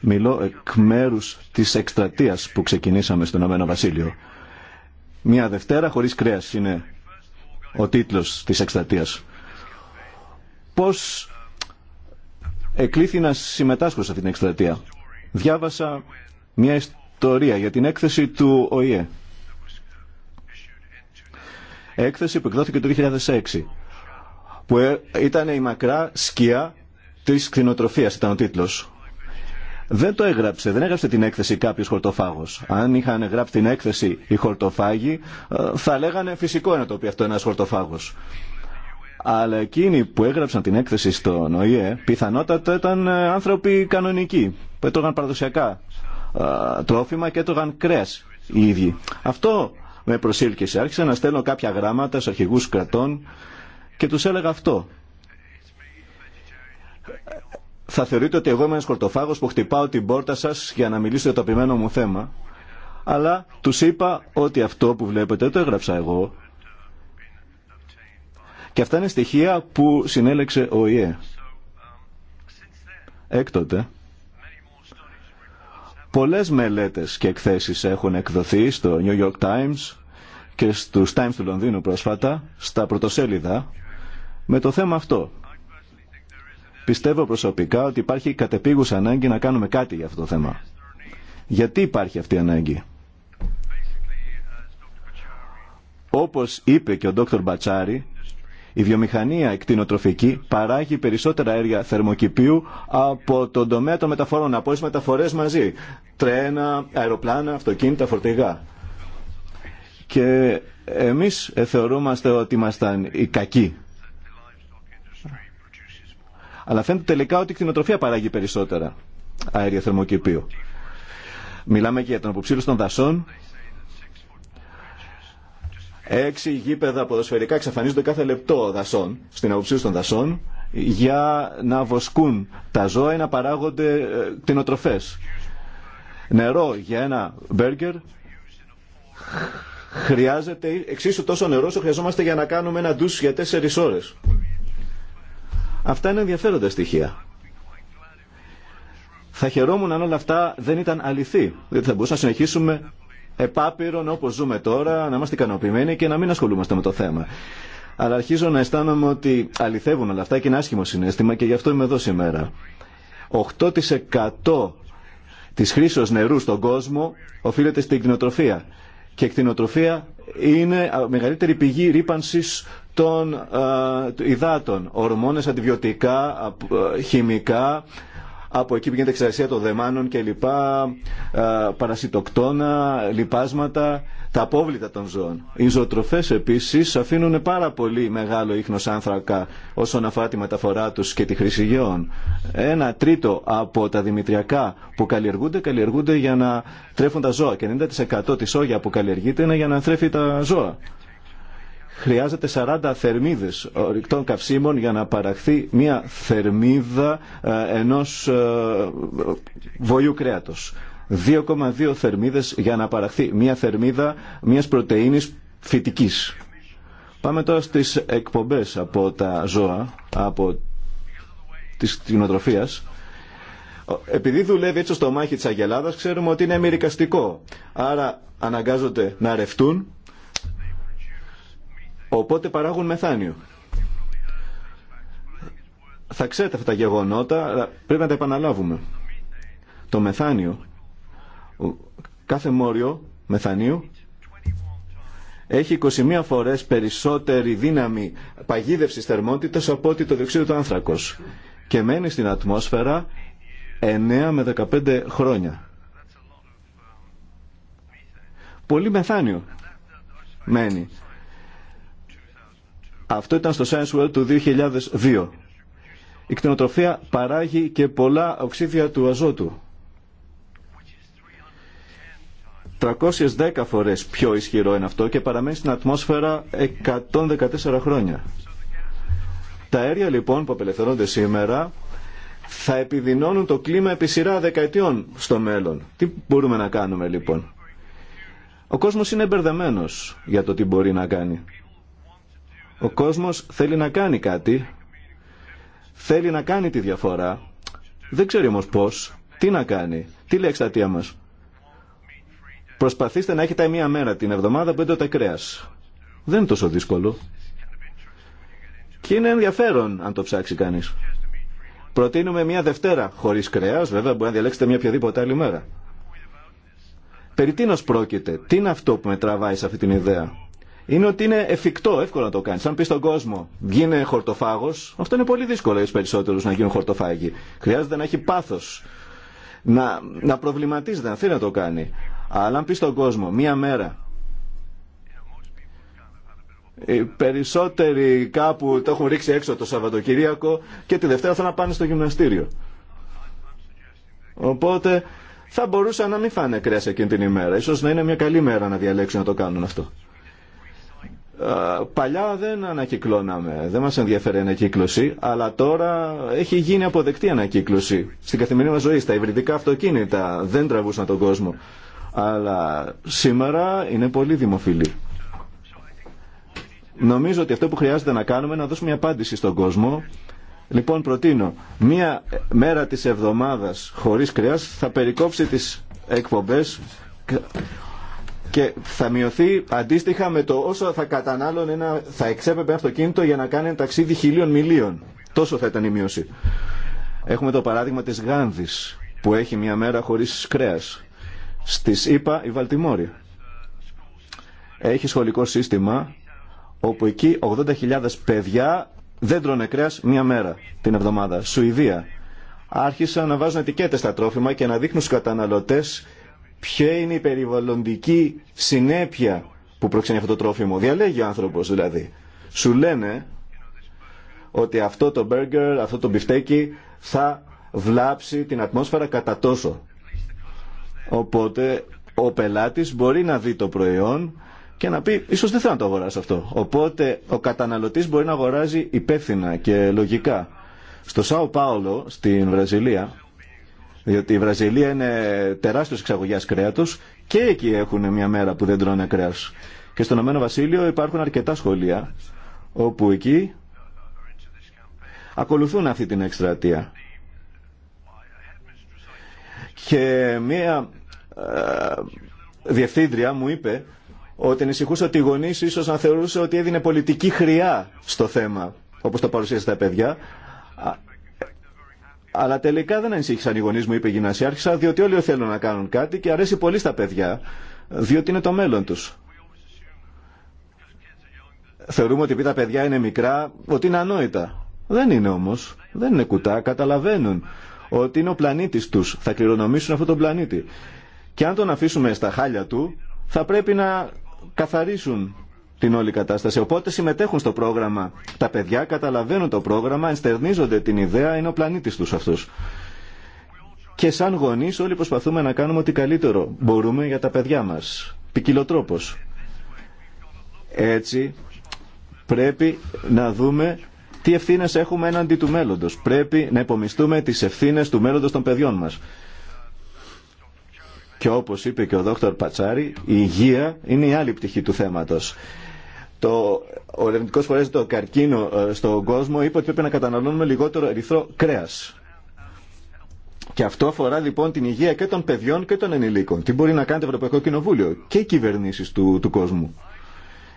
Speaker 3: Μιλώ εκ μέρου τη εκστρατεία που ξεκινήσαμε στον Ηνωμένο Βασίλειο. Μια Δευτέρα χωρί κρέα είναι ο τίτλο τη εκστρατεία. Πώ εκλήθη να συμμετάσχω σε αυτή την εκστρατεία. Διάβασα μια ιστορία για την έκθεση του ΟΗΕ. Έκθεση που εκδόθηκε το 2006 που ε, ήταν η μακρά σκιά της κτηνοτροφίας ήταν ο τίτλος δεν το έγραψε, δεν έγραψε την έκθεση κάποιο χορτοφάγο. Αν είχαν γράψει την έκθεση οι χορτοφάγοι, ε, θα λέγανε φυσικό είναι το οποίο αυτό ένα χορτοφάγο. Αλλά εκείνοι που έγραψαν την έκθεση στο ΟΗΕ, πιθανότατα ήταν ε, άνθρωποι κανονικοί, που έτρωγαν παραδοσιακά ε, τρόφιμα και έτρωγαν κρέα οι ίδιοι. Αυτό με προσήλκησε. Άρχισα να στέλνω κάποια γράμματα στου αρχηγού κρατών και του έλεγα αυτό θα θεωρείτε ότι εγώ είμαι ένα κορτοφάγο που χτυπάω την πόρτα σα για να μιλήσω για το επιμένο μου θέμα. Αλλά του είπα ότι αυτό που βλέπετε το έγραψα εγώ. Και αυτά είναι στοιχεία που συνέλεξε ο ΙΕ. Έκτοτε, πολλές μελέτες και εκθέσεις έχουν εκδοθεί στο New York Times και στους Times του Λονδίνου πρόσφατα, στα πρωτοσέλιδα, με το θέμα αυτό Πιστεύω προσωπικά ότι υπάρχει κατεπίγουσα ανάγκη να κάνουμε κάτι για αυτό το θέμα. Γιατί υπάρχει αυτή η ανάγκη. Όπως είπε και ο Δόκτωρ Μπατσάρη, η βιομηχανία εκτινοτροφική παράγει περισσότερα έργα θερμοκηπίου από τον τομέα των μεταφορών, από τις μεταφορές μαζί. Τρένα, αεροπλάνα, αυτοκίνητα, φορτηγά. Και εμείς θεωρούμαστε ότι ήμασταν οι κακοί αλλά φαίνεται τελικά ότι η κτηνοτροφία παράγει περισσότερα αέρια θερμοκηπίου. Μιλάμε και για τον αποψήλωση των δασών. Έξι γήπεδα ποδοσφαιρικά εξαφανίζονται κάθε λεπτό δασών, στην αποψήλωση των δασών, για να βοσκούν τα ζώα ή να παράγονται ε, κτηνοτροφές. Νερό για ένα μπέργκερ χρειάζεται εξίσου τόσο νερό όσο χρειαζόμαστε για να κάνουμε ένα ντους για τέσσερις ώρες. Αυτά είναι ενδιαφέροντα στοιχεία. Θα χαιρόμουν αν όλα αυτά δεν ήταν αληθή, διότι θα μπορούσαμε να συνεχίσουμε επάπειρον όπως ζούμε τώρα, να είμαστε ικανοποιημένοι και να μην ασχολούμαστε με το θέμα. Αλλά αρχίζω να αισθάνομαι ότι αληθεύουν όλα αυτά και είναι άσχημο συνέστημα και γι' αυτό είμαι εδώ σήμερα. 8% της χρήσεως νερού στον κόσμο οφείλεται στην κτηνοτροφία. Και η κτηνοτροφία είναι μεγαλύτερη πηγή ρήπανσης των υδάτων. Ορμόνες, αντιβιωτικά, χημικά, από εκεί πηγαίνει γίνεται εξαρτησία των δεμάνων και λοιπά, παρασιτοκτόνα, λιπάσματα, τα απόβλητα των ζώων. Οι ζωοτροφές επίσης αφήνουν πάρα πολύ μεγάλο ίχνος άνθρακα όσον αφορά τη μεταφορά τους και τη χρήση γεών. Ένα τρίτο από τα δημητριακά που καλλιεργούνται, καλλιεργούνται για να τρέφουν τα ζώα και 90% της όγια που καλλιεργείται είναι για να τρέφει τα ζώα χρειάζεται 40 θερμίδες ορυκτών καυσίμων για να παραχθεί μια θερμίδα ε, ενός ε, βοηού κρέατος. 2,2 θερμίδες για να παραχθεί μια θερμίδα μιας πρωτεΐνης φυτικής. Πάμε τώρα στις εκπομπές από τα ζώα, από της κτηνοτροφίας. Επειδή δουλεύει έτσι στο μάχη της Αγελάδας, ξέρουμε ότι είναι μυρικαστικό. Άρα αναγκάζονται να ρευτούν Οπότε παράγουν μεθάνιο. Θα ξέρετε αυτά τα γεγονότα, αλλά πρέπει να τα επαναλάβουμε. Το μεθάνιο, κάθε μόριο μεθανίου, έχει 21 φορές περισσότερη δύναμη παγίδευσης θερμότητας από ότι το διοξείδιο του άνθρακος και μένει στην ατμόσφαιρα 9 με 15 χρόνια. Πολύ μεθάνιο μένει. Αυτό ήταν στο Science World του 2002. Η κτηνοτροφία παράγει και πολλά οξύδια του αζότου. 310 φορές πιο ισχυρό είναι αυτό και παραμένει στην ατμόσφαιρα 114 χρόνια. Τα αέρια λοιπόν που απελευθερώνται σήμερα θα επιδεινώνουν το κλίμα επί σειρά δεκαετιών στο μέλλον. Τι μπορούμε να κάνουμε λοιπόν. Ο κόσμος είναι μπερδεμένος για το τι μπορεί να κάνει. Ο κόσμος θέλει να κάνει κάτι, θέλει να κάνει τη διαφορά, δεν ξέρει όμως πώς, τι να κάνει, τι λέει εξατία μας. Προσπαθήστε να έχετε μία μέρα την εβδομάδα που έντοτε κρέας. Δεν είναι τόσο δύσκολο. Και είναι ενδιαφέρον αν το ψάξει κανείς. Προτείνουμε μία Δευτέρα χωρίς κρέας, βέβαια μπορεί να διαλέξετε μία οποιαδήποτε άλλη μέρα. Περί τίνος πρόκειται, τι είναι αυτό που με τραβάει σε αυτή την ιδέα είναι ότι είναι εφικτό, εύκολο να το κάνει. Αν πει στον κόσμο, γίνε χορτοφάγο, αυτό είναι πολύ δύσκολο για του περισσότερου να γίνουν χορτοφάγοι. Χρειάζεται να έχει πάθο. Να, να προβληματίζεται, να θέλει να το κάνει. Αλλά αν πει στον κόσμο, μία μέρα. Οι περισσότεροι κάπου το έχουν ρίξει έξω το Σαββατοκυριακό και τη Δευτέρα θα να πάνε στο γυμναστήριο. Οπότε θα μπορούσαν να μην φάνε κρέα εκείνη την ημέρα. Ίσως να είναι μια καλή μέρα να διαλέξουν να το κάνουν αυτό. Ε, παλιά δεν ανακυκλώναμε, δεν μας ενδιαφέρει η ανακύκλωση, αλλά τώρα έχει γίνει αποδεκτή ανακύκλωση. Στην καθημερινή μας ζωή, στα υβριδικά αυτοκίνητα δεν τραβούσαν τον κόσμο. Αλλά σήμερα είναι πολύ δημοφιλή. Νομίζω ότι αυτό που χρειάζεται να κάνουμε είναι να δώσουμε μια απάντηση στον κόσμο. Λοιπόν, προτείνω, μία μέρα της εβδομάδας χωρίς κρέας θα περικόψει τις εκπομπές και θα μειωθεί αντίστοιχα με το όσο θα κατανάλωνε ένα, θα εξέπεπε αυτοκίνητο για να κάνει ένα ταξίδι χιλίων μιλίων. Τόσο θα ήταν η μείωση. Έχουμε το παράδειγμα της Γάνδης που έχει μια μέρα χωρίς κρέας. Στις ΗΠΑ η Βαλτιμόρη. Έχει σχολικό σύστημα όπου εκεί 80.000 παιδιά δεν τρώνε κρέας μια μέρα την εβδομάδα. Σουηδία. Άρχισαν να βάζουν ετικέτες στα τρόφιμα και να δείχνουν στους καταναλωτές ποια είναι η περιβαλλοντική συνέπεια που προξενεί αυτό το τρόφιμο. Διαλέγει ο άνθρωπος δηλαδή. Σου λένε ότι αυτό το μπέργκερ, αυτό το μπιφτέκι θα βλάψει την ατμόσφαιρα κατά τόσο. Οπότε ο πελάτης μπορεί να δει το προϊόν και να πει ίσως δεν θέλω να το αγοράσω αυτό. Οπότε ο καταναλωτής μπορεί να αγοράζει υπεύθυνα και λογικά. Στο Σάο Πάολο, στην Βραζιλία, διότι η Βραζιλία είναι τεράστιος εξαγωγιάς κρέατος και εκεί έχουν μια μέρα που δεν τρώνε κρέα. Και στον Ηνωμένο Βασίλειο υπάρχουν αρκετά σχολεία όπου εκεί ακολουθούν αυτή την εκστρατεία. Και μία ε, διευθύντρια μου είπε ότι ανησυχούσε ότι οι γονεί ίσω να θεωρούσε ότι έδινε πολιτική χρειά στο θέμα, όπω το παρουσίασε τα παιδιά. Αλλά τελικά δεν ανησύχησαν οι γονεί μου, είπε η γυμνασιάρχησα, διότι όλοι θέλουν να κάνουν κάτι και αρέσει πολύ στα παιδιά, διότι είναι το μέλλον του. Θεωρούμε ότι επειδή τα παιδιά είναι μικρά, ότι είναι ανόητα. Δεν είναι όμω. Δεν είναι κουτά. Καταλαβαίνουν ότι είναι ο πλανήτη του. Θα κληρονομήσουν αυτόν τον πλανήτη. Και αν τον αφήσουμε στα χάλια του, θα πρέπει να καθαρίσουν την όλη κατάσταση. Οπότε συμμετέχουν στο πρόγραμμα. Τα παιδιά καταλαβαίνουν το πρόγραμμα, ενστερνίζονται την ιδέα, είναι ο πλανήτης τους αυτού. Και σαν γονείς όλοι προσπαθούμε να κάνουμε ό,τι καλύτερο μπορούμε για τα παιδιά μας. Πικιλοτρόπος. Έτσι πρέπει να δούμε τι ευθύνε έχουμε έναντι του μέλλοντο. Πρέπει να υπομιστούμε τι ευθύνε του μέλλοντο των παιδιών μα. Και όπως είπε και ο δόκτωρ Πατσάρη, η υγεία είναι η άλλη πτυχή του θέματος το, ο ερευνητικό φορέα το καρκίνο ε, στον κόσμο είπε ότι πρέπει να καταναλώνουμε λιγότερο ερυθρό κρέα. Και αυτό αφορά λοιπόν την υγεία και των παιδιών και των ενηλίκων. Τι μπορεί να κάνει το Ευρωπαϊκό Κοινοβούλιο και οι κυβερνήσει του, του κόσμου.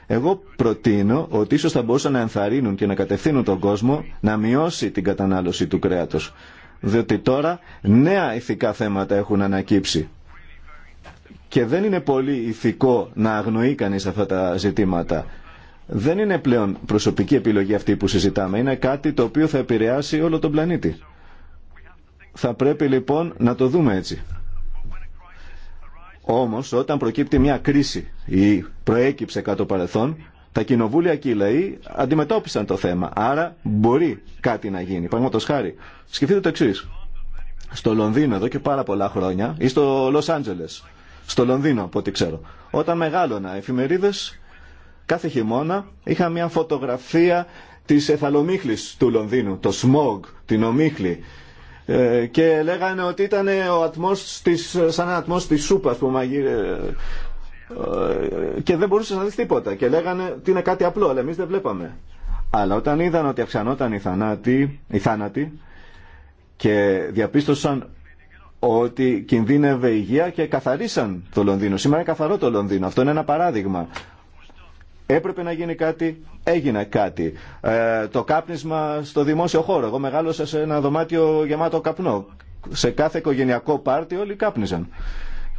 Speaker 3: Εγώ προτείνω ότι ίσω θα μπορούσαν να ενθαρρύνουν και να κατευθύνουν τον κόσμο να μειώσει την κατανάλωση του κρέατο. Διότι τώρα νέα ηθικά θέματα έχουν ανακύψει. Και δεν είναι πολύ ηθικό να αγνοεί αυτά τα ζητήματα δεν είναι πλέον προσωπική επιλογή αυτή που συζητάμε. Είναι κάτι το οποίο θα επηρεάσει όλο τον πλανήτη. Θα πρέπει λοιπόν να το δούμε έτσι. Όμως όταν προκύπτει μια κρίση ή προέκυψε κάτω παρελθόν, τα κοινοβούλια και οι λαοί αντιμετώπισαν το θέμα. Άρα μπορεί κάτι να γίνει. Παραδείγματο χάρη, σκεφτείτε το εξή. Στο Λονδίνο εδώ και πάρα πολλά χρόνια ή στο Λο Άντζελε. Στο Λονδίνο από ό,τι ξέρω. Όταν μεγάλωνα εφημερίδε κάθε χειμώνα είχα μια φωτογραφία της εθαλομίχλης του Λονδίνου, το smog, την ομίχλη ε, και λέγανε ότι ήταν ο ατμός της, σαν ένα ατμός της σούπας που μαγείρε ε, ε, και δεν μπορούσε να δει τίποτα και λέγανε ότι είναι κάτι απλό αλλά εμείς δεν βλέπαμε αλλά όταν είδαν ότι αυξανόταν η θανάτη, η θάνατη και διαπίστωσαν ότι κινδύνευε η υγεία και καθαρίσαν το Λονδίνο. Σήμερα είναι καθαρό το Λονδίνο. Αυτό είναι ένα παράδειγμα. Έπρεπε να γίνει κάτι, έγινε κάτι. Ε, το κάπνισμα στο δημόσιο χώρο. Εγώ μεγάλωσα σε ένα δωμάτιο γεμάτο καπνό. Σε κάθε οικογενειακό πάρτι όλοι κάπνιζαν.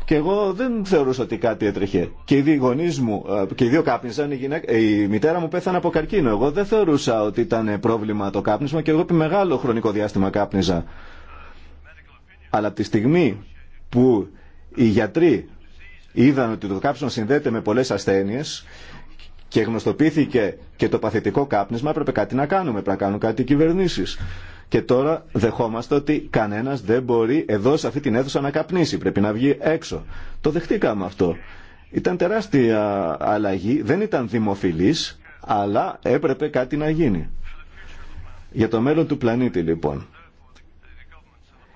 Speaker 3: Και εγώ δεν θεωρούσα ότι κάτι έτρεχε. Και οι δύο γονεί μου, ε, και οι δύο κάπνιζαν, η, ε, η μητέρα μου πέθανε από καρκίνο. Εγώ δεν θεωρούσα ότι ήταν πρόβλημα το κάπνισμα και εγώ επί μεγάλο χρονικό διάστημα κάπνιζα. Αλλά από τη στιγμή που οι γιατροί είδαν ότι το κάψιμο συνδέεται με πολλές ασθένειες και γνωστοποιήθηκε και το παθητικό κάπνισμα, έπρεπε κάτι να κάνουμε, πρέπει να κάνουν κάτι οι κυβερνήσει. Και τώρα δεχόμαστε ότι κανένα δεν μπορεί εδώ σε αυτή την αίθουσα να καπνίσει, πρέπει να βγει έξω. Το δεχτήκαμε αυτό. Ήταν τεράστια αλλαγή, δεν ήταν δημοφιλή, αλλά έπρεπε κάτι να γίνει. Για το μέλλον του πλανήτη λοιπόν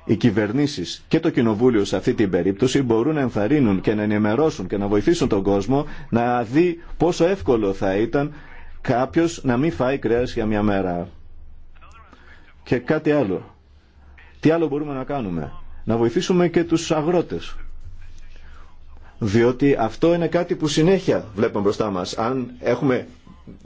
Speaker 3: οι κυβερνήσεις και το κοινοβούλιο σε αυτή την περίπτωση μπορούν να ενθαρρύνουν και να ενημερώσουν και να βοηθήσουν τον κόσμο να δει πόσο εύκολο θα ήταν κάποιος να μην φάει κρέας για μια μέρα. Και κάτι άλλο. Τι άλλο μπορούμε να κάνουμε. Να βοηθήσουμε και τους αγρότες. Διότι αυτό είναι κάτι που συνέχεια βλέπουμε μπροστά μας. Αν έχουμε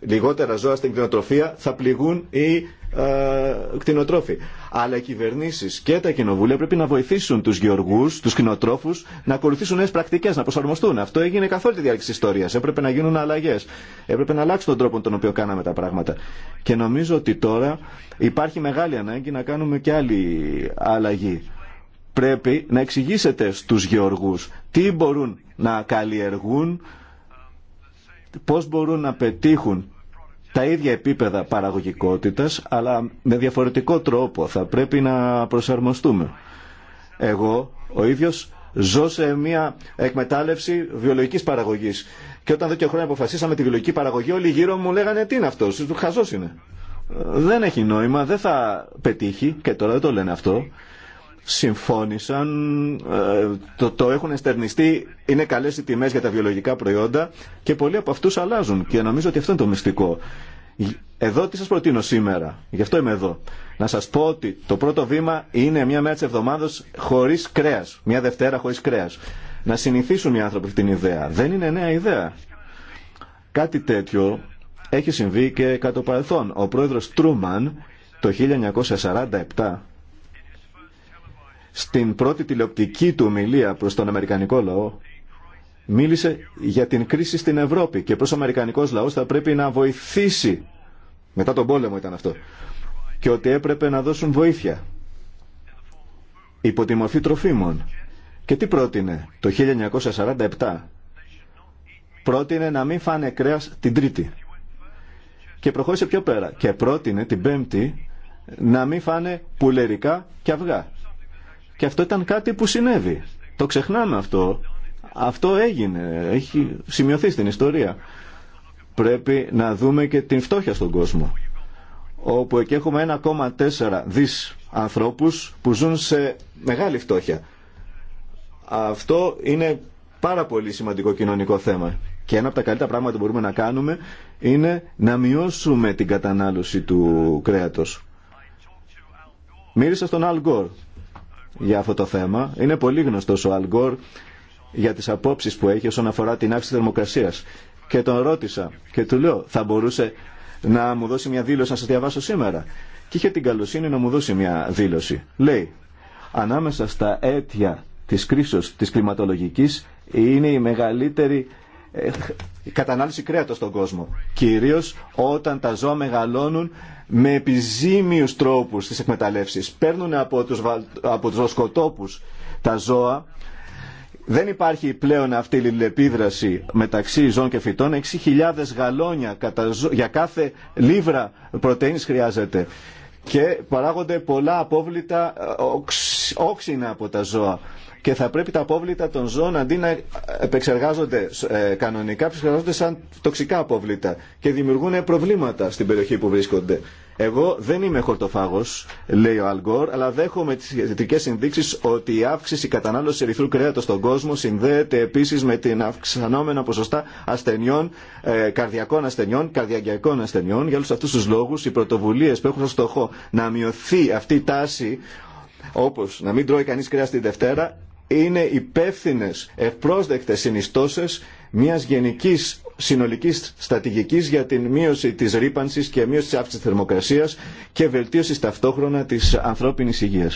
Speaker 3: λιγότερα ζώα στην κτηνοτροφία θα πληγούν οι ε, κτηνοτρόφοι. Αλλά οι κυβερνήσει και τα κοινοβούλια πρέπει να βοηθήσουν του γεωργού, του κτηνοτρόφου να ακολουθήσουν νέε πρακτικέ, να προσαρμοστούν. Αυτό έγινε καθ' όλη τη διάρκεια τη ιστορία. Έπρεπε να γίνουν αλλαγέ. Έπρεπε να αλλάξουν τον τρόπο τον οποίο κάναμε τα πράγματα. Και νομίζω ότι τώρα υπάρχει μεγάλη ανάγκη να κάνουμε και άλλη αλλαγή. Πρέπει να εξηγήσετε στου γεωργού τι μπορούν να καλλιεργούν, πώς μπορούν να πετύχουν τα ίδια επίπεδα παραγωγικότητας, αλλά με διαφορετικό τρόπο θα πρέπει να προσαρμοστούμε. Εγώ ο ίδιος ζω σε μια εκμετάλλευση βιολογικής παραγωγής και όταν δέκα χρόνια αποφασίσαμε τη βιολογική παραγωγή όλοι γύρω μου λέγανε τι είναι αυτός, χαζός είναι. Ε, δεν έχει νόημα, δεν θα πετύχει και τώρα δεν το λένε αυτό συμφώνησαν, ε, το, το έχουν εστερνιστεί, είναι καλές οι τιμές για τα βιολογικά προϊόντα και πολλοί από αυτούς αλλάζουν και νομίζω ότι αυτό είναι το μυστικό. Εδώ τι σας προτείνω σήμερα, γι' αυτό είμαι εδώ. Να σας πω ότι το πρώτο βήμα είναι μια μέρα της εβδομάδας χωρίς κρέας, μια Δευτέρα χωρίς κρέας. Να συνηθίσουν οι άνθρωποι την ιδέα. Δεν είναι νέα ιδέα. Κάτι τέτοιο έχει συμβεί και κατά το παρελθόν. Ο πρόεδρος Τρούμαν το 1947 στην πρώτη τηλεοπτική του ομιλία προς τον Αμερικανικό λαό μίλησε για την κρίση στην Ευρώπη και προς ο Αμερικανικός λαός θα πρέπει να βοηθήσει μετά τον πόλεμο ήταν αυτό και ότι έπρεπε να δώσουν βοήθεια υπό τη μορφή τροφίμων και τι πρότεινε το 1947 πρότεινε να μην φάνε κρέας την Τρίτη και προχώρησε πιο πέρα και πρότεινε την Πέμπτη να μην φάνε πουλερικά και αυγά και αυτό ήταν κάτι που συνέβη. Το ξεχνάμε αυτό. Αυτό έγινε. Έχει σημειωθεί στην ιστορία. Πρέπει να δούμε και την φτώχεια στον κόσμο. Όπου εκεί έχουμε 1,4 δις ανθρώπους που ζουν σε μεγάλη φτώχεια. Αυτό είναι πάρα πολύ σημαντικό κοινωνικό θέμα. Και ένα από τα καλύτερα πράγματα που μπορούμε να κάνουμε είναι να μειώσουμε την κατανάλωση του κρέατος. Μύρισα στον Αλ για αυτό το θέμα. Είναι πολύ γνωστός ο Αλγκόρ για τις απόψεις που έχει όσον αφορά την αύξηση θερμοκρασίας. Και τον ρώτησα και του λέω θα μπορούσε να μου δώσει μια δήλωση να σας διαβάσω σήμερα. Και είχε την καλοσύνη να μου δώσει μια δήλωση. Λέει, ανάμεσα στα αίτια της κρίσης της κλιματολογικής είναι η μεγαλύτερη ε, κατανάλωση κρέατος στον κόσμο. Κυρίως όταν τα ζώα μεγαλώνουν με επιζήμιους τρόπους της εκμεταλλεύσεις. Παίρνουν από τους, από τους τα ζώα. Δεν υπάρχει πλέον αυτή η λιλεπίδραση μεταξύ ζώων και φυτών. 6.000 γαλόνια για κάθε λίβρα πρωτεΐνης χρειάζεται. Και παράγονται πολλά απόβλητα ε, όξινα από τα ζώα και θα πρέπει τα απόβλητα των ζώων αντί να επεξεργάζονται ε, κανονικά, επεξεργάζονται σαν τοξικά απόβλητα και δημιουργούν προβλήματα στην περιοχή που βρίσκονται. Εγώ δεν είμαι χορτοφάγο, λέει ο Αλγκόρ, αλλά δέχομαι τι ιατρικέ ενδείξει ότι η αύξηση κατανάλωση ερυθρού κρέατο στον κόσμο συνδέεται επίση με την αυξανόμενα ποσοστά ασθενειών, ε, καρδιακών ασθενειών, καρδιακιακών ασθενειών. Για όλου αυτού του λόγου, οι πρωτοβουλίε που έχουν στόχο να μειωθεί αυτή η τάση, όπω να μην τρώει κανεί κρέα την Δευτέρα, είναι υπεύθυνε ευπρόσδεκτε συνιστώσει μια γενική συνολική στρατηγική για την μείωση τη ρήπανση και μείωση τη αύξηση θερμοκρασία και βελτίωση ταυτόχρονα τη ανθρώπινη υγεία.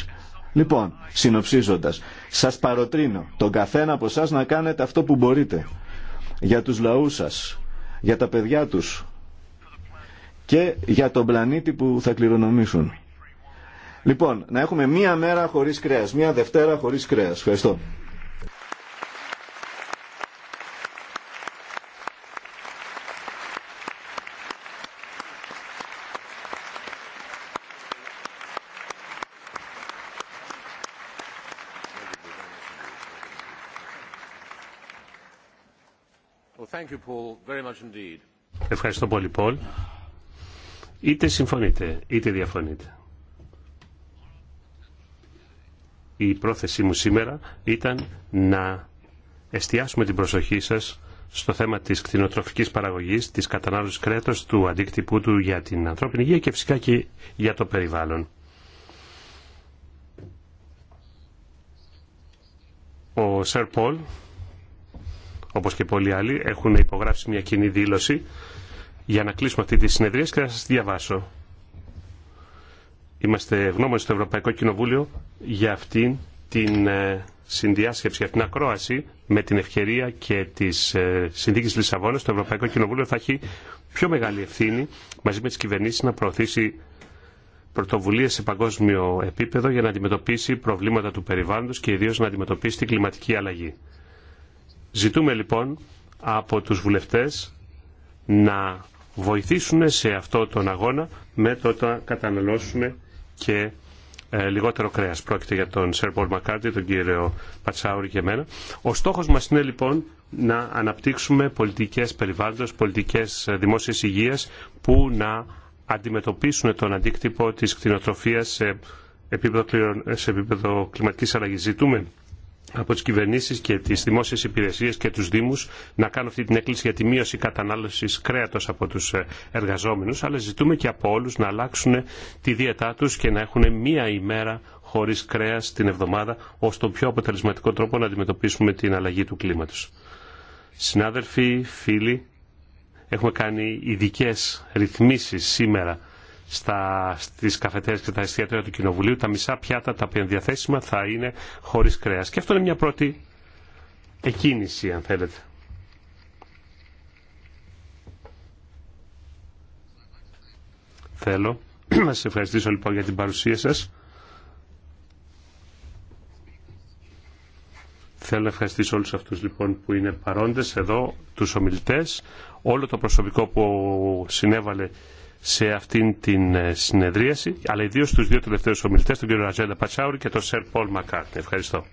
Speaker 3: Λοιπόν, συνοψίζοντα, σα παροτρύνω τον καθένα από εσά να κάνετε αυτό που μπορείτε για τους λαούς σας, για τα παιδιά του και για τον πλανήτη που θα κληρονομήσουν. Λοιπόν, να έχουμε μία μέρα χωρίς κρέας, μία Δευτέρα χωρίς κρέας. Ευχαριστώ.
Speaker 1: Ευχαριστώ πολύ, Πολ. Είτε συμφωνείτε, είτε διαφωνείτε. η πρόθεσή μου σήμερα ήταν να εστιάσουμε την προσοχή σας στο θέμα της κτηνοτροφικής παραγωγής, της κατανάλωσης κρέατος, του αντίκτυπού του για την ανθρώπινη υγεία και φυσικά και για το περιβάλλον. Ο Σερ Πολ, όπως και πολλοί άλλοι, έχουν υπογράψει μια κοινή δήλωση για να κλείσουμε αυτή τη συνεδρία και να σας διαβάσω. Είμαστε ευγνώμονες στο Ευρωπαϊκό Κοινοβούλιο για αυτήν την ε, συνδιάσκεψη, για την ακρόαση με την ευκαιρία και τη ε, συνθήκη Λισαβόνα. Το Ευρωπαϊκό Κοινοβούλιο θα έχει πιο μεγάλη ευθύνη μαζί με τι κυβερνήσει να προωθήσει πρωτοβουλίε σε παγκόσμιο επίπεδο για να αντιμετωπίσει προβλήματα του περιβάλλοντος και ιδίω να αντιμετωπίσει την κλιματική αλλαγή. Ζητούμε λοιπόν από τους βουλευτές να βοηθήσουν σε αυτό τον αγώνα με το να καταναλώσουν και ε, λιγότερο κρέας. Πρόκειται για τον Σερ Πολ Μακάρτη, τον κύριο Πατσάουρη και εμένα. Ο στόχος μας είναι λοιπόν να αναπτύξουμε πολιτικές περιβάλλοντος, πολιτικές ε, δημόσιας υγείας που να αντιμετωπίσουν τον αντίκτυπο της κτηνοτροφίας σε επίπεδο, σε επίπεδο κλιματικής αλλαγής. Ζητούμε από τις κυβερνήσεις και τις δημόσιες υπηρεσίες και τους Δήμους να κάνουν αυτή την έκκληση για τη μείωση κατανάλωσης κρέατος από τους ε, εργαζόμενους, αλλά ζητούμε και από όλους να αλλάξουν τη δίαιτά τους και να έχουν μία ημέρα χωρίς κρέας την εβδομάδα, ως τον πιο αποτελεσματικό τρόπο να αντιμετωπίσουμε την αλλαγή του κλίματος. Συνάδελφοι, φίλοι, έχουμε κάνει ειδικέ ρυθμίσεις σήμερα στα, στις καφετέρες και τα εστιατόρια του Κοινοβουλίου τα μισά πιάτα τα οποία διαθέσιμα θα είναι χωρίς κρέας. Και αυτό είναι μια πρώτη εκκίνηση αν θέλετε. Θέλω να σας ευχαριστήσω λοιπόν για την παρουσία σας. Θέλω να ευχαριστήσω όλους αυτούς λοιπόν που είναι παρόντες εδώ, τους ομιλητές, όλο το προσωπικό που συνέβαλε σε αυτήν την ε, συνεδρίαση, αλλά ιδίως στους δύο τελευταίους ομιλητές, τον κύριο Ρατζέντα Πατσάουρη και τον Σερ Πολ Μακάρντ. Ευχαριστώ.